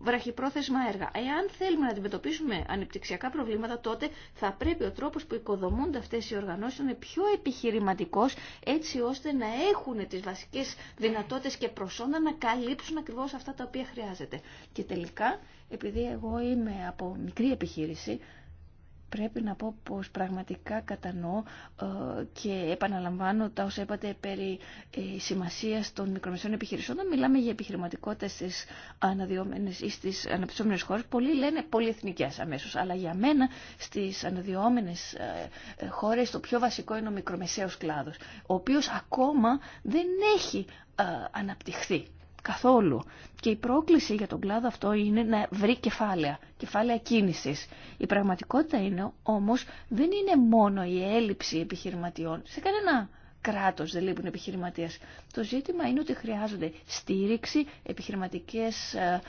βραχυπρόθεσμα έργα. Εάν θέλουμε να αντιμετωπίσουμε ανεπτυξιακά προβλήματα, τότε θα πρέπει ο τρόπος που οικοδομούνται αυτές οι οργανώσεις να είναι πιο επιχειρηματικός, έτσι ώστε να έχουν τις βασικές δυνατότητες και προσόντα να καλύψουν ακριβώς αυτά τα οποία χρειάζεται. Και τελικά, επειδή εγώ είμαι από μικρή επιχείρηση, πρέπει να πω πως πραγματικά κατανοώ ε, και επαναλαμβάνω τα όσα είπατε περί ε, σημασίας των μικρομεσαίων επιχειρήσεων. Όταν μιλάμε για επιχειρηματικότητα στις αναδυόμενες ή στις αναπτυσσόμενες χώρες, πολλοί λένε πολυεθνικές αμέσως. Αλλά για μένα στις αναδυόμενες ε, χώρες το πιο βασικό είναι ο μικρομεσαίος κλάδος, ο οποίος ακόμα δεν έχει αναπτυχθεί καθόλου. Και η πρόκληση για τον κλάδο αυτό είναι να βρει κεφάλαια, κεφάλαια κίνησης. Η πραγματικότητα είναι όμως δεν είναι μόνο η έλλειψη επιχειρηματιών σε κανένα κράτος δεν λείπουν επιχειρηματίες. Το ζήτημα είναι ότι χρειάζονται στήριξη, επιχειρηματικές ε,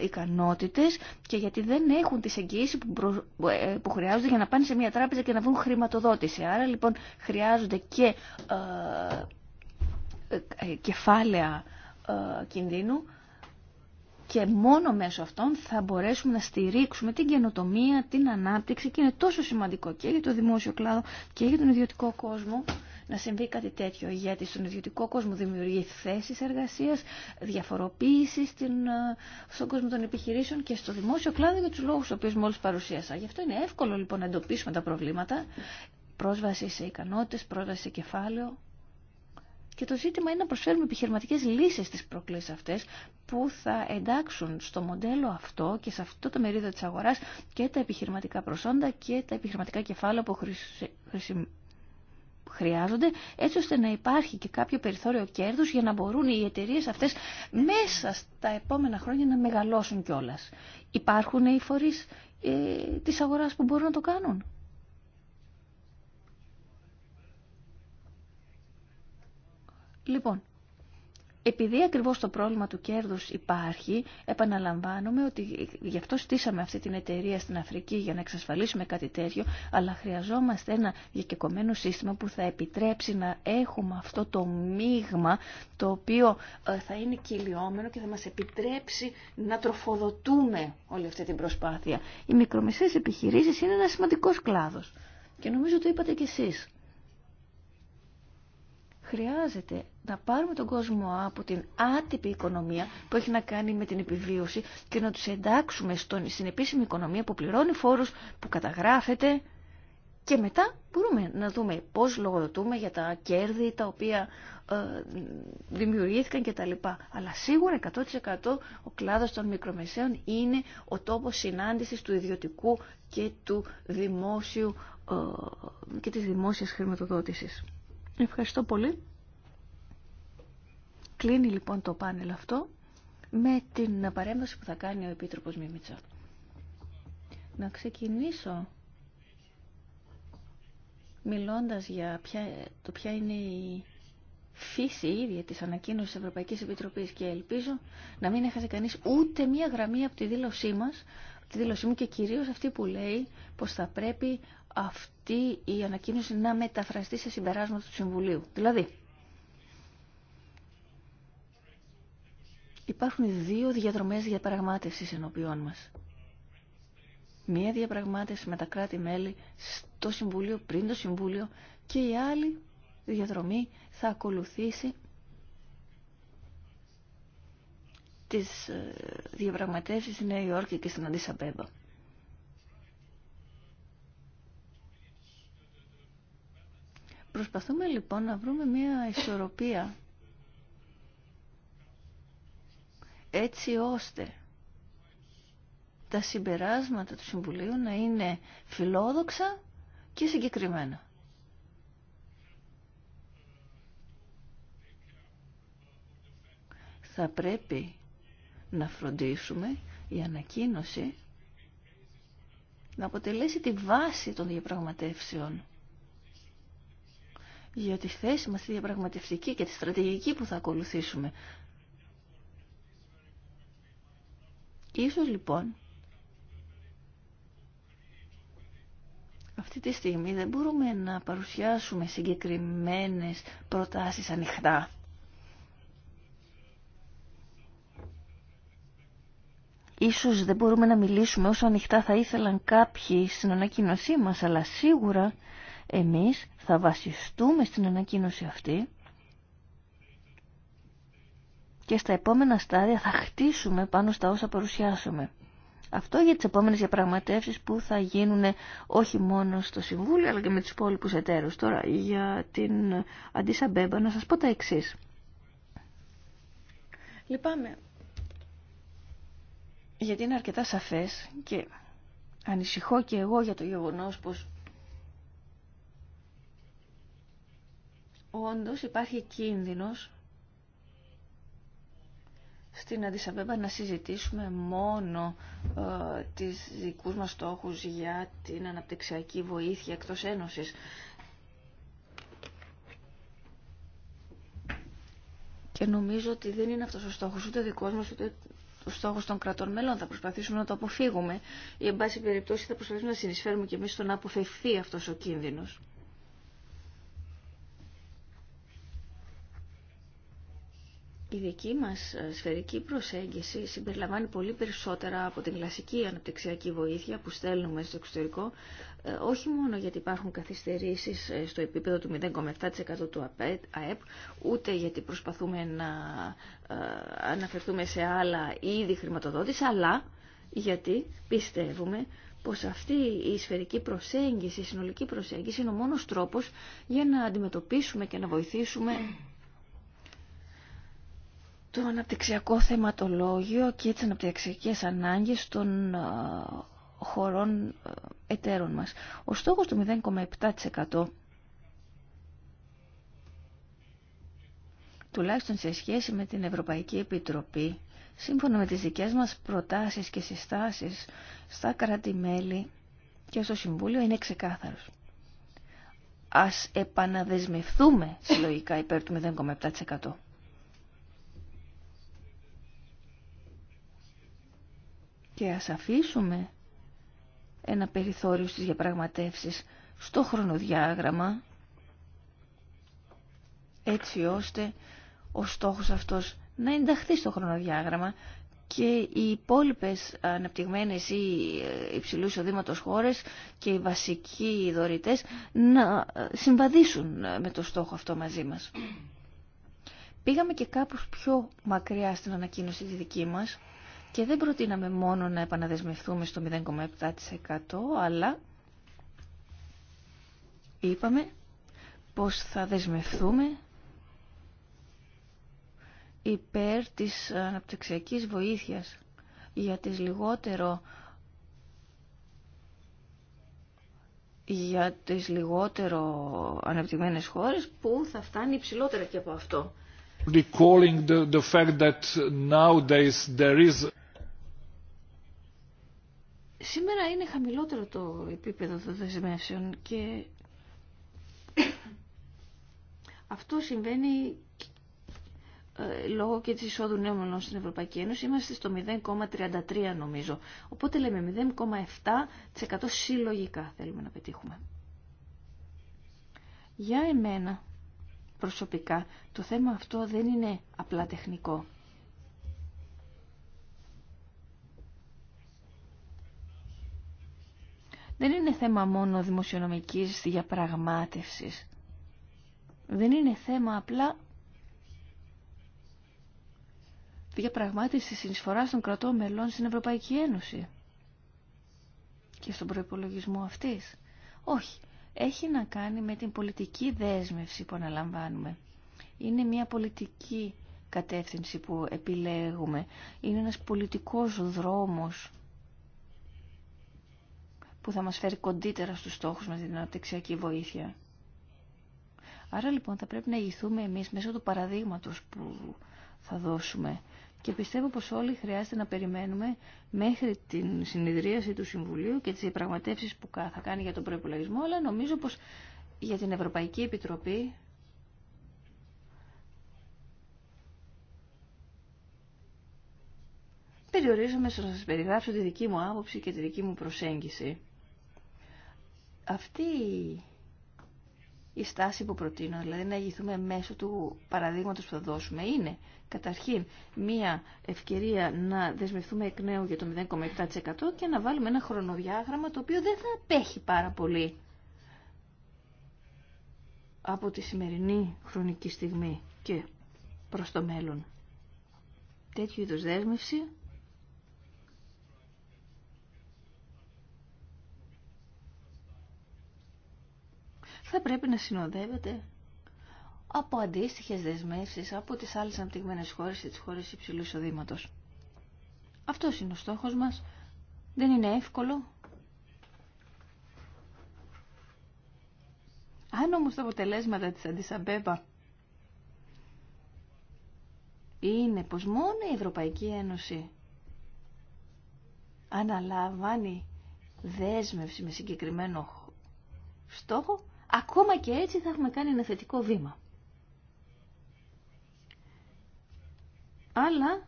ε ικανότητες και γιατί δεν έχουν τις εγγύησεις που, ε, που χρειάζονται για να πάνε σε μια τράπεζα και να βρουν χρηματοδότηση. Άρα λοιπόν χρειάζονται και ε, κεφάλαια ε, κινδύνου και μόνο μέσω αυτών θα μπορέσουμε να στηρίξουμε την καινοτομία, την ανάπτυξη και είναι τόσο σημαντικό και για το δημόσιο κλάδο και για τον ιδιωτικό κόσμο να συμβεί κάτι τέτοιο, γιατί στον ιδιωτικό κόσμο δημιουργεί θέσεις εργασίας, διαφοροποίηση ε, στον κόσμο των επιχειρήσεων και στο δημόσιο κλάδο για τους λόγους που μόλις παρουσίασα. Γι' αυτό είναι εύκολο λοιπόν να εντοπίσουμε τα προβλήματα, πρόσβαση σε ικανότητες, πρόσβαση σε κεφάλαιο, και το ζήτημα είναι να προσφέρουμε επιχειρηματικέ λύσει στι προκλήσει αυτέ που θα εντάξουν στο μοντέλο αυτό και σε αυτό το μερίδιο τη αγορά και τα επιχειρηματικά προσόντα και τα επιχειρηματικά κεφάλαια που χρειάζονται, έτσι ώστε να υπάρχει και κάποιο περιθώριο κέρδου για να μπορούν οι εταιρείε αυτέ μέσα στα επόμενα χρόνια να μεγαλώσουν κιόλα. Υπάρχουν οι φορεί τη ε, της που μπορούν να το κάνουν. Λοιπόν, επειδή ακριβώς το πρόβλημα του κέρδους υπάρχει, επαναλαμβάνομαι ότι γι' αυτό στήσαμε αυτή την εταιρεία στην Αφρική για να εξασφαλίσουμε κάτι τέτοιο, αλλά χρειαζόμαστε ένα διακεκομένο σύστημα που θα επιτρέψει να έχουμε αυτό το μείγμα το οποίο ε, θα είναι κυλιόμενο και θα μας επιτρέψει να τροφοδοτούμε όλη αυτή την προσπάθεια. Οι μικρομεσαίες επιχειρήσεις είναι ένα σημαντικός κλάδος και νομίζω το είπατε κι εσείς. Χρειάζεται να πάρουμε τον κόσμο από την άτυπη οικονομία που έχει να κάνει με την επιβίωση και να τους εντάξουμε στον, στην επίσημη οικονομία που πληρώνει φόρους, που καταγράφεται και μετά μπορούμε να δούμε πώς λογοδοτούμε για τα κέρδη τα οποία ε, δημιουργήθηκαν κτλ. Αλλά σίγουρα 100% ο κλάδος των μικρομεσαίων είναι ο τόπος συνάντησης του ιδιωτικού και του δημόσιου ε, και της δημόσιας χρηματοδότησης. Ευχαριστώ πολύ. Κλείνει λοιπόν το πάνελ αυτό με την παρέμβαση που θα κάνει ο Επίτροπος Μίμητσα. Να ξεκινήσω μιλώντας για το ποια είναι η φύση ίδια της ανακοίνωσης της Ευρωπαϊκής Επιτροπής και ελπίζω να μην έχασε κανείς ούτε μία γραμμή από τη δήλωσή μας, τη δήλωσή μου και κυρίως αυτή που λέει πως θα πρέπει αυτή η ανακοίνωση να μεταφραστεί σε συμπεράσματα του Συμβουλίου. Δηλαδή, υπάρχουν δύο διαδρομές διαπραγμάτευσης ενώπιών μας. Μία διαπραγμάτευση με τα κράτη-μέλη στο Συμβούλιο, πριν το Συμβούλιο και η άλλη διαδρομή θα ακολουθήσει τις ε, διαπραγματεύσεις στη Νέα Υόρκη και στην Μπέμπα. Προσπαθούμε λοιπόν να βρούμε μια ισορροπία έτσι ώστε τα συμπεράσματα του Συμβουλίου να είναι φιλόδοξα και συγκεκριμένα. Θα πρέπει να φροντίσουμε η ανακοίνωση να αποτελέσει τη βάση των διαπραγματεύσεων για τη θέση μας τη διαπραγματευτική και τη στρατηγική που θα ακολουθήσουμε. Ίσως λοιπόν αυτή τη στιγμή δεν μπορούμε να παρουσιάσουμε συγκεκριμένες προτάσεις ανοιχτά. Ίσως δεν μπορούμε να μιλήσουμε όσο ανοιχτά θα ήθελαν κάποιοι στην ανακοινωσή μας, αλλά σίγουρα εμείς θα βασιστούμε στην ανακοίνωση αυτή και στα επόμενα στάδια θα χτίσουμε πάνω στα όσα παρουσιάσουμε. Αυτό για τις επόμενες διαπραγματεύσεις που θα γίνουν όχι μόνο στο Συμβούλιο αλλά και με τους υπόλοιπους εταίρους. Τώρα για την Αντίσα Μπέμπα να σας πω τα εξής. Λυπάμαι. Γιατί είναι αρκετά σαφές και ανησυχώ και εγώ για το γεγονός πως όντως υπάρχει κίνδυνος στην Αντισαμπέμπα να συζητήσουμε μόνο ε, τις δικούς μας στόχους για την αναπτυξιακή βοήθεια εκτός Ένωσης. Και νομίζω ότι δεν είναι αυτός ο στόχος ούτε ο δικός μας ούτε ο στόχος των κρατών μελών. Θα προσπαθήσουμε να το αποφύγουμε ή εν πάση περιπτώσει θα προσπαθήσουμε να συνεισφέρουμε και εμείς στο να αποφευθεί αυτός ο κίνδυνος. Η δική μας ε, σφαιρική προσέγγιση συμπεριλαμβάνει πολύ περισσότερα από την κλασική αναπτυξιακή βοήθεια που στέλνουμε στο εξωτερικό, ε, όχι μόνο γιατί υπάρχουν καθυστερήσεις ε, στο επίπεδο του 0,7% του ΑΕΠ, ούτε γιατί προσπαθούμε να αναφερθούμε σε άλλα είδη χρηματοδότηση, αλλά γιατί πιστεύουμε πως αυτή η σφαιρική προσέγγιση, η συνολική προσέγγιση είναι ο μόνος τρόπος για να αντιμετωπίσουμε και να βοηθήσουμε το αναπτυξιακό θεματολόγιο και τις αναπτυξιακές ανάγκες των ε, χωρών ε, εταίρων μας. Ο στόχος του 0,7% τουλάχιστον σε σχέση με την Ευρωπαϊκή Επιτροπή, σύμφωνα με τις δικές μας προτάσεις και συστάσεις στα κράτη-μέλη και στο Συμβούλιο, είναι ξεκάθαρος. Ας επαναδεσμευθούμε συλλογικά υπέρ του 0,7%. και ας αφήσουμε ένα περιθώριο στις διαπραγματεύσεις στο χρονοδιάγραμμα έτσι ώστε ο στόχος αυτός να ενταχθεί στο χρονοδιάγραμμα και οι υπόλοιπε αναπτυγμένες ή ε, υψηλού εισοδήματος χώρες και οι βασικοί δωρητές να ε, συμβαδίσουν ε, με το στόχο αυτό μαζί μας. Πήγαμε και κάπως πιο μακριά στην ανακοίνωση τη δική μας και δεν προτείναμε μόνο να επαναδεσμευτούμε στο 0,7% αλλά είπαμε πως θα δεσμευτούμε υπέρ της αναπτυξιακής βοήθειας για τις λιγότερο για τις λιγότερο αναπτυγμένες χώρες που θα φτάνει υψηλότερα και από αυτό. Recalling the, the fact that nowadays there is Σήμερα είναι χαμηλότερο το επίπεδο των δεσμεύσεων και αυτό συμβαίνει ε, λόγω και της εισόδου νέων μελών στην Ευρωπαϊκή Ένωση είμαστε στο 0,33 νομίζω. Οπότε λέμε 0,7% συλλογικά θέλουμε να πετύχουμε. Για εμένα προσωπικά το θέμα αυτό δεν είναι απλά τεχνικό. δεν είναι θέμα μόνο δημοσιονομικής διαπραγμάτευσης. Δεν είναι θέμα απλά διαπραγμάτευσης συνεισφοράς των κρατών μελών στην Ευρωπαϊκή Ένωση και στον προϋπολογισμό αυτής. Όχι. Έχει να κάνει με την πολιτική δέσμευση που αναλαμβάνουμε. Είναι μια πολιτική κατεύθυνση που επιλέγουμε. Είναι ένας πολιτικός δρόμος που θα μας φέρει κοντύτερα στους στόχους μας την αναπτυξιακή βοήθεια. Άρα λοιπόν θα πρέπει να ηγηθούμε εμείς μέσω του παραδείγματος που θα δώσουμε. Και πιστεύω πως όλοι χρειάζεται να περιμένουμε μέχρι την συνειδρίαση του Συμβουλίου και τις διαπραγματεύσεις που θα κάνει για τον προϋπολογισμό, αλλά νομίζω πως για την Ευρωπαϊκή Επιτροπή περιορίζομαι στο να σας περιγράψω τη δική μου άποψη και τη δική μου προσέγγιση. Αυτή η στάση που προτείνω, δηλαδή να ηγηθούμε μέσω του παραδείγματος που θα δώσουμε, είναι καταρχήν μία ευκαιρία να δεσμευτούμε εκ νέου για το 0,7% και να βάλουμε ένα χρονοδιάγραμμα το οποίο δεν θα απέχει πάρα πολύ από τη σημερινή χρονική στιγμή και προς το μέλλον. Τέτοιου είδους δέσμευση θα πρέπει να συνοδεύεται από αντίστοιχε δεσμεύσει από τις άλλες αναπτυγμένε χώρες και τι χώρες υψηλού εισοδήματο. Αυτός είναι ο στόχος μας. Δεν είναι εύκολο. Αν όμω τα αποτελέσματα τη Αντισαμπέμπα είναι πως μόνο η Ευρωπαϊκή Ένωση αναλαμβάνει δέσμευση με συγκεκριμένο στόχο, ακόμα και έτσι θα έχουμε κάνει ένα θετικό βήμα. Αλλά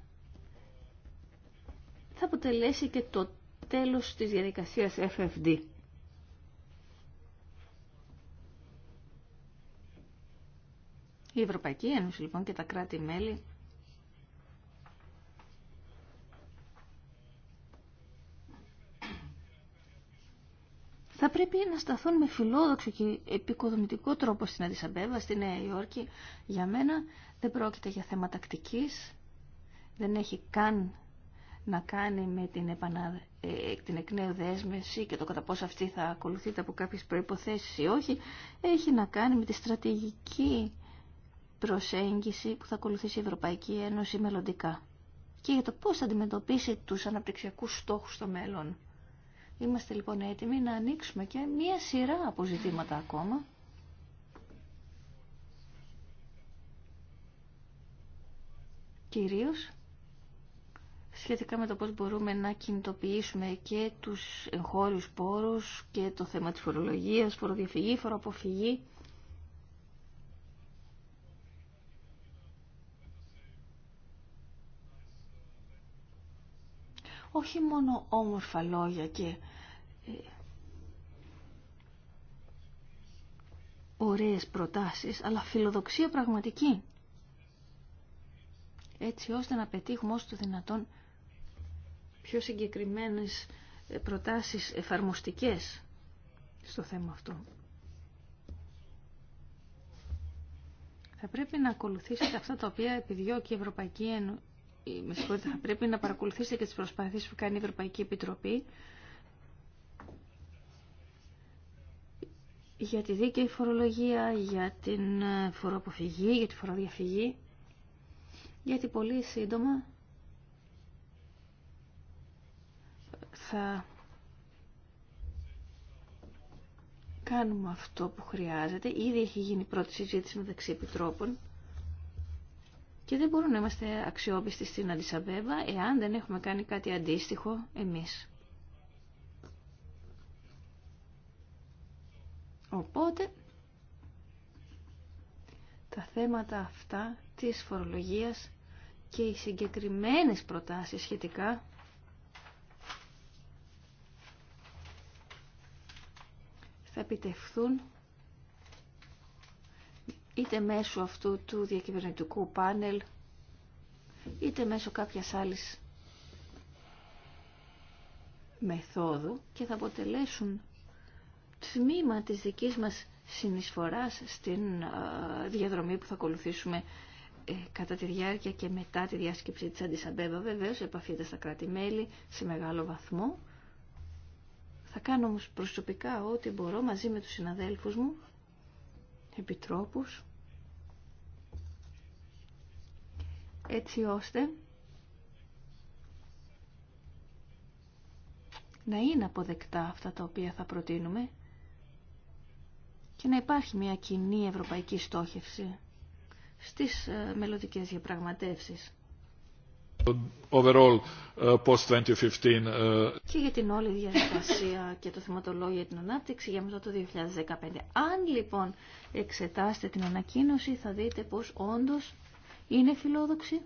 θα αποτελέσει και το τέλος της διαδικασίας FFD. Η Ευρωπαϊκή Ένωση λοιπόν και τα κράτη-μέλη θα πρέπει να σταθούν με φιλόδοξο και επικοδομητικό τρόπο στην Αντισαμπέβα, στη Νέα Υόρκη. Για μένα δεν πρόκειται για θέμα τακτικής, δεν έχει καν να κάνει με την, επανα... Ε, την εκ νέου δέσμευση και το κατά πόσο αυτή θα ακολουθείται από κάποιες προϋποθέσεις ή όχι, έχει να κάνει με τη στρατηγική προσέγγιση που θα ακολουθήσει η Ευρωπαϊκή Ένωση μελλοντικά και για το πώς θα αντιμετωπίσει τους αναπτυξιακούς στόχους στο μέλλον. Είμαστε λοιπόν έτοιμοι να ανοίξουμε και μία σειρά αποζητήματα ακόμα. Κυρίως σχετικά με το πώς μπορούμε να κινητοποιήσουμε και τους εγχώριους πόρους και το θέμα της φορολογίας, φοροδιαφυγή, φοροαποφυγή όχι μόνο όμορφα λόγια και ε, ωραίες προτάσεις, αλλά φιλοδοξία πραγματική. Έτσι ώστε να πετύχουμε όσο το δυνατόν πιο συγκεκριμένες ε, προτάσεις εφαρμοστικές στο θέμα αυτό. Θα πρέπει να ακολουθήσετε αυτά τα οποία επιδιώκει η Ευρωπαϊκή Ένωση ε, με συγχωρείτε, θα πρέπει να παρακολουθήσετε και τις προσπάθειες που κάνει η Ευρωπαϊκή Επιτροπή για τη δίκαιη φορολογία, για την ε, φοροαποφυγή, για τη φοροδιαφυγή, γιατί πολύ σύντομα θα κάνουμε αυτό που χρειάζεται. Ήδη έχει γίνει πρώτη συζήτηση μεταξύ επιτρόπων και δεν μπορούμε να είμαστε αξιόπιστοι στην αντισαβέβα εάν δεν έχουμε κάνει κάτι αντίστοιχο εμείς. Οπότε, τα θέματα αυτά της φορολογίας και οι συγκεκριμένες προτάσεις σχετικά θα επιτευχθούν είτε μέσω αυτού του διακυβερνητικού πάνελ, είτε μέσω κάποιας άλλης μεθόδου και θα αποτελέσουν τμήμα της δικής μας συνεισφοράς στην διαδρομή που θα ακολουθήσουμε ε, κατά τη διάρκεια και μετά τη διάσκεψη της Αντισαμπέβα βεβαίως επαφείται στα κράτη-μέλη σε μεγάλο βαθμό θα κάνω όμως προσωπικά ό,τι μπορώ μαζί με τους συναδέλφους μου επιτρόπους έτσι ώστε να είναι αποδεκτά αυτά τα οποία θα προτείνουμε και να υπάρχει μια κοινή ευρωπαϊκή στόχευση στις ε, μελλοντικές διαπραγματεύσεις. Uh, uh, και για την όλη διαδικασία και το θεματολόγιο για την ανάπτυξη για μετά το 2015. Αν λοιπόν εξετάσετε την ανακοίνωση θα δείτε πως όντως είναι φιλόδοξη.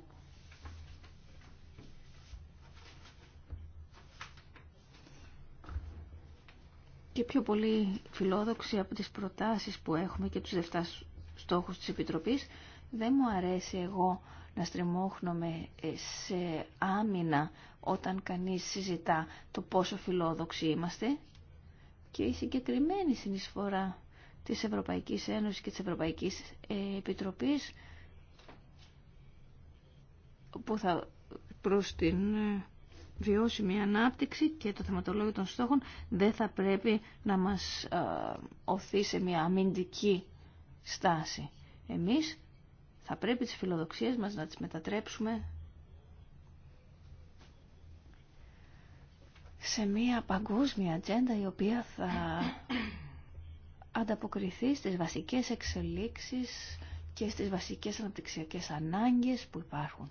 και πιο πολύ φιλόδοξη από τις προτάσεις που έχουμε και τους δευτάς στόχους της Επιτροπής. Δεν μου αρέσει εγώ να στριμώχνομαι ε, σε άμυνα όταν κανείς συζητά το πόσο φιλόδοξοι είμαστε και η συγκεκριμένη συνεισφορά της Ευρωπαϊκής Ένωσης και της Ευρωπαϊκής ε, Επιτροπής που θα προς την ε, βιώσιμη ανάπτυξη και το θεματολόγιο των στόχων δεν θα πρέπει να μας οθεί σε μια αμυντική στάση. Εμείς θα πρέπει τις φιλοδοξίες μας να τις μετατρέψουμε σε μια παγκόσμια ατζέντα η οποία θα ανταποκριθεί στις βασικές εξελίξεις και στις βασικές αναπτυξιακές ανάγκες που υπάρχουν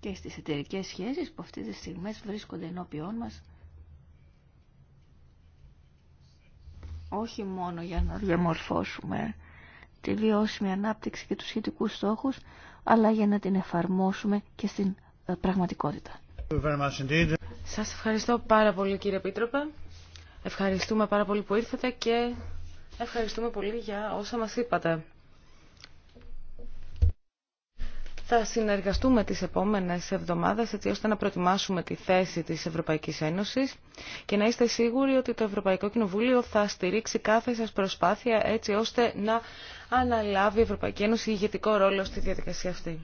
και στις εταιρικές σχέσεις που αυτές τις στιγμές βρίσκονται ενώπιόν μας όχι μόνο για να διαμορφώσουμε τη βιώσιμη ανάπτυξη και τους σχετικούς στόχους, αλλά για να την εφαρμόσουμε και στην ε, πραγματικότητα. Σας ευχαριστώ πάρα πολύ κύριε Πίτροπε. Ευχαριστούμε πάρα πολύ που ήρθατε και ευχαριστούμε πολύ για όσα μας είπατε. Θα συνεργαστούμε τις επόμενες εβδομάδες έτσι ώστε να προετοιμάσουμε τη θέση της Ευρωπαϊκής Ένωσης και να είστε σίγουροι ότι το Ευρωπαϊκό Κοινοβούλιο θα στηρίξει κάθε σας προσπάθεια έτσι ώστε να αναλάβει η Ευρωπαϊκή Ένωση ηγετικό ρόλο στη διαδικασία αυτή.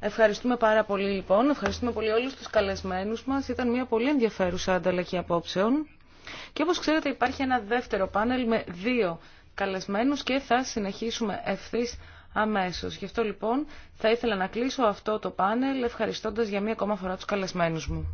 Ευχαριστούμε πάρα πολύ λοιπόν, ευχαριστούμε πολύ όλους τους καλεσμένους μας. Ήταν μια πολύ ενδιαφέρουσα ανταλλαγή απόψεων. Και όπως ξέρετε υπάρχει ένα δεύτερο πάνελ με δύο καλεσμένους και θα συνεχίσουμε ευθύ αμέσως. Γι' αυτό λοιπόν θα ήθελα να κλείσω αυτό το πάνελ ευχαριστώντας για μία ακόμα φορά τους καλεσμένους μου.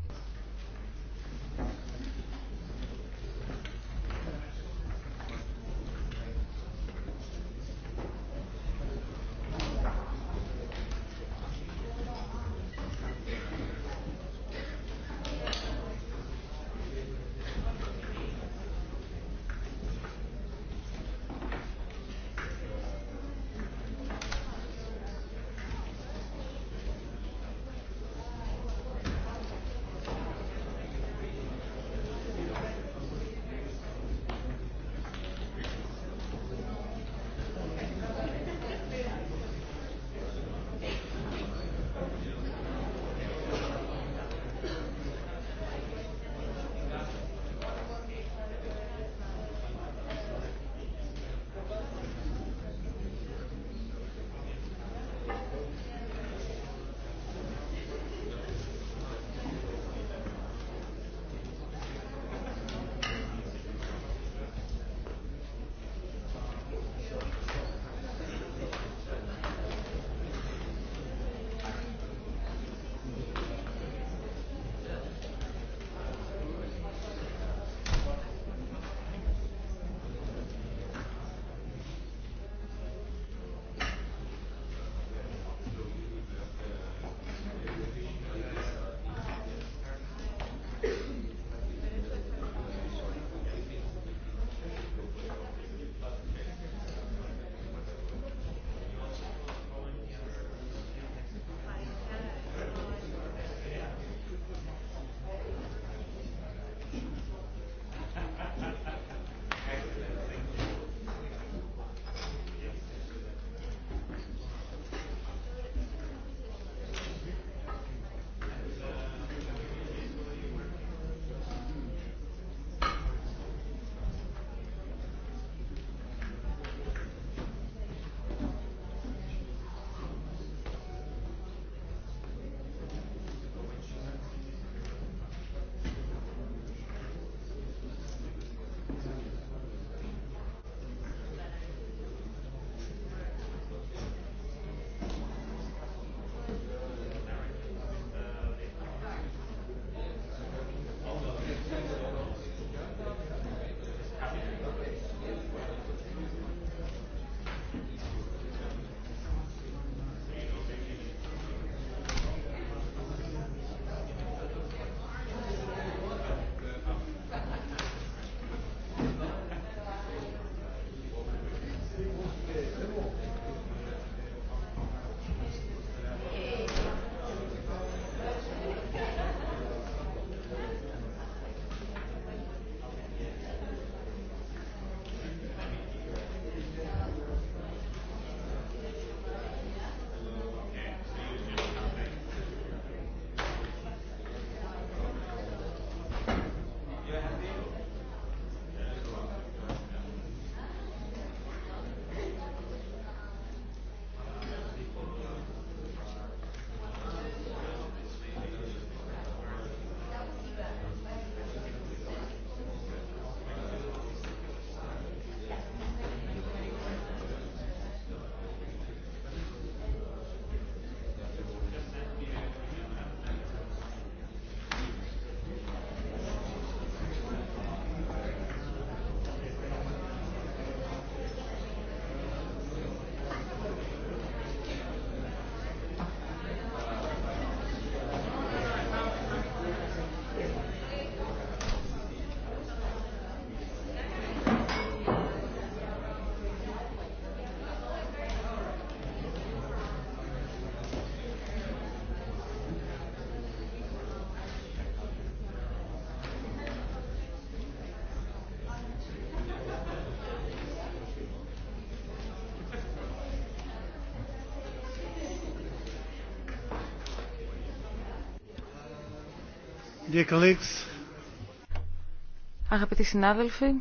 Αγαπητοί συνάδελφοι,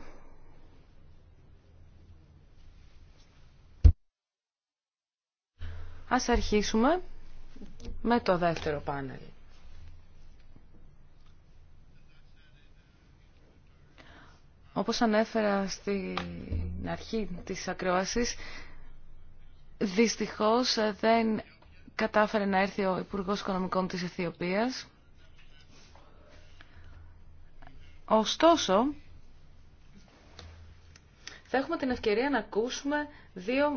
ας αρχίσουμε με το δεύτερο πάνελ. Όπως ανέφερα στην αρχή της ακρόασης, δυστυχώς δεν κατάφερε να έρθει ο Υπουργός Οικονομικών της Αιθιοπίας Ωστόσο, θα έχουμε την ευκαιρία να ακούσουμε δύο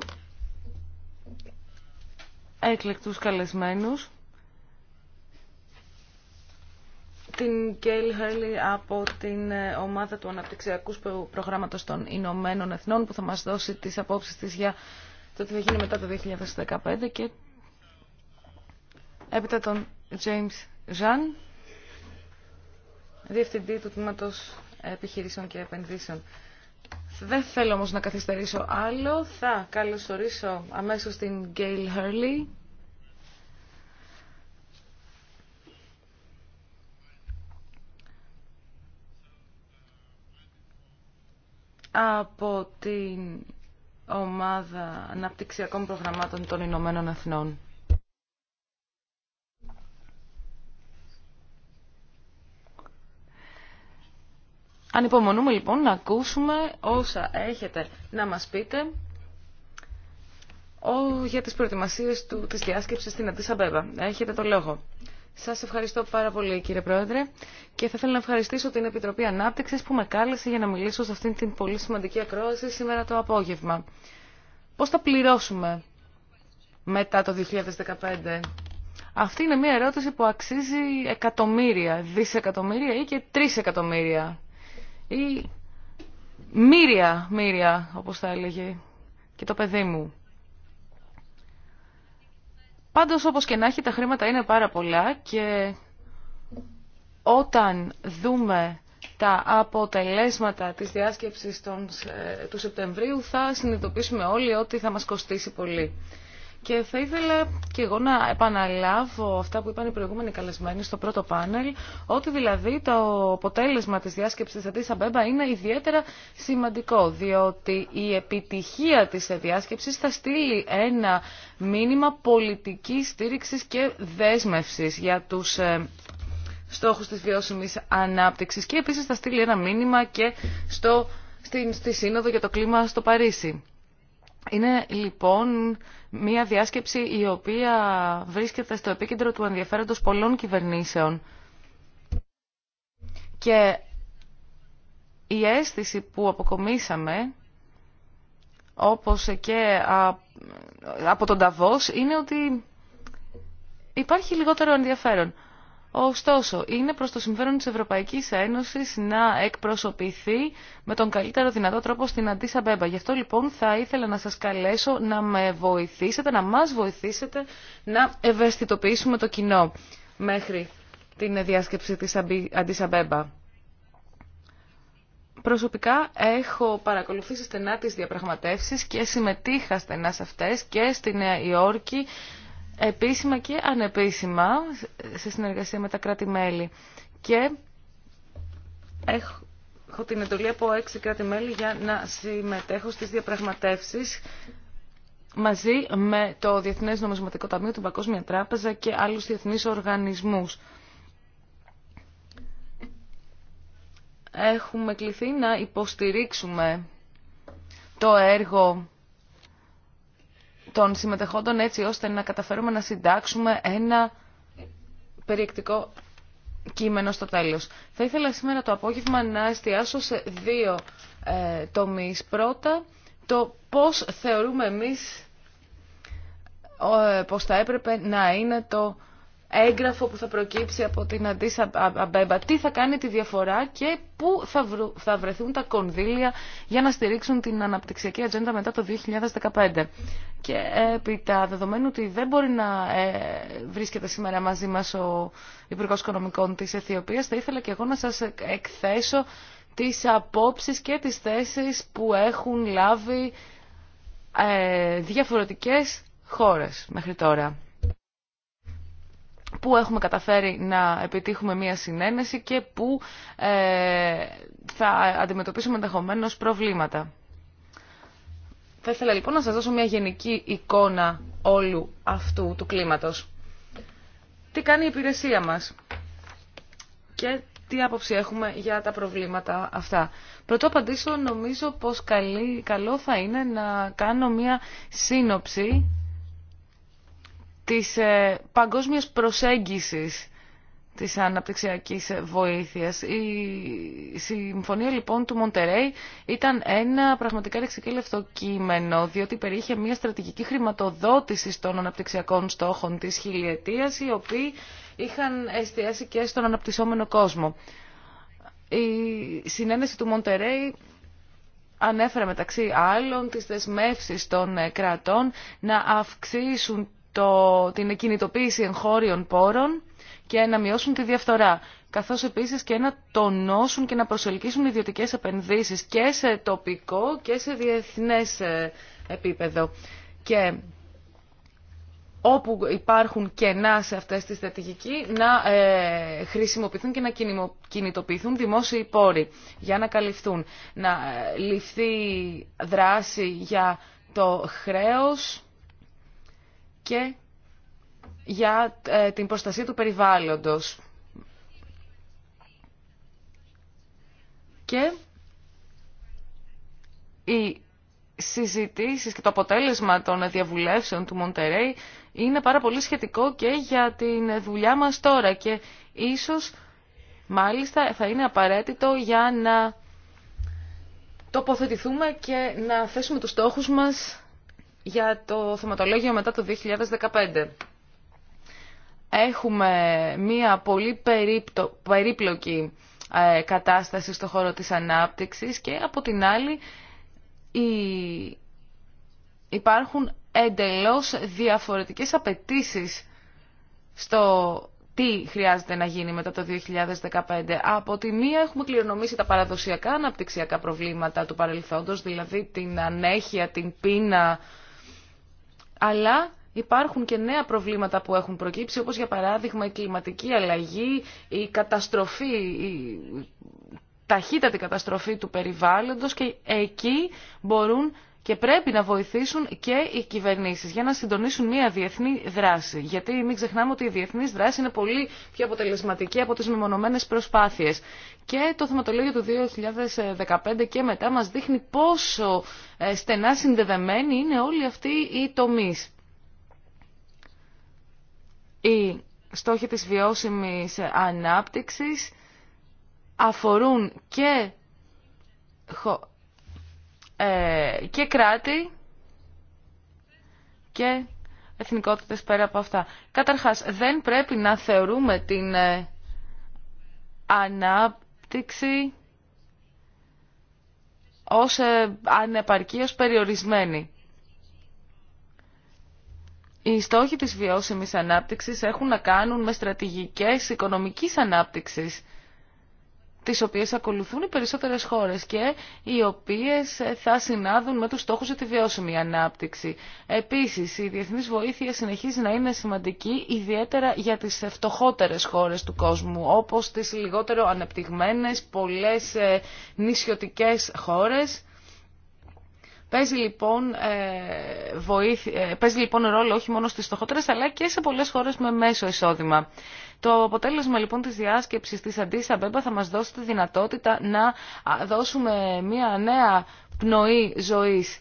έκλεκτους καλεσμένους. Την Κέιλ Χέρλι από την ε, ομάδα του Αναπτυξιακού Προγράμματος των Ηνωμένων Εθνών που θα μας δώσει τις απόψεις της για το τι θα γίνει μετά το 2015 και έπειτα τον James Jean Διευθυντή του Τμήματος Επιχειρήσεων και Επενδύσεων. Δεν θέλω όμως να καθυστερήσω άλλο. Θα καλωσορίσω αμέσως την Γκέιλ Χέρλι. από την ομάδα αναπτυξιακών προγραμμάτων των Ηνωμένων Εθνών. Ανυπομονούμε λοιπόν να ακούσουμε όσα έχετε να μας πείτε ο, για τις προετοιμασίες του, της διάσκεψης στην Αντίσα Μπέβα. Έχετε το λόγο. Σας ευχαριστώ πάρα πολύ κύριε Πρόεδρε και θα ήθελα να ευχαριστήσω την Επιτροπή Ανάπτυξης που με κάλεσε για να μιλήσω σε αυτήν την πολύ σημαντική ακρόαση σήμερα το απόγευμα. Πώς θα πληρώσουμε μετά το 2015. Αυτή είναι μια ερώτηση που αξίζει εκατομμύρια, δισεκατομμύρια ή και εκατομμύρια ή μύρια, μύρια όπως θα έλεγε και το παιδί μου. Πάντως όπως και να έχει τα χρήματα είναι πάρα πολλά και όταν δούμε τα αποτελέσματα της διάσκεψης ε, του Σεπτεμβρίου θα συνειδητοποιήσουμε όλοι ότι θα μας κοστίσει πολύ. Και θα ήθελα και εγώ να επαναλάβω αυτά που είπαν οι προηγούμενοι καλεσμένοι στο πρώτο πάνελ, ότι δηλαδή το αποτέλεσμα της διάσκεψης της Αντίσα Μπέμπα είναι ιδιαίτερα σημαντικό, διότι η επιτυχία της διάσκεψης θα στείλει ένα μήνυμα πολιτικής στήριξης και δέσμευσης για τους ε, στόχους της βιώσιμης ανάπτυξης και επίσης θα στείλει ένα μήνυμα και στο, στη Σύνοδο για το κλίμα στο Παρίσι. Είναι λοιπόν μια διάσκεψη η οποία βρίσκεται στο επίκεντρο του ενδιαφέροντος πολλών κυβερνήσεων. Και η αίσθηση που αποκομίσαμε, όπως και από τον Ταβός, είναι ότι υπάρχει λιγότερο ενδιαφέρον. Ωστόσο, είναι προς το συμφέρον της Ευρωπαϊκής Ένωσης να εκπροσωπηθεί με τον καλύτερο δυνατό τρόπο στην Αντίσα Μπέμπα. Γι' αυτό λοιπόν θα ήθελα να σας καλέσω να με βοηθήσετε, να μας βοηθήσετε να ευαισθητοποιήσουμε το κοινό μέχρι την διάσκεψη της Αντίσα Μπέμπα. Προσωπικά έχω παρακολουθήσει στενά τις διαπραγματεύσεις και συμμετείχα στενά σε αυτές και στη Νέα Υόρκη επίσημα και ανεπίσημα σε συνεργασία με τα κράτη-μέλη. Και έχω την εντολή από έξι κράτη-μέλη για να συμμετέχω στις διαπραγματεύσεις μαζί με το Διεθνές Νομισματικό Ταμείο, την Παγκόσμια Τράπεζα και άλλους διεθνείς οργανισμούς. Έχουμε κληθεί να υποστηρίξουμε το έργο των συμμετεχόντων έτσι ώστε να καταφέρουμε να συντάξουμε ένα περιεκτικό κείμενο στο τέλος. Θα ήθελα σήμερα το απόγευμα να εστιάσω σε δύο ε, τομείς. Πρώτα, το πώς θεωρούμε εμείς ε, πώς θα έπρεπε να είναι το έγγραφο που θα προκύψει από την Αντίσα Αμπέμπα, τι θα κάνει τη διαφορά και πού θα, θα βρεθούν τα κονδύλια για να στηρίξουν την αναπτυξιακή ατζέντα μετά το 2015. Και ε, τα δεδομένου ότι δεν μπορεί να ε, βρίσκεται σήμερα μαζί μας ο Υπουργό Οικονομικών της Αιθιοπίας, θα ήθελα και εγώ να σας εκθέσω τις απόψεις και τις θέσεις που έχουν λάβει ε, διαφορετικές χώρες μέχρι τώρα πού έχουμε καταφέρει να επιτύχουμε μία συνένεση και πού ε, θα αντιμετωπίσουμε ενδεχομένω προβλήματα. Θα ήθελα λοιπόν να σας δώσω μια γενική εικόνα όλου αυτού του κλίματος. Τι κάνει η υπηρεσία μας και τι άποψη έχουμε για τα προβλήματα αυτά. Πρωτό απαντήσω νομίζω πως καλή, καλό θα είναι να κάνω μια σύνοψη της ε, παγκόσμιας προσέγγισης της αναπτυξιακής βοήθειας. Η συμφωνία λοιπόν του Μοντερέι ήταν ένα πραγματικά ρεξικέλευτο κείμενο, διότι περιείχε μια στρατηγική χρηματοδότηση των αναπτυξιακών στόχων της χιλιετίας, οι οποίοι είχαν εστιάσει και στον αναπτυσσόμενο κόσμο. Η συνένεση του Μοντερέι ανέφερε μεταξύ άλλων τις δεσμεύσεις των ε, κρατών να αυξήσουν το, την κινητοποίηση εγχώριων πόρων και να μειώσουν τη διαφθορά. Καθώς επίσης και να τονώσουν και να προσελκύσουν ιδιωτικές επενδύσεις και σε τοπικό και σε διεθνές ε, επίπεδο. Και όπου υπάρχουν κενά σε αυτέ στη στρατηγική να ε, χρησιμοποιηθούν και να κινητοποιηθούν δημόσιοι πόροι για να καλυφθούν. Να ε, ληφθεί δράση για το χρέος και για ε, την προστασία του περιβάλλοντος. Και οι συζητήσεις και το αποτέλεσμα των διαβουλεύσεων του Μοντερέι είναι πάρα πολύ σχετικό και για την δουλειά μας τώρα και ίσως μάλιστα θα είναι απαραίτητο για να τοποθετηθούμε και να θέσουμε τους στόχους μας για το θεματολόγιο μετά το 2015. Έχουμε μία πολύ περίπλοκη ε, κατάσταση στο χώρο της ανάπτυξης και από την άλλη υπάρχουν εντελώς διαφορετικές απαιτήσεις στο τι χρειάζεται να γίνει μετά το 2015. Από τη μία έχουμε κληρονομήσει τα παραδοσιακά αναπτυξιακά προβλήματα του παρελθόντος, δηλαδή την ανέχεια, την πείνα, αλλά υπάρχουν και νέα προβλήματα που έχουν προκύψει, όπως για παράδειγμα η κλιματική αλλαγή, η καταστροφή, η ταχύτατη καταστροφή του περιβάλλοντος και εκεί μπορούν και πρέπει να βοηθήσουν και οι κυβερνήσεις για να συντονίσουν μια διεθνή δράση. Γιατί μην ξεχνάμε ότι η διεθνής δράση είναι πολύ πιο αποτελεσματική από τις μεμονωμένε προσπάθειες. Και το θεματολόγιο του 2015 και μετά μας δείχνει πόσο ε, στενά συνδεδεμένοι είναι όλοι αυτοί οι τομεί. Οι στόχοι της βιώσιμης ανάπτυξης αφορούν και ε, και κράτη και εθνικότητες πέρα από αυτά. Καταρχάς, δεν πρέπει να θεωρούμε την ε, ανάπτυξη ως ε, ανεπαρκή, ως περιορισμένη. Οι στόχοι της βιώσιμης ανάπτυξης έχουν να κάνουν με στρατηγικές οικονομικής ανάπτυξης τις οποίες ακολουθούν οι περισσότερες χώρες και οι οποίες ε, θα συνάδουν με τους στόχους για τη βιώσιμη ανάπτυξη. Επίσης, η διεθνής βοήθεια συνεχίζει να είναι σημαντική ιδιαίτερα για τις φτωχότερες χώρες του κόσμου, όπως τις λιγότερο ανεπτυγμένες, πολλές ε, νησιωτικές χώρες. Παίζει λοιπόν, ε, ε λοιπόν ρόλο όχι μόνο στις στοχότερες αλλά και σε πολλές χώρες με μέσο εισόδημα. Το αποτέλεσμα λοιπόν της διάσκεψης της Αντίσα Μπέμπα θα μας δώσει τη δυνατότητα να δώσουμε μια νέα πνοή ζωής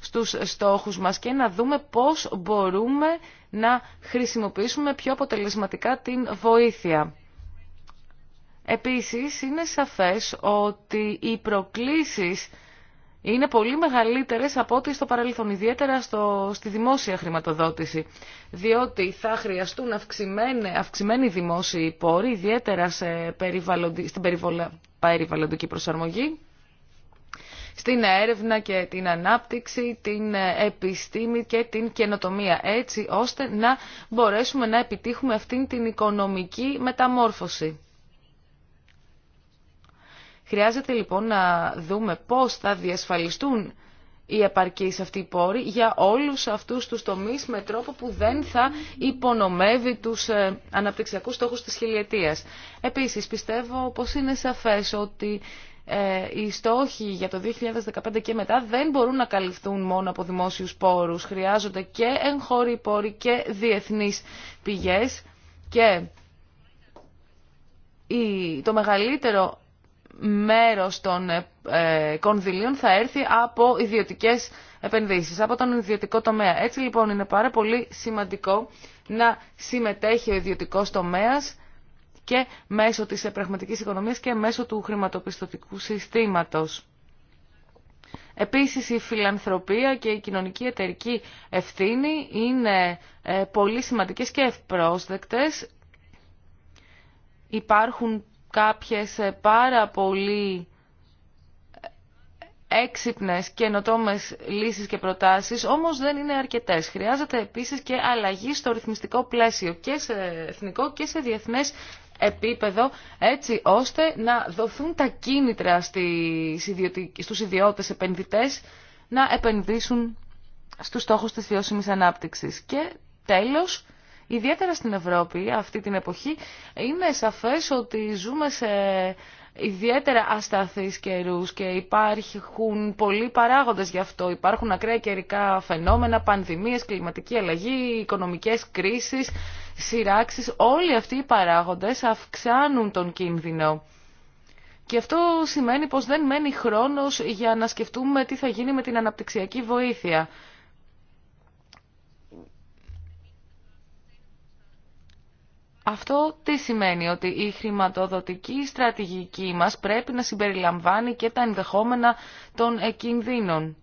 στους στόχους μας και να δούμε πώς μπορούμε να χρησιμοποιήσουμε πιο αποτελεσματικά την βοήθεια. Επίσης, είναι σαφές ότι οι προκλήσεις είναι πολύ μεγαλύτερες από ό,τι στο παρελθόν, ιδιαίτερα στη δημόσια χρηματοδότηση, διότι θα χρειαστούν αυξημένοι, αυξημένη δημόσιοι πόροι, ιδιαίτερα σε στην περιβαλλοντική προσαρμογή, στην έρευνα και την ανάπτυξη, την επιστήμη και την καινοτομία, έτσι ώστε να μπορέσουμε να επιτύχουμε αυτήν την οικονομική μεταμόρφωση. Χρειάζεται λοιπόν να δούμε πώς θα διασφαλιστούν οι επαρκείς αυτοί οι πόροι για όλους αυτούς τους τομείς με τρόπο που δεν θα υπονομεύει τους ε, αναπτυξιακούς στόχους της χιλιετίας. Επίσης πιστεύω πως είναι σαφές ότι ε, οι στόχοι για το 2015 και μετά δεν μπορούν να καλυφθούν μόνο από δημόσιους πόρους. Χρειάζονται και εγχώροι πόροι και διεθνείς πηγές και το μεγαλύτερο μέρος των ε, ε, κονδυλίων θα έρθει από ιδιωτικές επενδύσεις, από τον ιδιωτικό τομέα. Έτσι λοιπόν είναι πάρα πολύ σημαντικό να συμμετέχει ο ιδιωτικός τομέας και μέσω της πραγματικής οικονομίας και μέσω του χρηματοπιστωτικού συστήματος. Επίσης η φιλανθρωπία και η κοινωνική εταιρική ευθύνη είναι ε, πολύ σημαντικές και ευπρόσδεκτες. Υπάρχουν κάποιες ε, πάρα πολύ έξυπνες και νοτόμες λύσεις και προτάσεις, όμως δεν είναι αρκετές. Χρειάζεται επίσης και αλλαγή στο ρυθμιστικό πλαίσιο και σε εθνικό και σε διεθνές επίπεδο, έτσι ώστε να δοθούν τα κίνητρα στους ιδιώτες επενδυτές να επενδύσουν στους στόχους της βιώσιμης ανάπτυξης. Και τέλος, Ιδιαίτερα στην Ευρώπη αυτή την εποχή είναι σαφές ότι ζούμε σε ιδιαίτερα ασταθείς καιρούς και υπάρχουν πολλοί παράγοντες γι' αυτό. Υπάρχουν ακραία καιρικά φαινόμενα, πανδημίες, κλιματική αλλαγή, οικονομικές κρίσεις, σειράξεις. Όλοι αυτοί οι παράγοντες αυξάνουν τον κίνδυνο. Και αυτό σημαίνει πως δεν μένει χρόνος για να σκεφτούμε τι θα γίνει με την αναπτυξιακή βοήθεια. Αυτό τι σημαίνει, ότι η χρηματοδοτική στρατηγική μας πρέπει να συμπεριλαμβάνει και τα ενδεχόμενα των κινδύνων.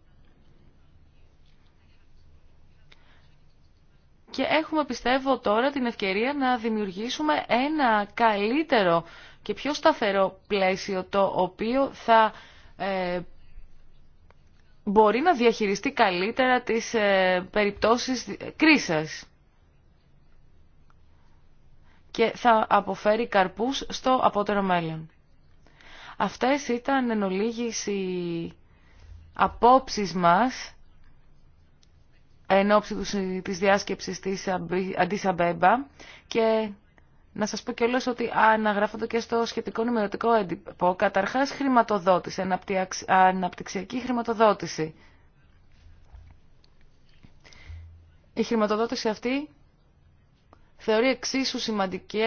Και έχουμε πιστεύω τώρα την ευκαιρία να δημιουργήσουμε ένα καλύτερο και πιο σταθερό πλαίσιο το οποίο θα ε, μπορεί να διαχειριστεί καλύτερα τις ε, περιπτώσεις κρίσας και θα αποφέρει καρπούς στο απότερο μέλλον. Αυτές ήταν εν ολίγης οι απόψεις μας εν ώψη της διάσκεψης της Αντισαμπέμπα και να σας πω κιόλας ότι αναγράφονται και στο σχετικό νημερωτικό έντυπο καταρχάς χρηματοδότηση, αναπτυξιακή χρηματοδότηση. Η χρηματοδότηση αυτή θεωρεί εξίσου σημαντική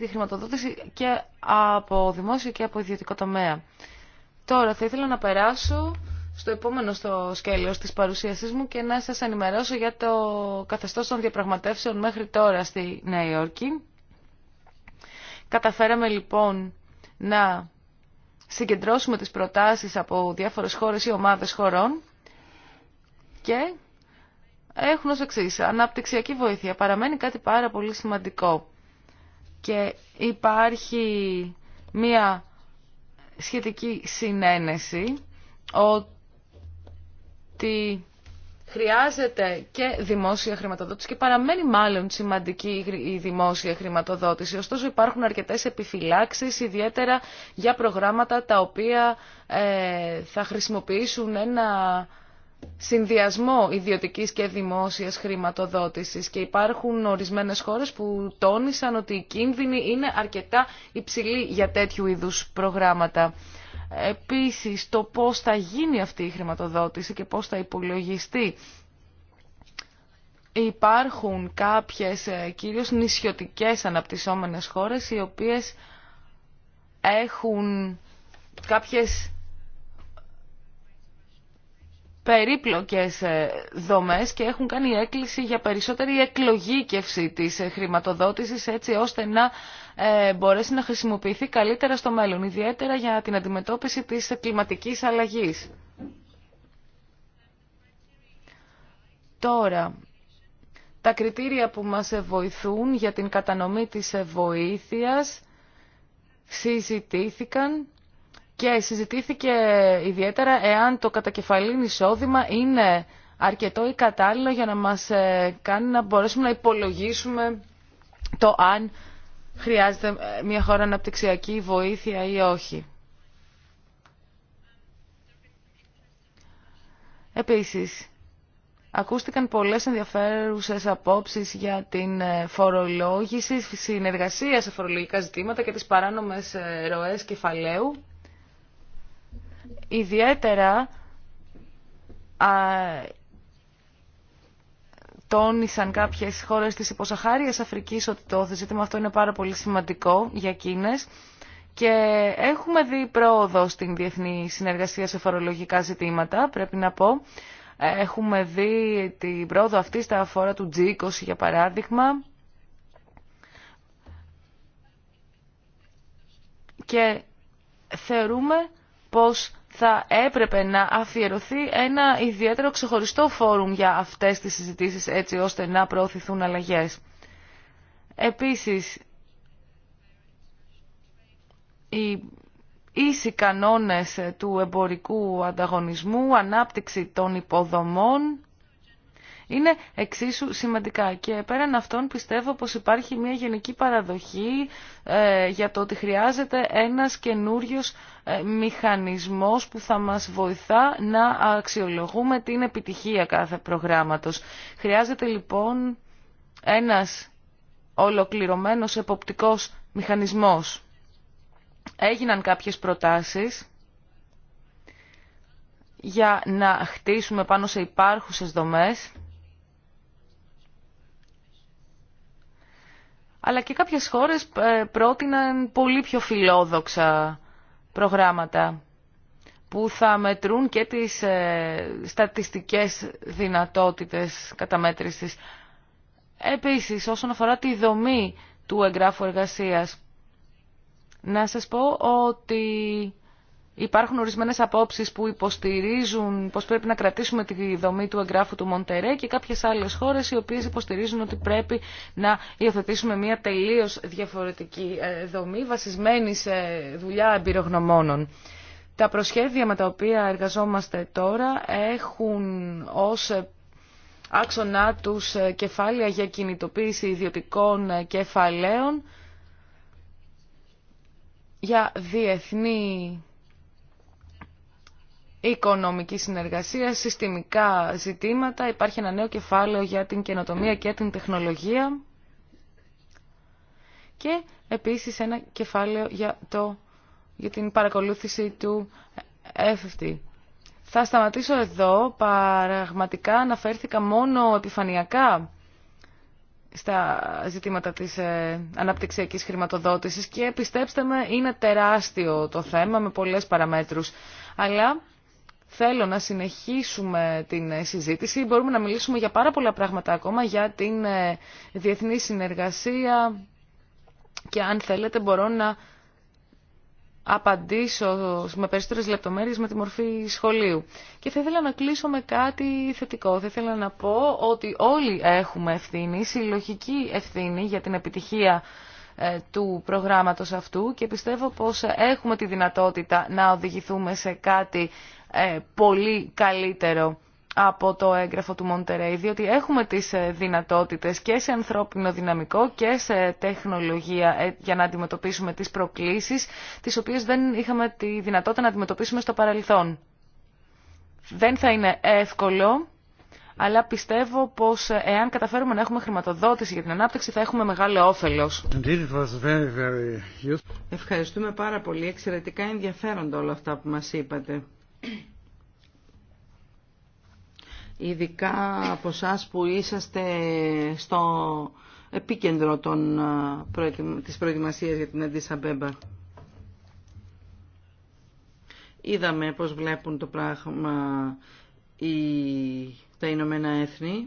τη χρηματοδότηση και από δημόσιο και από ιδιωτικό τομέα. Τώρα θα ήθελα να περάσω στο επόμενο στο σκέλος της παρουσίασής μου και να σας ενημερώσω για το καθεστώς των διαπραγματεύσεων μέχρι τώρα στη Νέα Υόρκη. Καταφέραμε λοιπόν να συγκεντρώσουμε τις προτάσεις από διάφορες χώρες ή ομάδες χωρών και έχουν ως εξής. Αναπτυξιακή βοήθεια παραμένει κάτι πάρα πολύ σημαντικό και υπάρχει μία σχετική συνένεση ότι χρειάζεται και δημόσια χρηματοδότηση και παραμένει μάλλον σημαντική η δημόσια χρηματοδότηση. Ωστόσο υπάρχουν αρκετές επιφυλάξεις, ιδιαίτερα για προγράμματα τα οποία ε, θα χρησιμοποιήσουν ένα συνδυασμό ιδιωτικής και δημόσιας χρηματοδότησης και υπάρχουν ορισμένες χώρες που τόνισαν ότι οι κίνδυνοι είναι αρκετά υψηλοί για τέτοιου είδους προγράμματα. Επίσης, το πώς θα γίνει αυτή η χρηματοδότηση και πώς θα υπολογιστεί. Υπάρχουν κάποιες ε, κυρίως νησιωτικές αναπτυσσόμενες χώρες οι οποίες έχουν κάποιες περίπλοκες ε, δομές και έχουν κάνει έκκληση για περισσότερη εκλογήκευση της ε, χρηματοδότησης έτσι ώστε να ε, μπορέσει να χρησιμοποιηθεί καλύτερα στο μέλλον, ιδιαίτερα για την αντιμετώπιση της κλιματικής αλλαγής. Τώρα, τα κριτήρια που μας βοηθούν για την κατανομή της βοήθειας συζητήθηκαν και συζητήθηκε ιδιαίτερα εάν το κατακεφαλήν εισόδημα είναι αρκετό ή κατάλληλο για να μας ε, κάνει να μπορέσουμε να υπολογίσουμε το αν χρειάζεται ε, μια χώρα αναπτυξιακή βοήθεια ή όχι. Επίσης, ακούστηκαν πολλές ενδιαφέρουσες απόψεις για την ε, φορολόγηση, συνεργασία σε φορολογικά ζητήματα και τις παράνομες ροές κεφαλαίου. Ιδιαίτερα α, τόνισαν κάποιες χώρες της υποσαχάριας Αφρικής ότι το ζήτημα αυτό είναι πάρα πολύ σημαντικό για εκείνες και έχουμε δει πρόοδο στην διεθνή συνεργασία σε φορολογικά ζητήματα, πρέπει να πω. Έχουμε δει την πρόοδο αυτή στα αφορά του G20 για παράδειγμα. Και θεωρούμε πως θα έπρεπε να αφιερωθεί ένα ιδιαίτερο ξεχωριστό φόρουμ για αυτές τις συζητήσεις έτσι ώστε να προωθηθούν αλλαγές. Επίσης, οι ίσοι κανόνες του εμπορικού ανταγωνισμού, ανάπτυξη των υποδομών, είναι εξίσου σημαντικά. Και πέραν αυτών πιστεύω πως υπάρχει μια γενική παραδοχή ε, για το ότι χρειάζεται ένας καινούριο ε, μηχανισμός που θα μας βοηθά να αξιολογούμε την επιτυχία κάθε προγράμματος. Χρειάζεται λοιπόν ένας ολοκληρωμένος εποπτικός μηχανισμός. Έγιναν κάποιες προτάσεις για να χτίσουμε πάνω σε υπάρχουσες δομές αλλά και κάποιες χώρες ε, πρότειναν πολύ πιο φιλόδοξα προγράμματα που θα μετρούν και τις ε, στατιστικές δυνατότητες καταμέτρησης. Επίσης, όσον αφορά τη δομή του εγγράφου εργασίας, να σας πω ότι Υπάρχουν ορισμένε απόψει που υποστηρίζουν πως πρέπει να κρατήσουμε τη δομή του εγγράφου του Μοντερέ και κάποιες άλλες χώρες οι οποίες υποστηρίζουν ότι πρέπει να υιοθετήσουμε μια τελείω διαφορετική ε, δομή βασισμένη σε δουλειά εμπειρογνωμόνων. Τα προσχέδια με τα οποία εργαζόμαστε τώρα έχουν ως άξονά τους ε, κεφάλαια για κινητοποίηση ιδιωτικών ε, κεφαλαίων για διεθνή οικονομική συνεργασία, συστημικά ζητήματα. Υπάρχει ένα νέο κεφάλαιο για την καινοτομία και την τεχνολογία. Και επίσης ένα κεφάλαιο για, το, για την παρακολούθηση του FFT. Θα σταματήσω εδώ. Παραγματικά αναφέρθηκα μόνο επιφανειακά στα ζητήματα της ε, αναπτυξιακής χρηματοδότησης και πιστέψτε με είναι τεράστιο το θέμα με πολλές παραμέτρους. Αλλά θέλω να συνεχίσουμε την ε, συζήτηση. Μπορούμε να μιλήσουμε για πάρα πολλά πράγματα ακόμα, για την ε, διεθνή συνεργασία και αν θέλετε μπορώ να απαντήσω με περισσότερες λεπτομέρειες με τη μορφή σχολείου. Και θα ήθελα να κλείσω με κάτι θετικό. Θα ήθελα να πω ότι όλοι έχουμε ευθύνη, συλλογική ευθύνη για την επιτυχία ε, του προγράμματος αυτού και πιστεύω πως έχουμε τη δυνατότητα να οδηγηθούμε σε κάτι ε, πολύ καλύτερο από το έγγραφο του Μοντερέι, διότι έχουμε τις ε, δυνατότητες και σε ανθρώπινο δυναμικό και σε τεχνολογία ε, για να αντιμετωπίσουμε τις προκλήσεις, τις οποίες δεν είχαμε τη δυνατότητα να αντιμετωπίσουμε στο παρελθόν. Δεν θα είναι εύκολο, αλλά πιστεύω πως εάν καταφέρουμε να έχουμε χρηματοδότηση για την ανάπτυξη θα έχουμε μεγάλο όφελος. Ευχαριστούμε πάρα πολύ. Εξαιρετικά ενδιαφέροντα όλα αυτά που μας είπατε. Ειδικά από εσά που είσαστε στο επίκεντρο των, της προετοιμασίας για την Αντισαμπέμπα. Είδαμε πώς βλέπουν το πράγμα οι, τα Ηνωμένα Έθνη.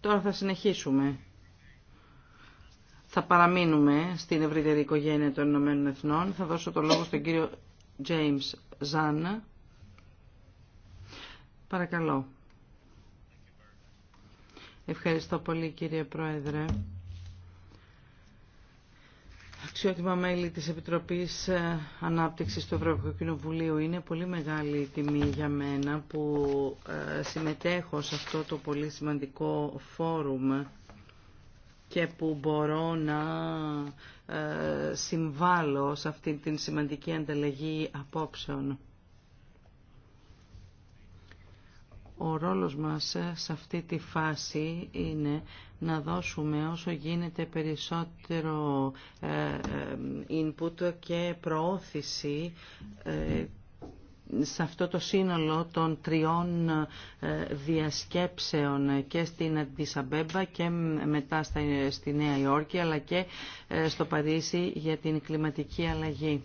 Τώρα θα συνεχίσουμε. Θα παραμείνουμε στην ευρύτερη οικογένεια των Ηνωμένων Εθνών. Θα δώσω το λόγο στον κύριο James Zan. Παρακαλώ. Ευχαριστώ πολύ κύριε Πρόεδρε. Αξιότιμα μέλη της Επιτροπής ε, Ανάπτυξης του Ευρωπαϊκού Κοινοβουλίου, είναι πολύ μεγάλη τιμή για μένα που ε, συμμετέχω σε αυτό το πολύ σημαντικό φόρουμ και που μπορώ να ε, συμβάλλω σε αυτή την σημαντική ανταλλαγή απόψεων. Ο ρόλος μας ε, σε αυτή τη φάση είναι να δώσουμε όσο γίνεται περισσότερο ε, input και προώθηση σε αυτό το σύνολο των τριών ε, διασκέψεων και στην Αντισαμπέμπα και μετά στη Νέα Υόρκη αλλά και ε, στο Παρίσι για την κλιματική αλλαγή.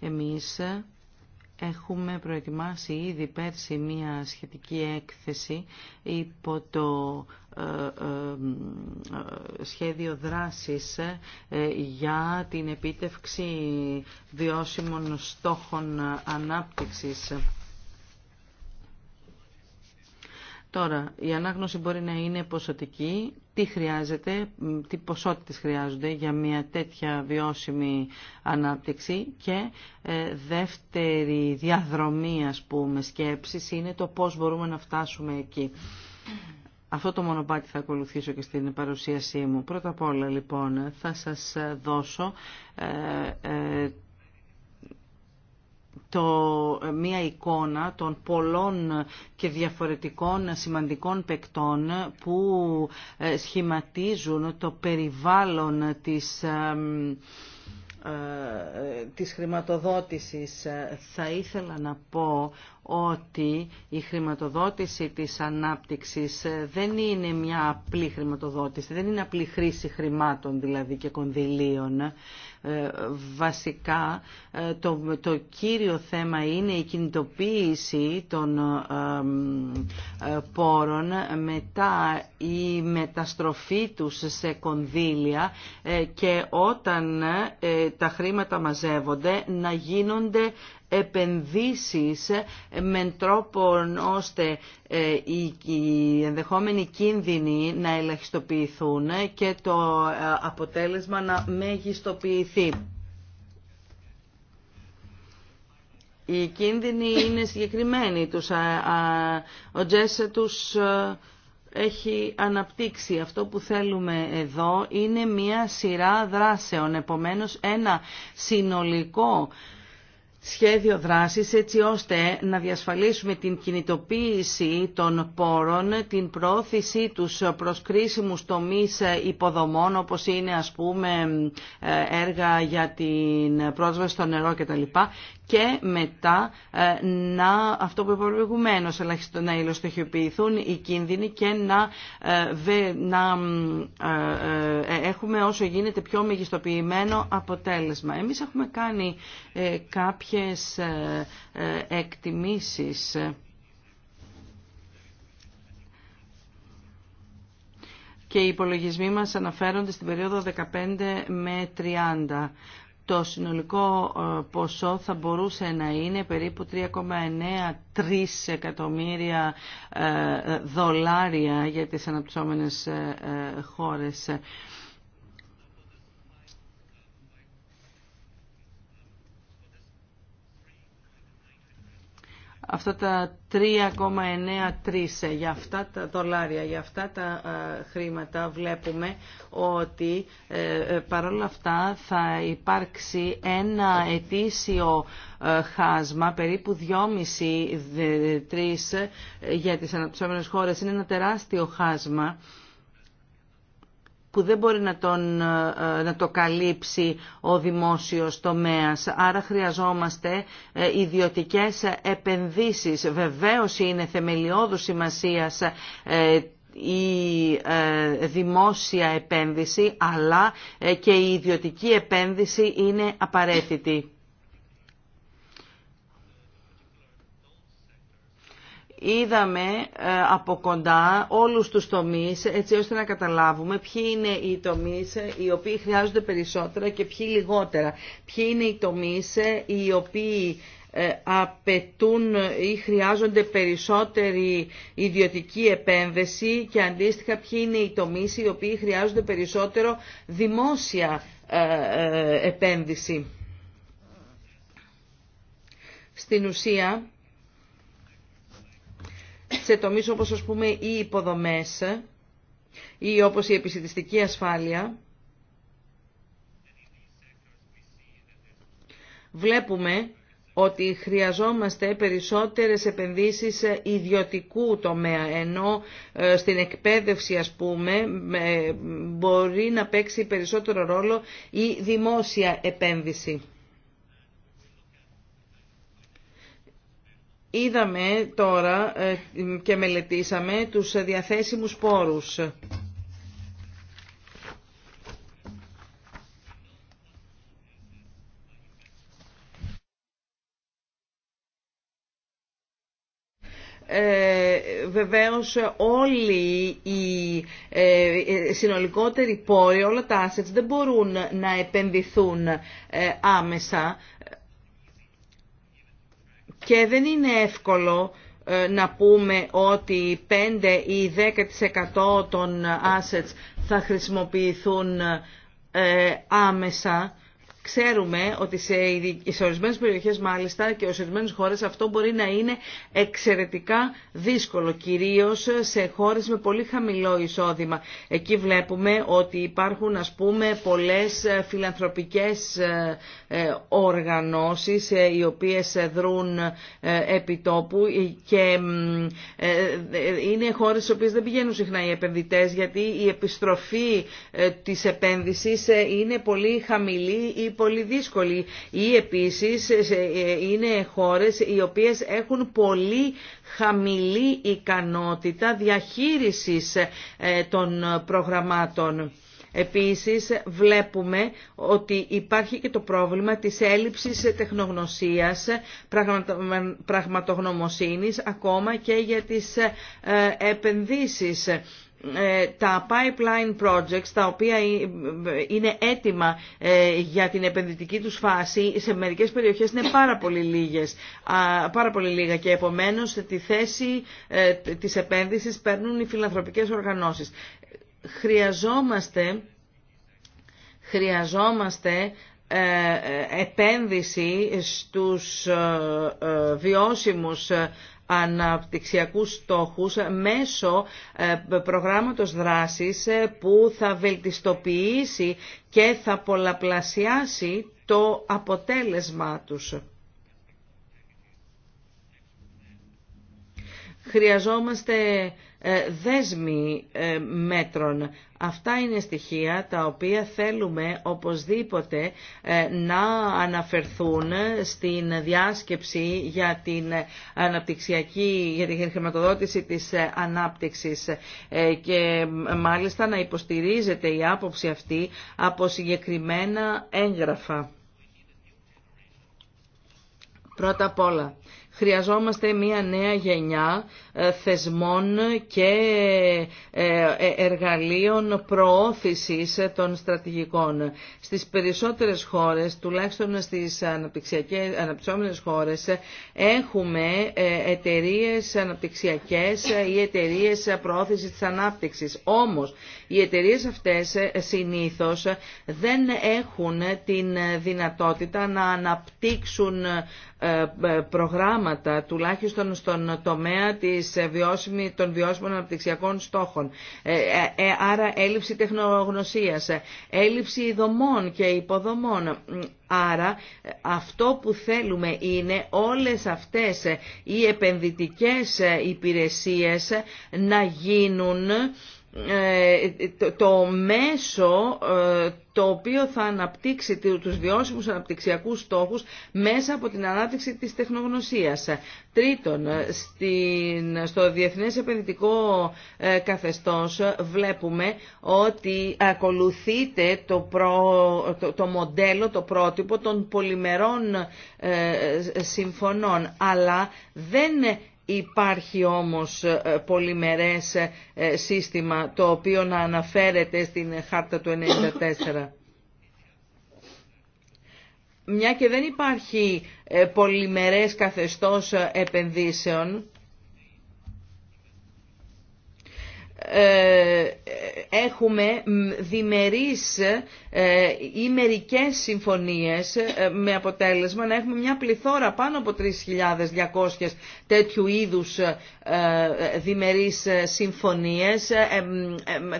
Εμείς έχουμε προετοιμάσει ήδη πέρσι μία σχετική έκθεση υπό το ε, ε, ε, σχέδιο δράσης για την επίτευξη βιώσιμων στόχων ανάπτυξης. Τώρα, η ανάγνωση μπορεί να είναι ποσοτική. Τι χρειάζεται, τι ποσότητες χρειάζονται για μια τέτοια βιώσιμη ανάπτυξη και δεύτερη διαδρομή, ας πούμε, σκέψης είναι το πώς μπορούμε να φτάσουμε εκεί. Αυτό το μονοπάτι θα ακολουθήσω και στην παρουσίασή μου. Πρώτα απ' όλα λοιπόν θα σας δώσω ε, ε, το, μία εικόνα των πολλών και διαφορετικών σημαντικών παικτών που ε, σχηματίζουν το περιβάλλον της ε, της χρηματοδότησης θα ήθελα να πω ότι η χρηματοδότηση της ανάπτυξης δεν είναι μια απλή χρηματοδότηση, δεν είναι απλή χρήση χρημάτων δηλαδή και κονδυλίων. Ε, βασικά ε, το, το κύριο θέμα είναι η κινητοποίηση των ε, πόρων μετά η μεταστροφή τους σε κονδύλια και όταν τα χρήματα μαζεύονται να γίνονται επενδύσεις με τρόπο ώστε ε, οι ενδεχόμενοι κίνδυνοι να ελαχιστοποιηθούν και το ε, αποτέλεσμα να μεγιστοποιηθεί. Οι κίνδυνοι είναι συγκεκριμένοι. Τους, ο Τζέσε τους ε, έχει αναπτύξει. Αυτό που θέλουμε εδώ είναι μία σειρά δράσεων. Επομένως ένα συνολικό σχέδιο δράσης έτσι ώστε να διασφαλίσουμε την κινητοποίηση των πόρων, την πρόθεσή τους προς κρίσιμους τομείς υποδομών όπως είναι ας πούμε ε, έργα για την πρόσβαση στο νερό κτλ και μετά ε, να, αυτό που είπα προηγουμένως, να υλοστοχιοποιηθούν οι κίνδυνοι και να, ε, να ε, έχουμε όσο γίνεται πιο μεγιστοποιημένο αποτέλεσμα. Εμείς έχουμε κάνει κάποιες εκτιμήσεις και οι υπολογισμοί μας αναφέρονται στην περίοδο 15 με 30 το συνολικό ε, ποσό θα μπορούσε να είναι περίπου 3,93 εκατομμύρια ε, ε, δολάρια για τις αναπτυσσόμενες χώρες. αυτά τα 3,93 ε, για αυτά τα δολάρια, για αυτά τα ε, χρήματα βλέπουμε ότι ε, παρόλα αυτά θα υπάρξει ένα ετήσιο χάσμα περίπου 2,5-3 για τις αναπτυσσόμενες χώρες. Είναι ένα τεράστιο χάσμα που δεν μπορεί να, τον, ε, ε, να το καλύψει ο δημόσιος τομέας. Άρα χρειαζόμαστε ε, ιδιωτικές επενδύσεις. Βεβαίως είναι θεμελιώδους σημασίας η δημόσια επένδυση, αλλά και η ιδιωτική επένδυση είναι απαραίτητη. είδαμε ε, από κοντά όλους τους τομείς έτσι ώστε να καταλάβουμε ποιοι είναι οι τομείς ε, οι οποίοι χρειάζονται περισσότερα και ποιοι λιγότερα. Ποιοι είναι οι τομείς ε, οι οποίοι απαιτούν ή χρειάζονται περισσότερη ιδιωτική επένδυση και αντίστοιχα ποιοι είναι οι τομείς οι οποίοι χρειάζονται περισσότερο δημόσια επένδυση. Στην ουσία σε τομείς όπως ας πούμε οι υποδομές ή όπως η επισητιστική ασφάλεια, βλέπουμε ότι χρειαζόμαστε περισσότερες επενδύσεις ιδιωτικού τομέα, ενώ ε, στην εκπαίδευση, ας πούμε, μπορεί να παίξει περισσότερο ρόλο η δημόσια εκπαιδευση πουμε μπορει να παιξει περισσοτερο ρολο η δημοσια επενδυση Είδαμε τώρα ε, και μελετήσαμε τους διαθέσιμους πόρους. Ε, βεβαίως όλοι οι ε, ε, συνολικότεροι πόροι, όλα τα assets δεν μπορούν να επενδυθούν άμεσα και δεν είναι εύκολο ε, να πούμε ότι 5 ή 10% των assets θα χρησιμοποιηθούν ε, άμεσα Ξέρουμε ότι σε ορισμένες περιοχές μάλιστα και σε ορισμένες χώρες αυτό μπορεί να είναι εξαιρετικά δύσκολο, κυρίως σε χώρες με πολύ χαμηλό εισόδημα. Εκεί βλέπουμε ότι υπάρχουν ας πούμε πολλές ε, φιλανθρωπικές ε, ε, οργανώσεις οι οποίες δρούν επιτόπου και είναι χώρες στις οποίες δεν πηγαίνουν συχνά οι επενδυτές γιατί η επιστροφή της επένδυσης είναι πολύ χαμηλή ή πολύ δύσκολη ή επίσης ε, είναι χώρες οι οποίες έχουν πολύ χαμηλή ικανότητα διαχείρισης ε, των προγραμμάτων. Επίσης βλέπουμε ότι υπάρχει και το πρόβλημα της έλλειψης τεχνογνωσίας, πραγματογνωμοσύνης, ακόμα και για τις ε, επενδύσεις. Ε, τα pipeline projects τα οποία είναι έτοιμα ε, για την επενδυτική τους φάση σε μερικές περιοχές είναι πάρα πολύ, λίγες, πάρα πολύ λίγα και επομένως τη θέση ε, της επένδυσης παίρνουν οι φιλανθρωπικές οργανώσεις. Χρειαζόμαστε, χρειαζόμαστε επένδυση στους βιώσιμους αναπτυξιακούς στόχους μέσω ε, προγράμματος δράσης ε, που θα βελτιστοποιήσει και θα πολλαπλασιάσει το αποτέλεσμα τους. χρειαζόμαστε ε, δέσμοι ε, μέτρων. Αυτά είναι στοιχεία τα οποία θέλουμε οπωσδήποτε ε, να αναφερθούν στην διάσκεψη για την αναπτυξιακή, για την χρηματοδότηση της ανάπτυξης και μάλιστα να υποστηρίζεται η άποψη αυτή από συγκεκριμένα έγγραφα. Πρώτα απ' όλα, Χρειαζόμαστε μια νέα γενιά ε, θεσμών και ε, ε, εργαλείων προώθησης των στρατηγικών. Στις περισσότερες χώρες, τουλάχιστον στις αναπτυσσόμενες χώρες, έχουμε εταιρείες αναπτυξιακές ή εταιρείες προώθησης της ανάπτυξης. Όμως, οι εταιρείες αυτές συνήθως δεν έχουν την δυνατότητα να αναπτύξουν προγράμματα τουλάχιστον στον τομέα της ε, βιώσιμη, των βιώσιμων αναπτυξιακών στόχων. Ε, ε, άρα έλλειψη τεχνογνωσίας, έλλειψη δομών και υποδομών. Άρα αυτό που θέλουμε είναι όλες αυτές οι επενδυτικές υπηρεσίες να γίνουν ε, το, μέσο ε, το οποίο θα αναπτύξει τους βιώσιμους αναπτυξιακούς στόχους μέσα από την ανάπτυξη της τεχνογνωσίας. Τρίτον, ε, στην, στο Διεθνές Επενδυτικό Καθεστώς βλέπουμε ότι ακολουθείται το, το, μοντέλο, το πρότυπο των πολυμερών συμφωνών, αλλά δεν Υπάρχει όμως ε, πολυμερές ε, σύστημα το οποίο να αναφέρεται στην χάρτα του 94. Μια και δεν υπάρχει ε, πολυμερές καθεστώς επενδύσεων, Ε, έχουμε διμερείς ε, ή μερικές συμφωνίες ε, με αποτέλεσμα να έχουμε μια πληθώρα πάνω από 3.200 τέτοιου είδους διμερείς συμφωνίες,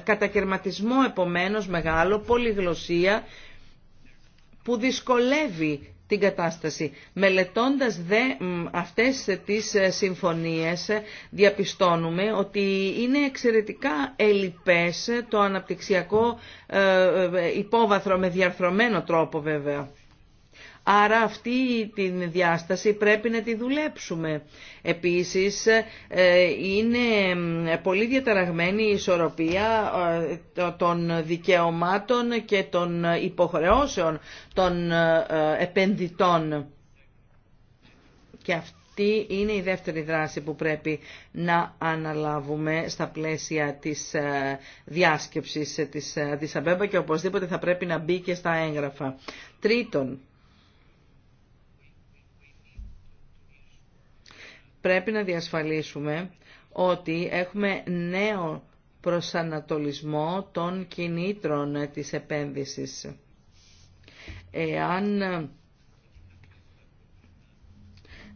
κατακαιρματισμό επομένως μεγάλο, πολυγλωσία που δυσκολεύει την κατάσταση. Μελετώντας δε αυτές τις ε, συμφωνίες ε, διαπιστώνουμε ότι είναι εξαιρετικά ελλειπές το αναπτυξιακό ε, υπόβαθρο με διαρθρωμένο τρόπο βέβαια. Άρα αυτή τη διάσταση πρέπει να τη δουλέψουμε. Επίσης ε, είναι ε, πολύ διαταραγμένη η ισορροπία ε, των δικαιωμάτων και των υποχρεώσεων των επενδυτών. Και αυτή είναι η δεύτερη δράση που πρέπει να αναλάβουμε στα πλαίσια της διάσκεψης της Αντισαμπέμπα και οπωσδήποτε θα πρέπει να μπει και στα έγγραφα. Τρίτον, πρέπει να διασφαλίσουμε ότι έχουμε νέο προσανατολισμό των κινήτρων της επένδυσης. Εάν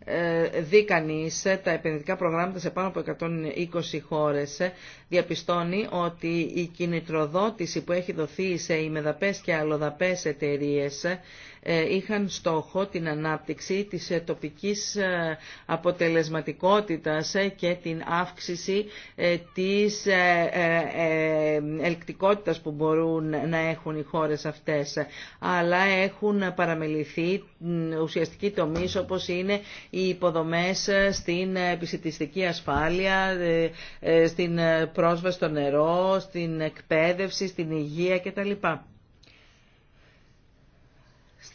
ε, δει κανεί τα επενδυτικά προγράμματα σε πάνω από 120 χώρες, διαπιστώνει ότι η κινητροδότηση που έχει δοθεί σε ημεδαπές και αλλοδαπές εταιρείες ε, είχαν στόχο την ανάπτυξη της ε, τοπικής ε, αποτελεσματικότητας και την αύξηση της ελκτικότητας που μπορούν να έχουν οι χώρες αυτές. Αλλά έχουν παραμεληθεί ουσιαστικοί τομείς όπως είναι οι υποδομές στην επισητιστική ασφάλεια, στην πρόσβαση στο νερό, στην εκπαίδευση, στην υγεία κτλ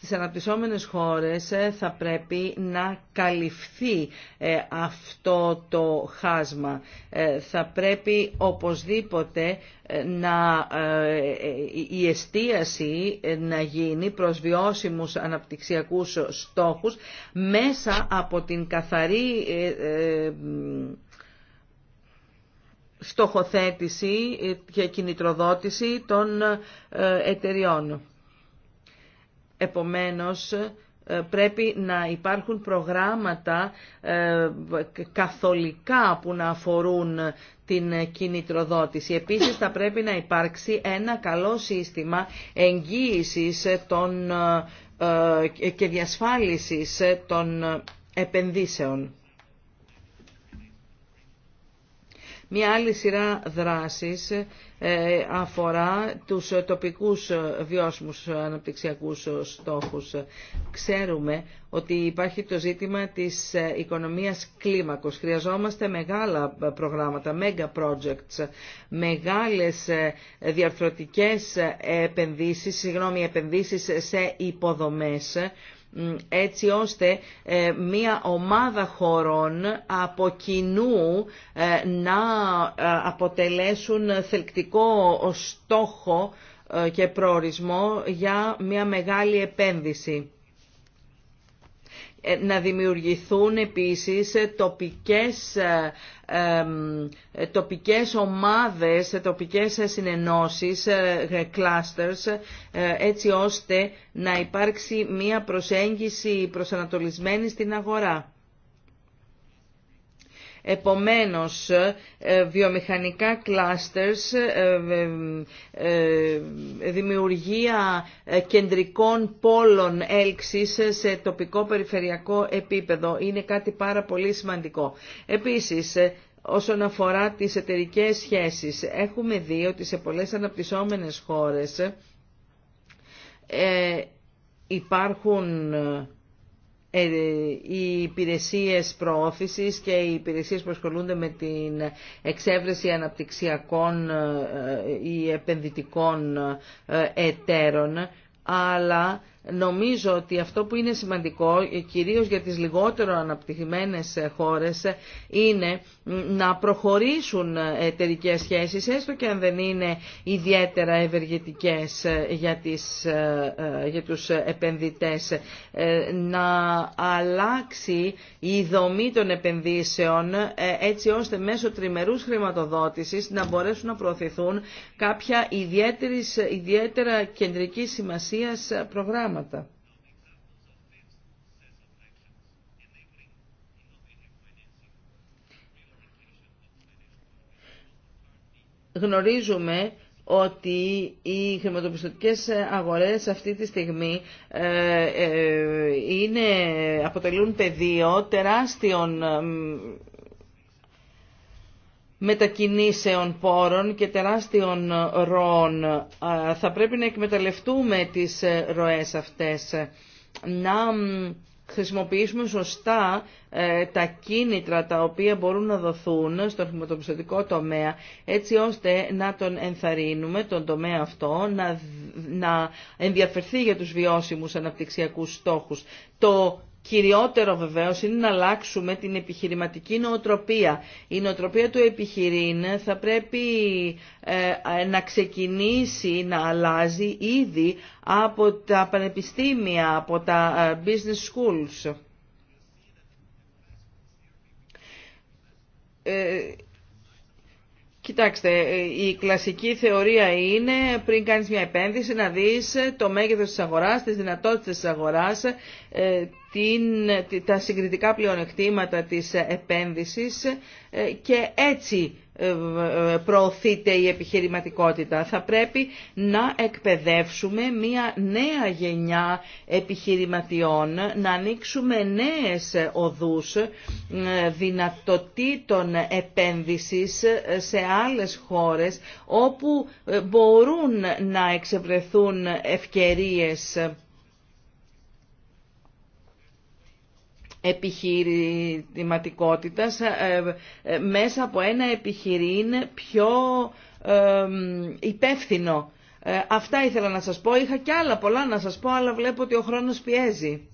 στις αναπτυσσόμενες χώρες ε, θα πρέπει να καλυφθεί ε, αυτό το χάσμα. Ε, θα πρέπει οπωσδήποτε να η εστίαση να γίνει προς βιώσιμους αναπτυξιακούς στόχους μέσα από την καθαρή στοχοθέτηση και κινητροδότηση των εταιριών. Επομένως, ε, πρέπει να υπάρχουν προγράμματα ε, καθολικά που να αφορούν την κινητροδότηση. Επίσης θα πρέπει να υπάρξει ένα καλό σύστημα εγγύησης των, ε, και διασφάλισης των επενδύσεων. Μια άλλη σειρά δράσης ε, αφορά τους τοπικούς βιώσιμους αναπτυξιακούς στόχους. Ξέρουμε ότι υπάρχει το ζήτημα της ε, οικονομίας κλίμακος. Χρειαζόμαστε μεγάλα προγράμματα, mega projects, μεγάλες ε, διαρθρωτικές επενδύσεις, συγγνώμη, επενδύσεις σε υποδομές έτσι ώστε ε, μία ομάδα χωρών από κοινού ε, να ε, αποτελέσουν θελκτικό στόχο και προορισμό για μία μεγάλη επένδυση. Ε, να δημιουργηθούν επίσης τοπικές, ε, ε, τοπικές ομάδες, τοπικές συνενώσεις, clusters, έτσι ώστε να υπάρξει μία προσέγγιση προσανατολισμένη στην αγορά. Επομένως, ε, βιομηχανικά κλάστερς, ε, ε, δημιουργία κεντρικών πόλων έλξης σε τοπικό περιφερειακό επίπεδο είναι κάτι πάρα πολύ σημαντικό. Επίσης, όσον αφορά τις εταιρικές σχέσεις, έχουμε δει ότι σε πολλές αναπτυσσόμενες χώρες υπάρχουν ε, οι υπηρεσίες προώθησης και οι υπηρεσίες που ασχολούνται με την εξέβρεση αναπτυξιακών ε, ε, ή επενδυτικών εταίρων, αλλά Νομίζω ότι αυτό που είναι σημαντικό, κυρίως για τις λιγότερο αναπτυχημένες χώρες, είναι να προχωρήσουν εταιρικέ σχέσεις, έστω και αν δεν είναι ιδιαίτερα ευεργετικές για, τις, για τους επενδυτές, να αλλάξει η δομή των επενδύσεων, έτσι ώστε μέσω τριμερούς χρηματοδότησης να μπορέσουν να προωθηθούν κάποια ιδιαίτερα κεντρική σημασίας προγράμματα. Γνωρίζουμε ότι οι χρηματοπιστωτικές αγορές αυτή τη στιγμή ε, ε, ε, είναι, αποτελούν πεδίο τεράστιων μετακινήσεων πόρων και τεράστιων ροών. Θα πρέπει να εκμεταλλευτούμε τις ε, ροές αυτές, να χρησιμοποιήσουμε σωστά ε, τα κίνητρα τα οποία μπορούν να δοθούν στον χρηματοπιστωτικό τομέα έτσι ώστε να τον ενθαρρύνουμε τον τομέα αυτό να, να ενδιαφερθεί για τους βιώσιμους αναπτυξιακούς στόχους. Το Κυριότερο βεβαίω είναι να αλλάξουμε την επιχειρηματική νοοτροπία. Η νοοτροπία του επιχειρήν θα πρέπει ε, ε, να ξεκινήσει να αλλάζει ήδη από τα πανεπιστήμια, από τα ε, business schools. Κοιτάξτε, η κλασική θεωρία είναι πριν κάνεις μια επένδυση να δεις το μέγεθος της αγοράς, τις δυνατότητες της αγοράς, την, τα συγκριτικά πλεονεκτήματα της επένδυσης ε, και έτσι ε, ε, προωθείται η επιχειρηματικότητα. Θα πρέπει να εκπαιδεύσουμε μια νέα γενιά επιχειρηματιών, να ανοίξουμε νέες οδούς δυνατοτήτων επένδυσης σε άλλες χώρες όπου μπορούν να εξευρεθούν ευκαιρίες επιχειρηματικότητας ε, ε, μέσα από ένα επιχειρήν πιο ε, υπεύθυνο. Αυτά ήθελα να σας πω. Είχα και άλλα πολλά να σας πω, αλλά βλέπω ότι ο χρόνος πιέζει.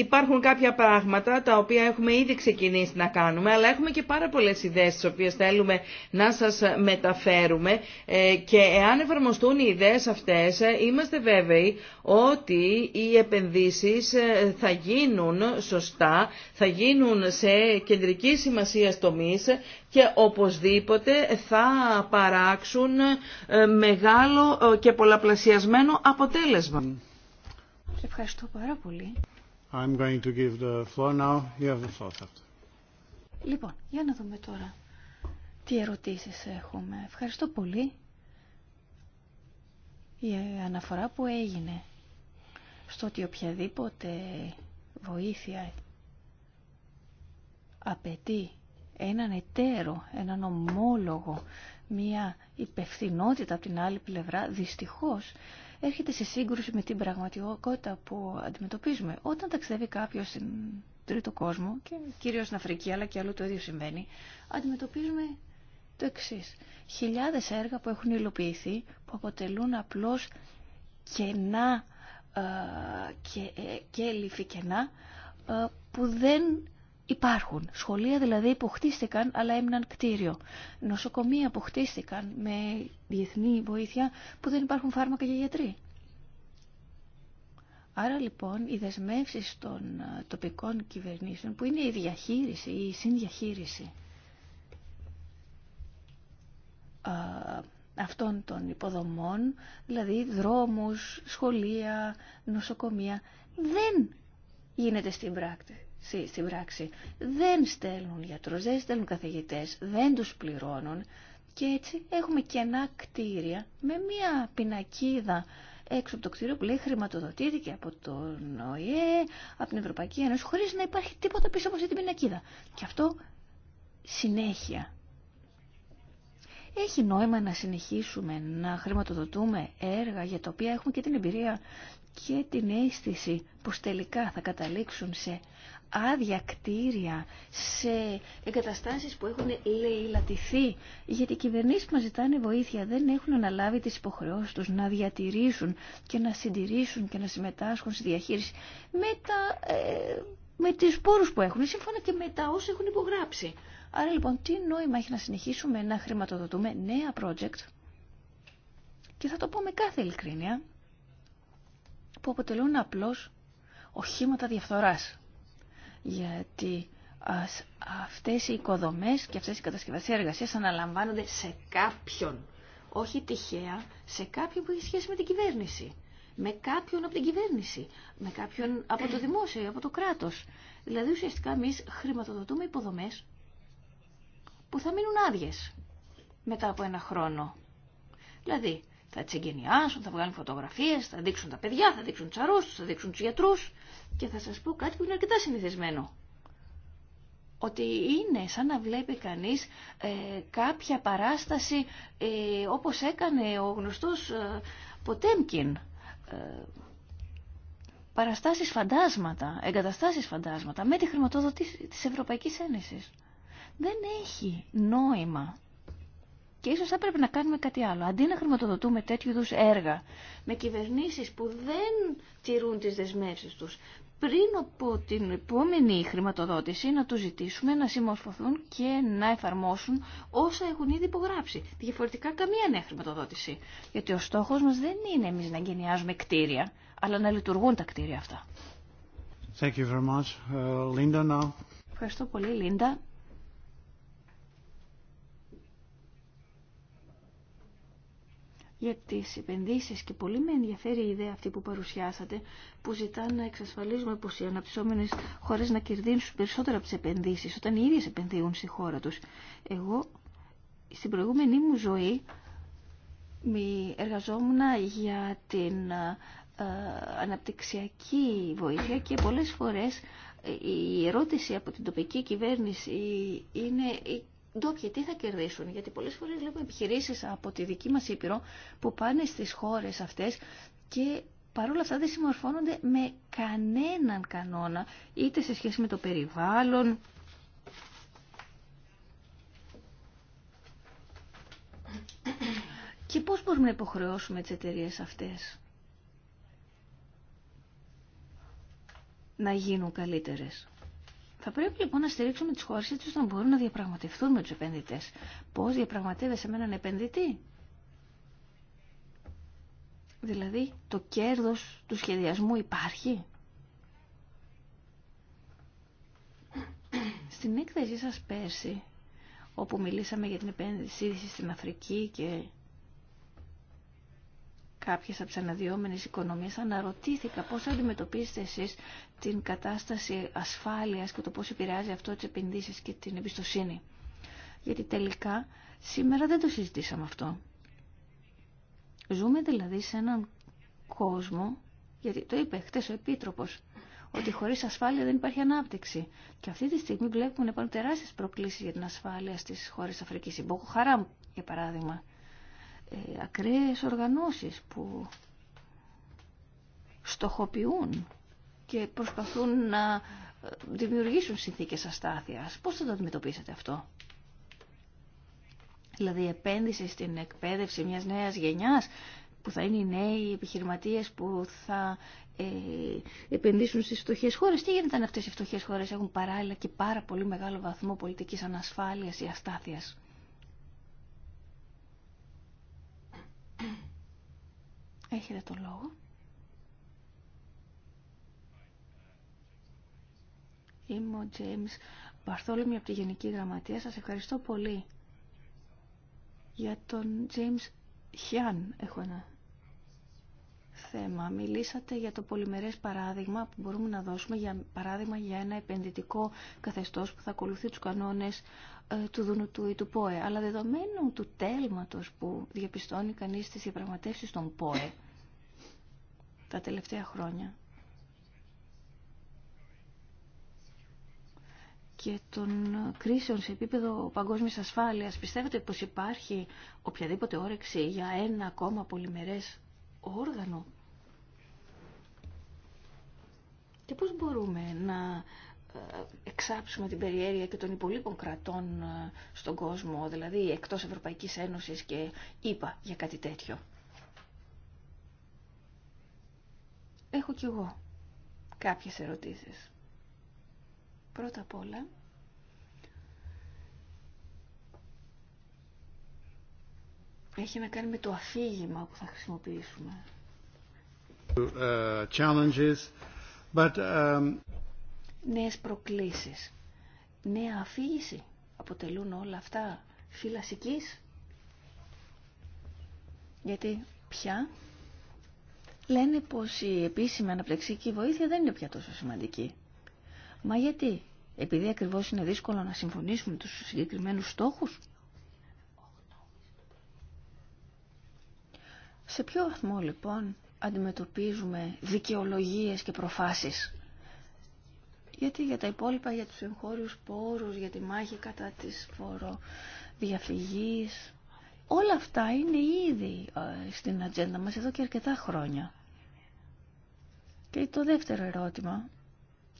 Υπάρχουν κάποια πράγματα τα οποία έχουμε ήδη ξεκινήσει να κάνουμε, αλλά έχουμε και πάρα πολλές ιδέες τις οποίες θέλουμε να σας μεταφέρουμε ε, και εάν εφαρμοστούν οι ιδέες αυτές ε, είμαστε βέβαιοι ότι οι επενδύσεις ε, θα γίνουν σωστά, θα γίνουν σε κεντρική σημασία τομείς και οπωσδήποτε θα παράξουν μεγάλο και πολλαπλασιασμένο αποτέλεσμα. Ευχαριστώ πάρα πολύ. I'm going to give the floor now. You have the floor. Λοιπόν, για να δούμε τώρα τι ερωτήσεις έχουμε. Ευχαριστώ πολύ η αναφορά που έγινε στο ότι οποιαδήποτε βοήθεια απαιτεί έναν εταίρο, έναν ομόλογο, μία υπευθυνότητα από την άλλη πλευρά, δυστυχώς έρχεται σε σύγκρουση με την πραγματικότητα που αντιμετωπίζουμε. Όταν ταξιδεύει κάποιο στην τρίτο κόσμο, και κυρίω στην Αφρική αλλά και αλλού το ίδιο συμβαίνει, αντιμετωπίζουμε το εξή. Χιλιάδες έργα που έχουν υλοποιηθεί, που αποτελούν απλώς κενά ε, και, ε, και λυφή κενά, ε, που δεν υπάρχουν. Σχολεία δηλαδή που χτίστηκαν αλλά έμειναν κτίριο. Νοσοκομεία που χτίστηκαν με διεθνή βοήθεια που δεν υπάρχουν φάρμακα για γιατροί. Άρα λοιπόν οι δεσμεύσει των ε, τοπικών κυβερνήσεων που είναι η διαχείριση, η συνδιαχείριση ε, αυτών των υποδομών, δηλαδή δρόμους, σχολεία, νοσοκομεία, δεν γίνεται στην πράξη στην πράξη. Δεν στέλνουν γιατρούς, δεν στέλνουν καθηγητές, δεν τους πληρώνουν και έτσι έχουμε κενά κτίρια με μια πινακίδα έξω από το κτίριο που λέει χρηματοδοτήθηκε από τον ΟΗΕ, από την Ευρωπαϊκή Ένωση, χωρίς να υπάρχει τίποτα πίσω από αυτή την πινακίδα. Και αυτό συνέχεια. Έχει νόημα να συνεχίσουμε να χρηματοδοτούμε έργα για τα οποία έχουμε και την εμπειρία και την αίσθηση πως τελικά θα καταλήξουν σε άδεια κτίρια σε εγκαταστάσεις που έχουν λαιλατηθεί γιατί οι κυβερνήσεις που μας ζητάνε βοήθεια δεν έχουν αναλάβει τις υποχρεώσεις τους να διατηρήσουν και να συντηρήσουν και να συμμετάσχουν στη διαχείριση με, τα, ε, με τις πόρους που έχουν σύμφωνα και με τα όσα έχουν υπογράψει. Άρα λοιπόν τι νόημα έχει να συνεχίσουμε να χρηματοδοτούμε νέα project και θα το πω με κάθε ειλικρίνεια που αποτελούν απλώς οχήματα διαφθοράς γιατί αυτές οι οικοδομές και αυτές οι κατασκευασίες εργασίες αναλαμβάνονται σε κάποιον. Όχι τυχαία, σε κάποιον που έχει σχέση με την κυβέρνηση. Με κάποιον από την κυβέρνηση, με κάποιον από το δημόσιο, από το κράτος. Δηλαδή ουσιαστικά εμεί χρηματοδοτούμε υποδομές που θα μείνουν άδειε μετά από ένα χρόνο. Δηλαδή, θα τι εγκαινιάσουν, θα βγάλουν φωτογραφίε, θα δείξουν τα παιδιά, θα δείξουν του αρρώστου, θα δείξουν του γιατρού. Και θα σα πω κάτι που είναι αρκετά συνηθισμένο. Ότι είναι σαν να βλέπει κανεί ε, κάποια παράσταση ε, όπω έκανε ο γνωστό ε, Ποτέμκιν. Ε, Παραστάσει φαντάσματα, εγκαταστάσει φαντάσματα με τη χρηματοδότηση τη Ευρωπαϊκή Ένωση. Δεν έχει νόημα και ίσως θα έπρεπε να κάνουμε κάτι άλλο. Αντί να χρηματοδοτούμε τέτοιου είδου έργα με κυβερνήσεις που δεν τηρούν τις δεσμεύσεις τους, πριν από την επόμενη χρηματοδότηση να του ζητήσουμε να συμμορφωθούν και να εφαρμόσουν όσα έχουν ήδη υπογράψει. Διαφορετικά καμία νέα χρηματοδότηση. Γιατί ο στόχος μας δεν είναι εμείς να εγκαινιάζουμε κτίρια, αλλά να λειτουργούν τα κτίρια αυτά. Ε, Ευχαριστώ πολύ, Λίντα. για τις επενδύσεις και πολύ με ενδιαφέρει η ιδέα αυτή που παρουσιάσατε που ζητά να εξασφαλίζουμε πως οι αναπτυσσόμενε χώρες να κερδίσουν περισσότερα από τις επενδύσεις όταν οι ίδιες επενδύουν στη χώρα τους. Εγώ στην προηγούμενή μου ζωή εργαζόμουν για την ε, αναπτυξιακή βοήθεια και πολλές φορές ε, η ερώτηση από την τοπική κυβέρνηση είναι ντόπιοι τι θα κερδίσουν. Γιατί πολλές φορές βλέπουμε επιχειρήσεις από τη δική μας Ήπειρο που πάνε στις χώρες αυτές και παρόλα αυτά δεν συμμορφώνονται με κανέναν κανόνα είτε σε σχέση με το περιβάλλον, Και πώς μπορούμε να υποχρεώσουμε τις εταιρείες αυτές να γίνουν καλύτερες. Θα πρέπει λοιπόν να στηρίξουμε τις χώρες έτσι ώστε να μπορούν να διαπραγματευτούν με τους επενδυτές. Πώς διαπραγματεύεσαι με έναν επενδυτή. Δηλαδή το κέρδος του σχεδιασμού υπάρχει. Στην έκθεσή σας πέρσι, όπου μιλήσαμε για την επένδυσή στην Αφρική και κάποιες από τις αναδυόμενες οικονομίες αναρωτήθηκα πώς αντιμετωπίζετε εσείς την κατάσταση ασφάλειας και το πώς επηρεάζει αυτό τις επενδύσεις και την εμπιστοσύνη. Γιατί τελικά σήμερα δεν το συζητήσαμε αυτό. Ζούμε δηλαδή σε έναν κόσμο, γιατί το είπε χτες ο Επίτροπος, ότι χωρί ασφάλεια δεν υπάρχει ανάπτυξη. Και αυτή τη στιγμή βλέπουμε να υπάρχουν τεράστιε προκλήσει για την ασφάλεια στι χώρε Αφρική. Η Μπόκο Χαράμ, για παράδειγμα, ε, ακραίες οργανώσεις που στοχοποιούν και προσπαθούν να ε, δημιουργήσουν συνθήκες αστάθειας. Πώς θα το αντιμετωπίσετε αυτό. Δηλαδή επένδυση στην εκπαίδευση μιας νέας γενιάς που θα είναι οι νέοι επιχειρηματίες που θα ε, επενδύσουν στις φτωχές χώρες. Τι γίνεται αν αυτές οι φτωχές χώρες έχουν παράλληλα και πάρα πολύ μεγάλο βαθμό πολιτικής ανασφάλειας ή αστάθειας. Έχετε το λόγο. Είμαι ο James Bartholomew από τη Γενική Γραμματεία. Σας ευχαριστώ πολύ. Για τον James Χιάν έχω ένα θέμα. Μιλήσατε για το πολυμερές παράδειγμα που μπορούμε να δώσουμε για παράδειγμα για ένα επενδυτικό καθεστώς που θα ακολουθεί τους κανόνες ε, του Δουνουτού ή του ΠΟΕ. Αλλά δεδομένου του τέλματος που διαπιστώνει κανείς στις διαπραγματεύσεις των ΠΟΕ τα τελευταία χρόνια και των κρίσεων σε επίπεδο παγκόσμιας ασφάλειας, πιστεύετε πως υπάρχει οποιαδήποτε όρεξη για ένα ακόμα πολυμερές όργανο. Και πώς μπορούμε να ε, εξάψουμε την περιέργεια και των υπολείπων κρατών ε, στον κόσμο, δηλαδή εκτός Ευρωπαϊκής Ένωσης και είπα για κάτι τέτοιο. Έχω κι εγώ κάποιες ερωτήσεις. Πρώτα απ' όλα, έχει να κάνει με το αφήγημα που θα χρησιμοποιήσουμε. Uh, challenges, but, um... Νέες προκλήσεις. Νέα αφήγηση. Αποτελούν όλα αυτά φυλασικής. Γιατί πια λένε πως η επίσημη αναπλεξική βοήθεια δεν είναι πια τόσο σημαντική. Μα γιατί, επειδή ακριβώς είναι δύσκολο να συμφωνήσουμε τους συγκεκριμένους στόχους, Σε ποιο βαθμό λοιπόν αντιμετωπίζουμε δικαιολογίες και προφάσεις. Γιατί για τα υπόλοιπα, για τους εγχώριους πόρους, για τη μάχη κατά της φοροδιαφυγής, όλα αυτά είναι ήδη ε, στην ατζέντα μας εδώ και αρκετά χρόνια. Και το δεύτερο ερώτημα,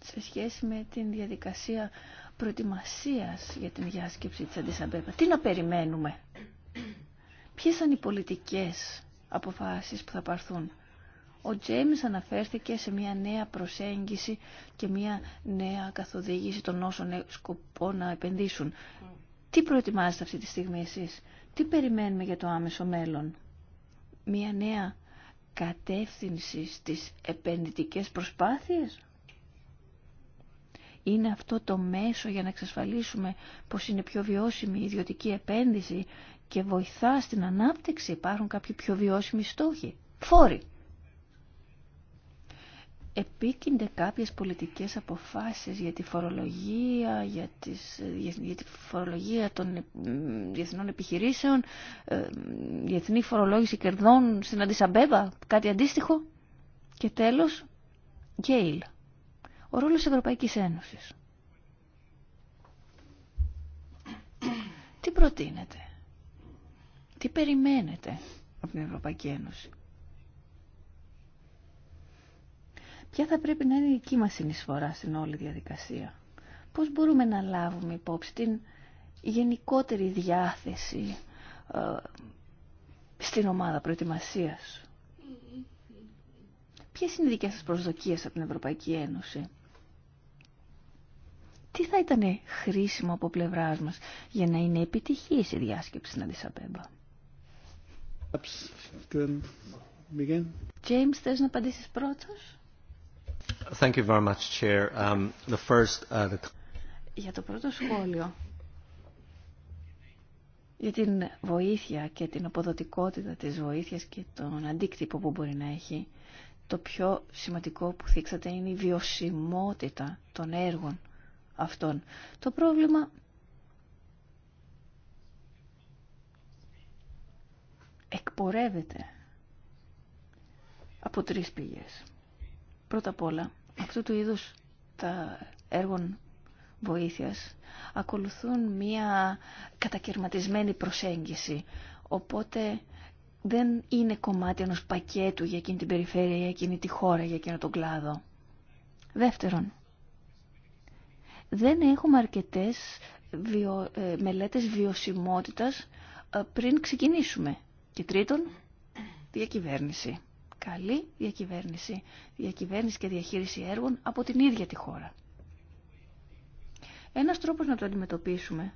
σε σχέση με την διαδικασία προετοιμασίας για την διάσκεψη της Αντισαμπέπα. Τι να περιμένουμε. Ποιες είναι οι πολιτικές αποφάσεις που θα πάρθουν. Ο Τζέιμς αναφέρθηκε σε μια νέα προσέγγιση και μια νέα καθοδήγηση των όσων σκοπό να επενδύσουν. Τι προετοιμάζετε αυτή τη στιγμή εσείς, τι περιμένουμε για το άμεσο μέλλον. Μια νέα κατεύθυνση στις επενδυτικές προσπάθειες. Είναι αυτό το μέσο για να εξασφαλίσουμε πως είναι πιο βιώσιμη η ιδιωτική επένδυση και βοηθά στην ανάπτυξη. Υπάρχουν κάποιοι πιο βιώσιμοι στόχοι. Φόροι. Επίκυνται κάποιες πολιτικές αποφάσεις για τη φορολογία, για, τις, για τη φορολογία των ε, διεθνών επιχειρήσεων, ε, διεθνή φορολόγηση κερδών στην Αντισαμπέβα, κάτι αντίστοιχο. Και τέλος, Γκέιλ. Ο ρόλος Ευρωπαϊκής Ένωσης. Τι προτείνεται. Τι περιμένετε από την Ευρωπαϊκή Ένωση. Ποια θα πρέπει να είναι η δική μας συνεισφορά στην όλη διαδικασία. Πώς μπορούμε να λάβουμε υπόψη την γενικότερη διάθεση ε, στην ομάδα προετοιμασίας. Ποιες είναι οι δικές σας προσδοκίες από την Ευρωπαϊκή Ένωση. Τι θα ήταν χρήσιμο από πλευράς μας για να είναι επιτυχής η διάσκεψη στην Αντισαπέμπα. James, να απαντήσεις πρώτος? Thank you very um, uh, Για το πρώτο σχόλιο, για την βοήθεια και την αποδοτικότητα της βοήθειας και τον αντίκτυπο που μπορεί να έχει, το πιο σημαντικό που θίξατε είναι η βιωσιμότητα των έργων αυτών. Το πρόβλημα εκπορεύεται από τρεις πηγές. Πρώτα απ' όλα, αυτού του είδους τα έργων βοήθειας ακολουθούν μία κατακαιρματισμένη προσέγγιση, οπότε δεν είναι κομμάτι ενός πακέτου για εκείνη την περιφέρεια, για εκείνη τη χώρα, για εκείνο τον κλάδο. Δεύτερον, δεν έχουμε αρκετές βιο... Ε, μελέτες βιωσιμότητας ε, πριν ξεκινήσουμε. Και τρίτον, διακυβέρνηση. Καλή διακυβέρνηση. Διακυβέρνηση και διαχείριση έργων από την ίδια τη χώρα. Ένας τρόπος να το αντιμετωπίσουμε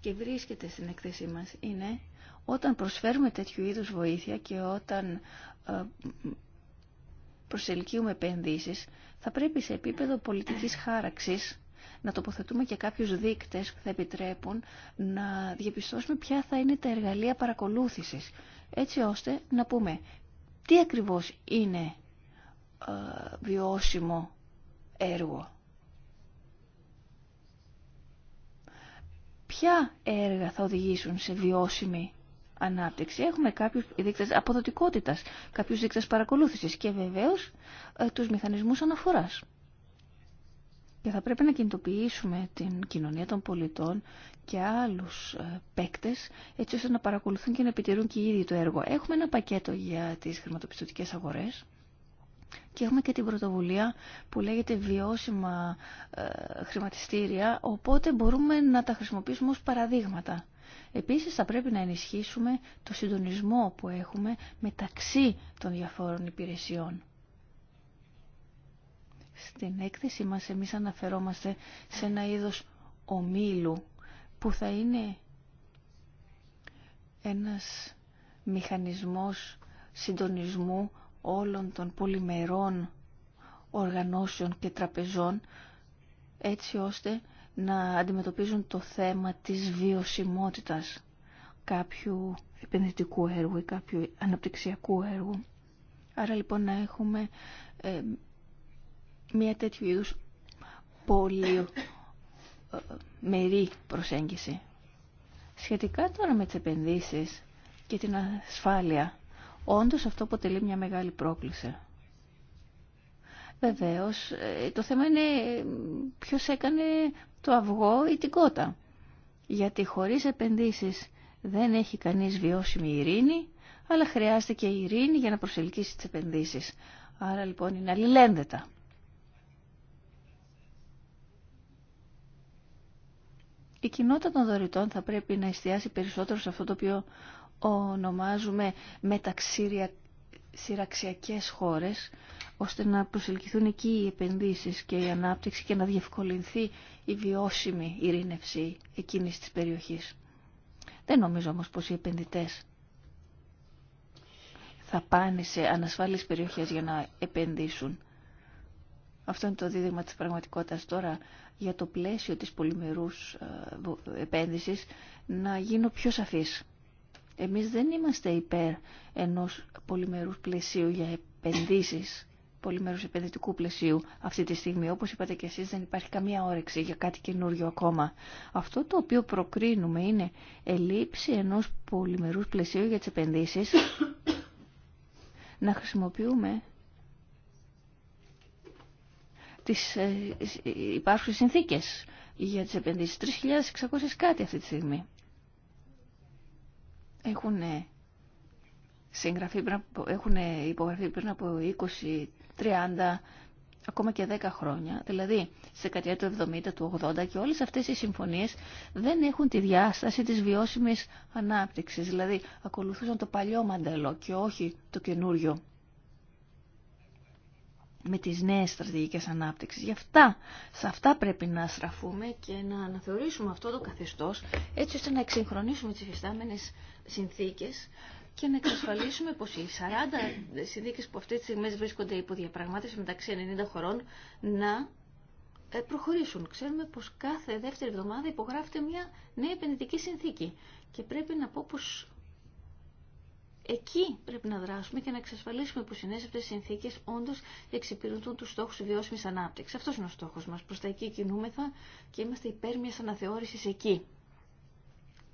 και βρίσκεται στην εκθέσή μας είναι όταν προσφέρουμε τέτοιου είδους βοήθεια και όταν ε, προσελκύουμε επενδύσεις θα πρέπει σε επίπεδο πολιτικής χάραξης να τοποθετούμε και κάποιους δείκτες που θα επιτρέπουν να διαπιστώσουμε ποια θα είναι τα εργαλεία παρακολούθησης, έτσι ώστε να πούμε τι ακριβώς είναι ε, βιώσιμο έργο. Ποια έργα θα οδηγήσουν σε βιώσιμη ανάπτυξη. Έχουμε κάποιους δείκτες αποδοτικότητας, κάποιους δείκτες παρακολούθησης και βεβαίως ε, τους μηχανισμούς αναφοράς. Και θα πρέπει να κινητοποιήσουμε την κοινωνία των πολιτών και άλλους ε, παίκτες έτσι ώστε να παρακολουθούν και να επιτηρούν και ήδη το έργο. Έχουμε ένα πακέτο για τις χρηματοπιστωτικές αγορές και έχουμε και την πρωτοβουλία που λέγεται βιώσιμα ε, χρηματιστήρια οπότε μπορούμε να τα χρησιμοποιήσουμε ως παραδείγματα. Επίσης θα πρέπει να ενισχύσουμε το συντονισμό που έχουμε μεταξύ των διαφόρων υπηρεσιών. Στην έκθεση μας εμείς αναφερόμαστε σε ένα είδος ομίλου που θα είναι ένας μηχανισμός συντονισμού όλων των πολυμερών οργανώσεων και τραπεζών έτσι ώστε να αντιμετωπίζουν το θέμα της βιωσιμότητας κάποιου επενδυτικού έργου ή κάποιου αναπτυξιακού έργου. Άρα λοιπόν να έχουμε ε, μια τέτοιου πολύ ε, μερή προσέγγιση. Σχετικά τώρα με τι επενδύσει και την ασφάλεια, όντω αυτό αποτελεί μια μεγάλη πρόκληση. Βεβαίως, ε, το θέμα είναι ε, ποιο έκανε το αυγό ή την κότα. Γιατί χωρίς επενδύσεις δεν έχει κανείς βιώσιμη ειρήνη, αλλά χρειάζεται και ειρήνη για να προσελκύσει τις επενδύσει. Άρα λοιπόν είναι αλληλένδετα. Η κοινότητα των δωρητών θα πρέπει να εστιάσει περισσότερο σε αυτό το οποίο ονομάζουμε μεταξυραξιακές χώρες, ώστε να προσελκυθούν εκεί οι επενδύσεις και η ανάπτυξη και να διευκολυνθεί η βιώσιμη ειρήνευση εκείνης της περιοχής. Δεν νομίζω όμως πως οι επενδυτές θα πάνε σε ανασφάλεις περιοχές για να επενδύσουν. Αυτό είναι το δίδυμα της πραγματικότητας τώρα για το πλαίσιο της πολυμερούς ε, επένδυσης να γίνω πιο σαφής. Εμείς δεν είμαστε υπέρ ενός πολυμερούς πλαισίου για επενδύσεις, πολυμερούς επενδυτικού πλαισίου αυτή τη στιγμή. Όπως είπατε και εσείς δεν υπάρχει καμία όρεξη για κάτι καινούριο ακόμα. Αυτό το οποίο προκρίνουμε είναι ελήψη ενός πολυμερούς πλαισίου για τις επενδύσεις να χρησιμοποιούμε τις ε, υπάρχουσες συνθήκες για τις επενδύσεις. 3.600 κάτι αυτή τη στιγμή. Έχουν συγγραφεί, έχουν υπογραφεί πριν από 20, 30, ακόμα και 10 χρόνια. Δηλαδή, σε δεκαετία του 70, του 80 και όλες αυτές οι συμφωνίες δεν έχουν τη διάσταση της βιώσιμης ανάπτυξης. Δηλαδή, ακολουθούσαν το παλιό μαντελό και όχι το καινούριο με τις νέες στρατηγικές ανάπτυξης. Γι' αυτά, σε αυτά πρέπει να στραφούμε και να αναθεωρήσουμε αυτό το καθεστώς, έτσι ώστε να εξυγχρονίσουμε τις υφιστάμενες συνθήκες και να εξασφαλίσουμε πως οι 40 συνθήκες που αυτές τις στιγμές βρίσκονται υπό διαπραγμάτευση μεταξύ 90 χωρών να ε, προχωρήσουν. Ξέρουμε πως κάθε δεύτερη εβδομάδα υπογράφεται μια νέα επενδυτική συνθήκη και πρέπει να πω πως Εκεί πρέπει να δράσουμε και να εξασφαλίσουμε που συνέσαι αυτές οι συνθήκες όντω εξυπηρετούν τους στόχους βιώσιμης ανάπτυξης. Αυτός είναι ο στόχο μα. Προς τα εκεί κινούμεθα και είμαστε υπέρ μια αναθεώρησης εκεί.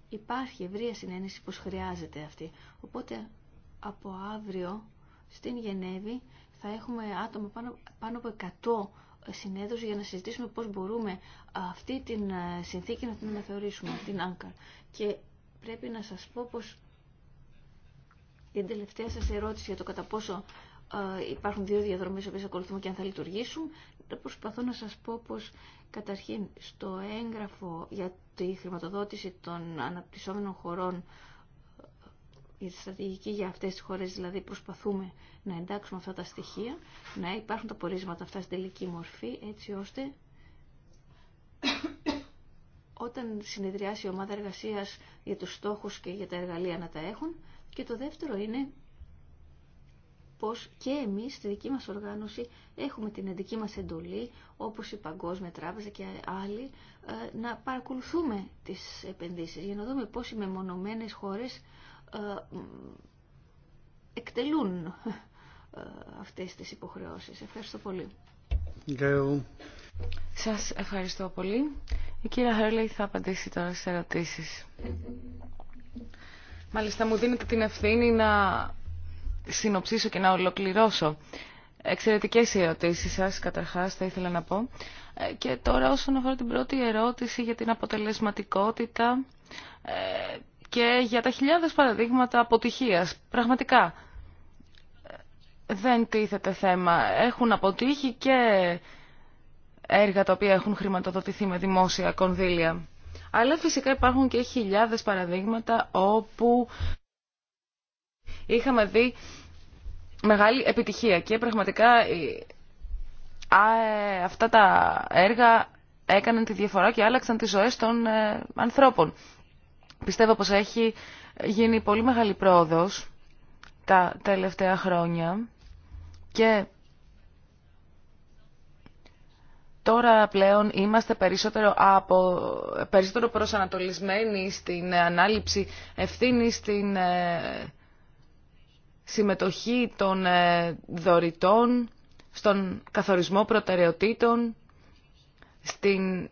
Υπάρχει ευρεία συνένεση πω χρειάζεται αυτή. Οπότε από αύριο στην Γενέβη θα έχουμε άτομα πάνω, πάνω από 100 συνέδρους για να συζητήσουμε πώς μπορούμε αυτή την ε, συνθήκη να την αναθεωρήσουμε, την Άγκαρ. Και πρέπει να σας πω πως για την τελευταία σας ερώτηση για το κατά πόσο ε, υπάρχουν δύο διαδρομές που ακολουθούμε και αν θα λειτουργήσουν, ε, προσπαθώ να σας πω πως καταρχήν στο έγγραφο για τη χρηματοδότηση των αναπτυσσόμενων χωρών για ε, τη στρατηγική για αυτές τις χώρες, δηλαδή προσπαθούμε να εντάξουμε αυτά τα στοιχεία, να υπάρχουν τα πορίσματα αυτά στην τελική μορφή, έτσι ώστε όταν συνεδριάσει η ομάδα εργασίας για τους στόχους και για τα εργαλεία να τα έχουν, και το δεύτερο είναι πως και εμείς στη δική μας οργάνωση έχουμε την δική μας εντολή, όπως η Παγκόσμια Τράπεζα και άλλοι, ε, να παρακολουθούμε τις επενδύσεις για να δούμε πώς οι μεμονωμένες χώρες ε, εκτελούν ε, αυτές τις υποχρεώσεις. Ευχαριστώ πολύ. Σα Σας ευχαριστώ πολύ. Η κυρία Χέρλη θα απαντήσει τώρα στις ερωτήσεις. Μάλιστα μου δίνετε την ευθύνη να συνοψίσω και να ολοκληρώσω. Εξαιρετικές οι ερωτήσεις σας, καταρχάς, θα ήθελα να πω. Ε, και τώρα όσον αφορά την πρώτη ερώτηση για την αποτελεσματικότητα ε, και για τα χιλιάδες παραδείγματα αποτυχίας. Πραγματικά, ε, δεν τίθεται θέμα. Έχουν αποτύχει και έργα τα οποία έχουν χρηματοδοτηθεί με δημόσια κονδύλια. Αλλά φυσικά υπάρχουν και χιλιάδες παραδείγματα όπου είχαμε δει μεγάλη επιτυχία και πραγματικά ε, αυτά τα έργα έκαναν τη διαφορά και άλλαξαν τις ζωές των ε, ανθρώπων. Πιστεύω πως έχει γίνει πολύ μεγάλη πρόοδος τα τελευταία χρόνια και Τώρα πλέον είμαστε περισσότερο, από, περισσότερο προσανατολισμένοι στην ανάληψη ευθύνη, στην ε, συμμετοχή των ε, δωρητών, στον καθορισμό προτεραιοτήτων, στην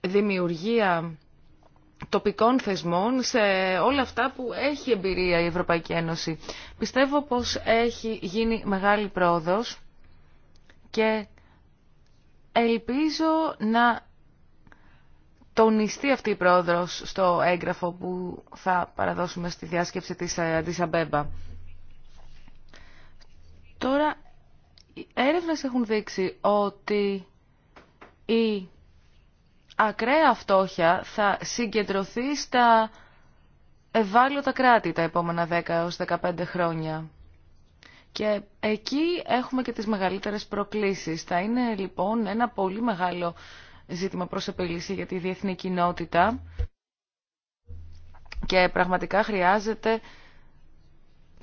δημιουργία τοπικών θεσμών, σε όλα αυτά που έχει εμπειρία η Ευρωπαϊκή Ένωση. Πιστεύω πως έχει γίνει μεγάλη πρόοδος και Ελπίζω να τονιστεί αυτή η πρόοδος στο έγγραφο που θα παραδώσουμε στη διάσκεψη της Αντισαμπέμπα. Τώρα, οι έρευνες έχουν δείξει ότι η ακραία φτώχεια θα συγκεντρωθεί στα ευάλωτα κράτη τα επόμενα 10 έως 15 χρόνια. Και εκεί έχουμε και τις μεγαλύτερες προκλήσεις. Θα είναι λοιπόν ένα πολύ μεγάλο ζήτημα προς επίλυση για τη διεθνή κοινότητα και πραγματικά χρειάζεται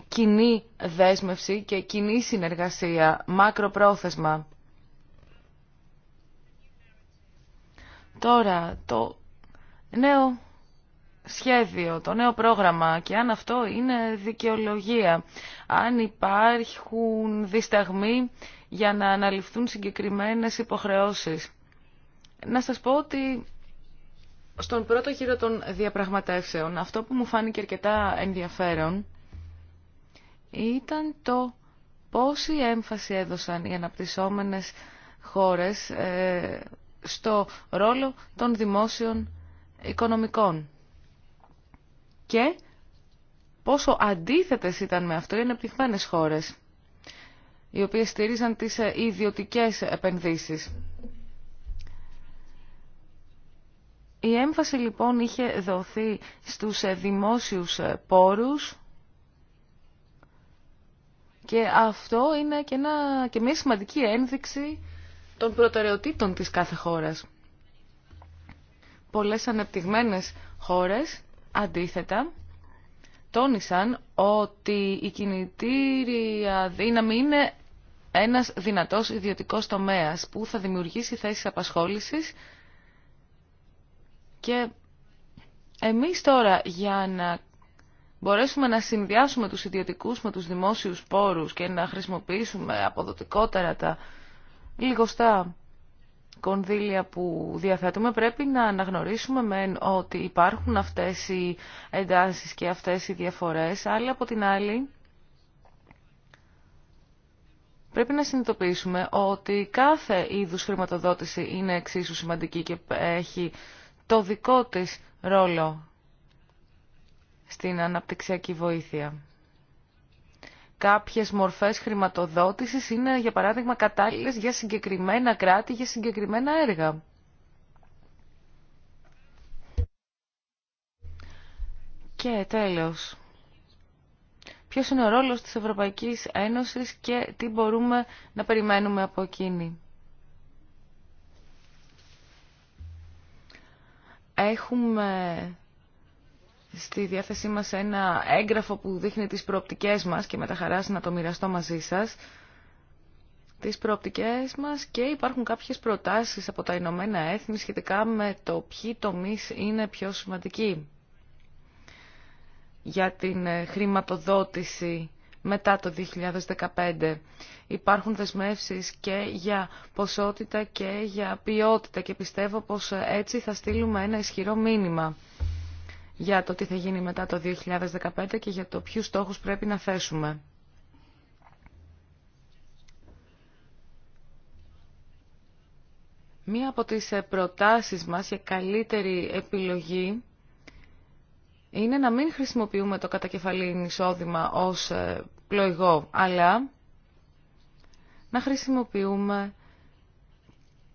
κοινή δέσμευση και κοινή συνεργασία, μακροπρόθεσμα. Τώρα, το νέο σχέδιο, το νέο πρόγραμμα και αν αυτό είναι δικαιολογία, αν υπάρχουν δισταγμοί για να αναλυφθούν συγκεκριμένες υποχρεώσεις. Να σας πω ότι στον πρώτο γύρο των διαπραγματεύσεων αυτό που μου φάνηκε αρκετά ενδιαφέρον ήταν το πόση έμφαση έδωσαν οι αναπτυσσόμενες χώρες ε, στο ρόλο των δημόσιων οικονομικών και πόσο αντίθετες ήταν με αυτό οι ανεπτυγμένες χώρες, οι οποίες στήριζαν τις ε, ιδιωτικές επενδύσεις. Η έμφαση λοιπόν είχε δοθεί στους ε, δημόσιους ε, πόρους και αυτό είναι και, και μια σημαντική ένδειξη των προτεραιοτήτων της κάθε χώρας. Πολλές ανεπτυγμένες χώρες Αντίθετα, τόνισαν ότι η κινητήρια δύναμη είναι ένας δυνατός ιδιωτικός τομέας που θα δημιουργήσει θέσεις απασχόλησης και εμείς τώρα για να μπορέσουμε να συνδυάσουμε τους ιδιωτικούς με τους δημόσιους πόρους και να χρησιμοποιήσουμε αποδοτικότερα τα λιγοστά κονδύλια που διαθέτουμε πρέπει να αναγνωρίσουμε μεν ότι υπάρχουν αυτές οι εντάσεις και αυτές οι διαφορές, αλλά από την άλλη πρέπει να συνειδητοποιήσουμε ότι κάθε είδους χρηματοδότηση είναι εξίσου σημαντική και έχει το δικό της ρόλο στην αναπτυξιακή βοήθεια κάποιες μορφές χρηματοδότησης είναι για παράδειγμα κατάλληλες για συγκεκριμένα κράτη, για συγκεκριμένα έργα. Και τέλος, ποιος είναι ο ρόλος της Ευρωπαϊκής Ένωσης και τι μπορούμε να περιμένουμε από εκείνη. Έχουμε στη διάθεσή μας ένα έγγραφο που δείχνει τις προοπτικές μας και με τα χαράς να το μοιραστώ μαζί σας τις προοπτικές μας και υπάρχουν κάποιες προτάσεις από τα Ηνωμένα Έθνη σχετικά με το ποιοι τομείς είναι πιο σημαντικοί για την ε, χρηματοδότηση μετά το 2015. Υπάρχουν δεσμεύσεις και για ποσότητα και για ποιότητα και πιστεύω πως ε, έτσι θα στείλουμε ένα ισχυρό μήνυμα για το τι θα γίνει μετά το 2015 και για το ποιους στόχους πρέπει να θέσουμε. Μία από τις ε, προτάσεις μας για καλύτερη επιλογή είναι να μην χρησιμοποιούμε το κατακεφαλήν εισόδημα ως ε, πλοηγό, αλλά να χρησιμοποιούμε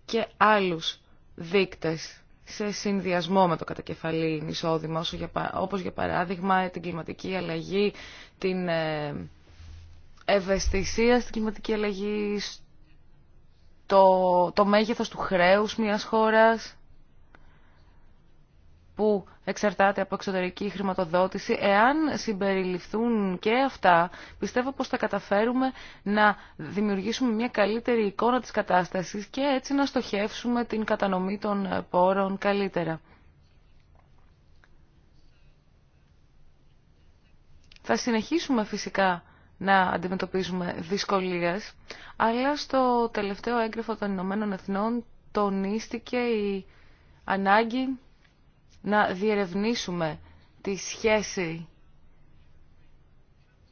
και άλλους δείκτες σε συνδυασμό με το κατακεφαλή εισόδημα, όπως για παράδειγμα την κλιματική αλλαγή, την ε, ευαισθησία στην κλιματική αλλαγή, το, το μέγεθος του χρέους μιας χώρας που εξαρτάται από εξωτερική χρηματοδότηση, εάν συμπεριληφθούν και αυτά, πιστεύω πως θα καταφέρουμε να δημιουργήσουμε μια καλύτερη εικόνα της κατάστασης και έτσι να στοχεύσουμε την κατανομή των πόρων καλύτερα. Θα συνεχίσουμε φυσικά να αντιμετωπίζουμε δυσκολίες, αλλά στο τελευταίο έγγραφο των Ηνωμένων Εθνών τονίστηκε η ανάγκη να διερευνήσουμε τη σχέση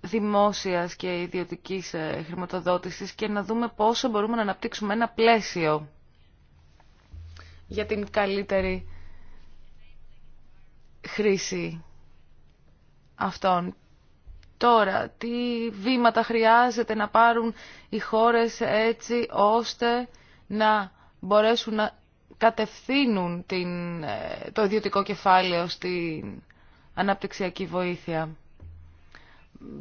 δημόσιας και ιδιωτικής ε, χρηματοδότησης και να δούμε πόσο μπορούμε να αναπτύξουμε ένα πλαίσιο για την καλύτερη χρήση αυτών. Τώρα, τι βήματα χρειάζεται να πάρουν οι χώρες έτσι ώστε να μπορέσουν να κατευθύνουν την, ε, το ιδιωτικό κεφάλαιο στην αναπτυξιακή βοήθεια.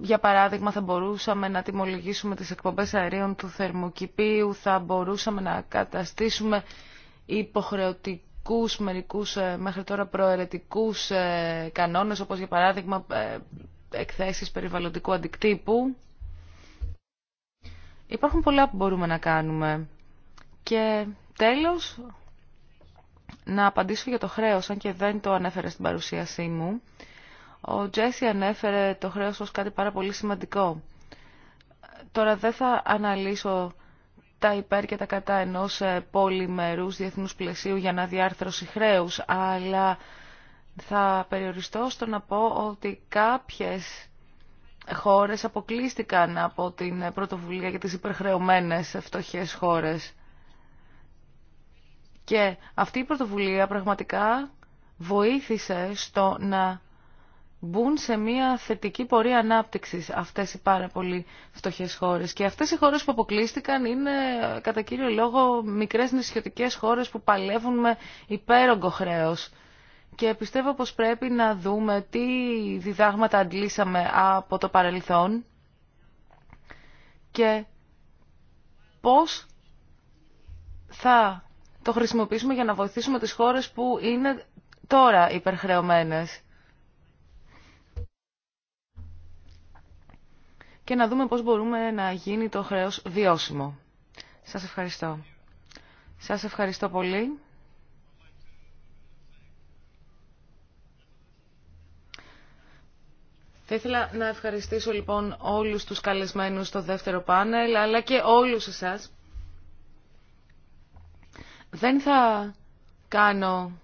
Για παράδειγμα, θα μπορούσαμε να τιμολογήσουμε τις εκπομπές αερίων του θερμοκηπίου, θα μπορούσαμε να καταστήσουμε υποχρεωτικούς μερικούς ε, μέχρι τώρα προαιρετικούς ε, κανόνες, όπως για παράδειγμα εκθέσεις περιβαλλοντικού αντικτύπου. Υπάρχουν πολλά που μπορούμε να κάνουμε. Και τέλος, να απαντήσω για το χρέος, αν και δεν το ανέφερε στην παρουσίασή μου. Ο Τζέσι ανέφερε το χρέος ως κάτι πάρα πολύ σημαντικό. Τώρα δεν θα αναλύσω τα υπέρ και τα κατά ενός ε, πολυμερούς διεθνούς πλαισίου για να αναδιάρθρωση χρέους, αλλά θα περιοριστώ στο να πω ότι κάποιες χώρες αποκλείστηκαν από την πρωτοβουλία για τις υπερχρεωμένες φτωχές χώρες. Και αυτή η πρωτοβουλία πραγματικά βοήθησε στο να μπουν σε μια θετική πορεία ανάπτυξης αυτές οι πάρα πολύ φτωχές χώρες. Και αυτές οι χώρες που αποκλείστηκαν είναι κατά κύριο λόγο μικρές νησιωτικές χώρες που παλεύουν με υπέρογκο χρέος. Και πιστεύω πως πρέπει να δούμε τι διδάγματα αντλήσαμε από το παρελθόν και πώς θα το χρησιμοποιήσουμε για να βοηθήσουμε τις χώρες που είναι τώρα υπερχρεωμένες. Και να δούμε πώς μπορούμε να γίνει το χρέος βιώσιμο. Σας ευχαριστώ. Σας ευχαριστώ πολύ. Θα ήθελα να ευχαριστήσω λοιπόν όλους τους καλεσμένους στο δεύτερο πάνελ, αλλά και όλους εσάς δεν θα κάνω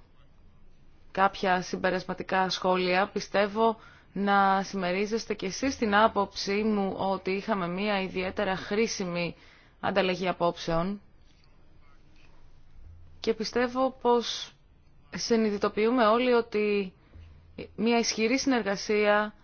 κάποια συμπερασματικά σχόλια. Πιστεύω να συμμερίζεστε κι εσείς την άποψή μου ότι είχαμε μία ιδιαίτερα χρήσιμη ανταλλαγή απόψεων και πιστεύω πως συνειδητοποιούμε όλοι ότι μία ισχυρή συνεργασία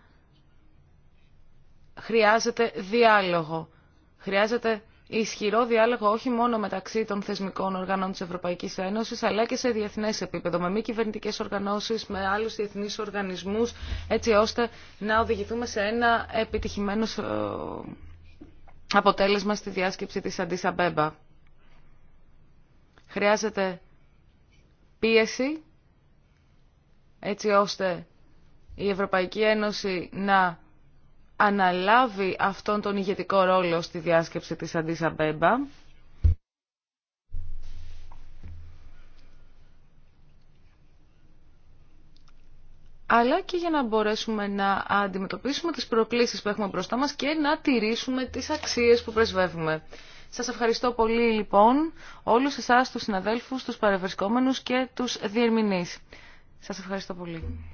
χρειάζεται διάλογο. Χρειάζεται ισχυρό διάλογο όχι μόνο μεταξύ των θεσμικών οργανών της Ευρωπαϊκής Ένωσης αλλά και σε διεθνές επίπεδο με μη κυβερνητικές οργανώσεις, με άλλους διεθνείς οργανισμούς έτσι ώστε να οδηγηθούμε σε ένα επιτυχημένο ε, αποτέλεσμα στη διάσκεψη της Αντισαμπέμπα. Χρειάζεται πίεση έτσι ώστε η Ευρωπαϊκή Ένωση να αναλάβει αυτόν τον ηγετικό ρόλο στη διάσκεψη της Αντίσα Μπέμπα. αλλά και για να μπορέσουμε να αντιμετωπίσουμε τις προκλήσεις που έχουμε μπροστά μας και να τηρήσουμε τις αξίες που πρεσβεύουμε. Σας ευχαριστώ πολύ λοιπόν όλους εσάς, τους συναδέλφους, τους παρευρισκόμενους και τους διερμηνείς. Σας ευχαριστώ πολύ.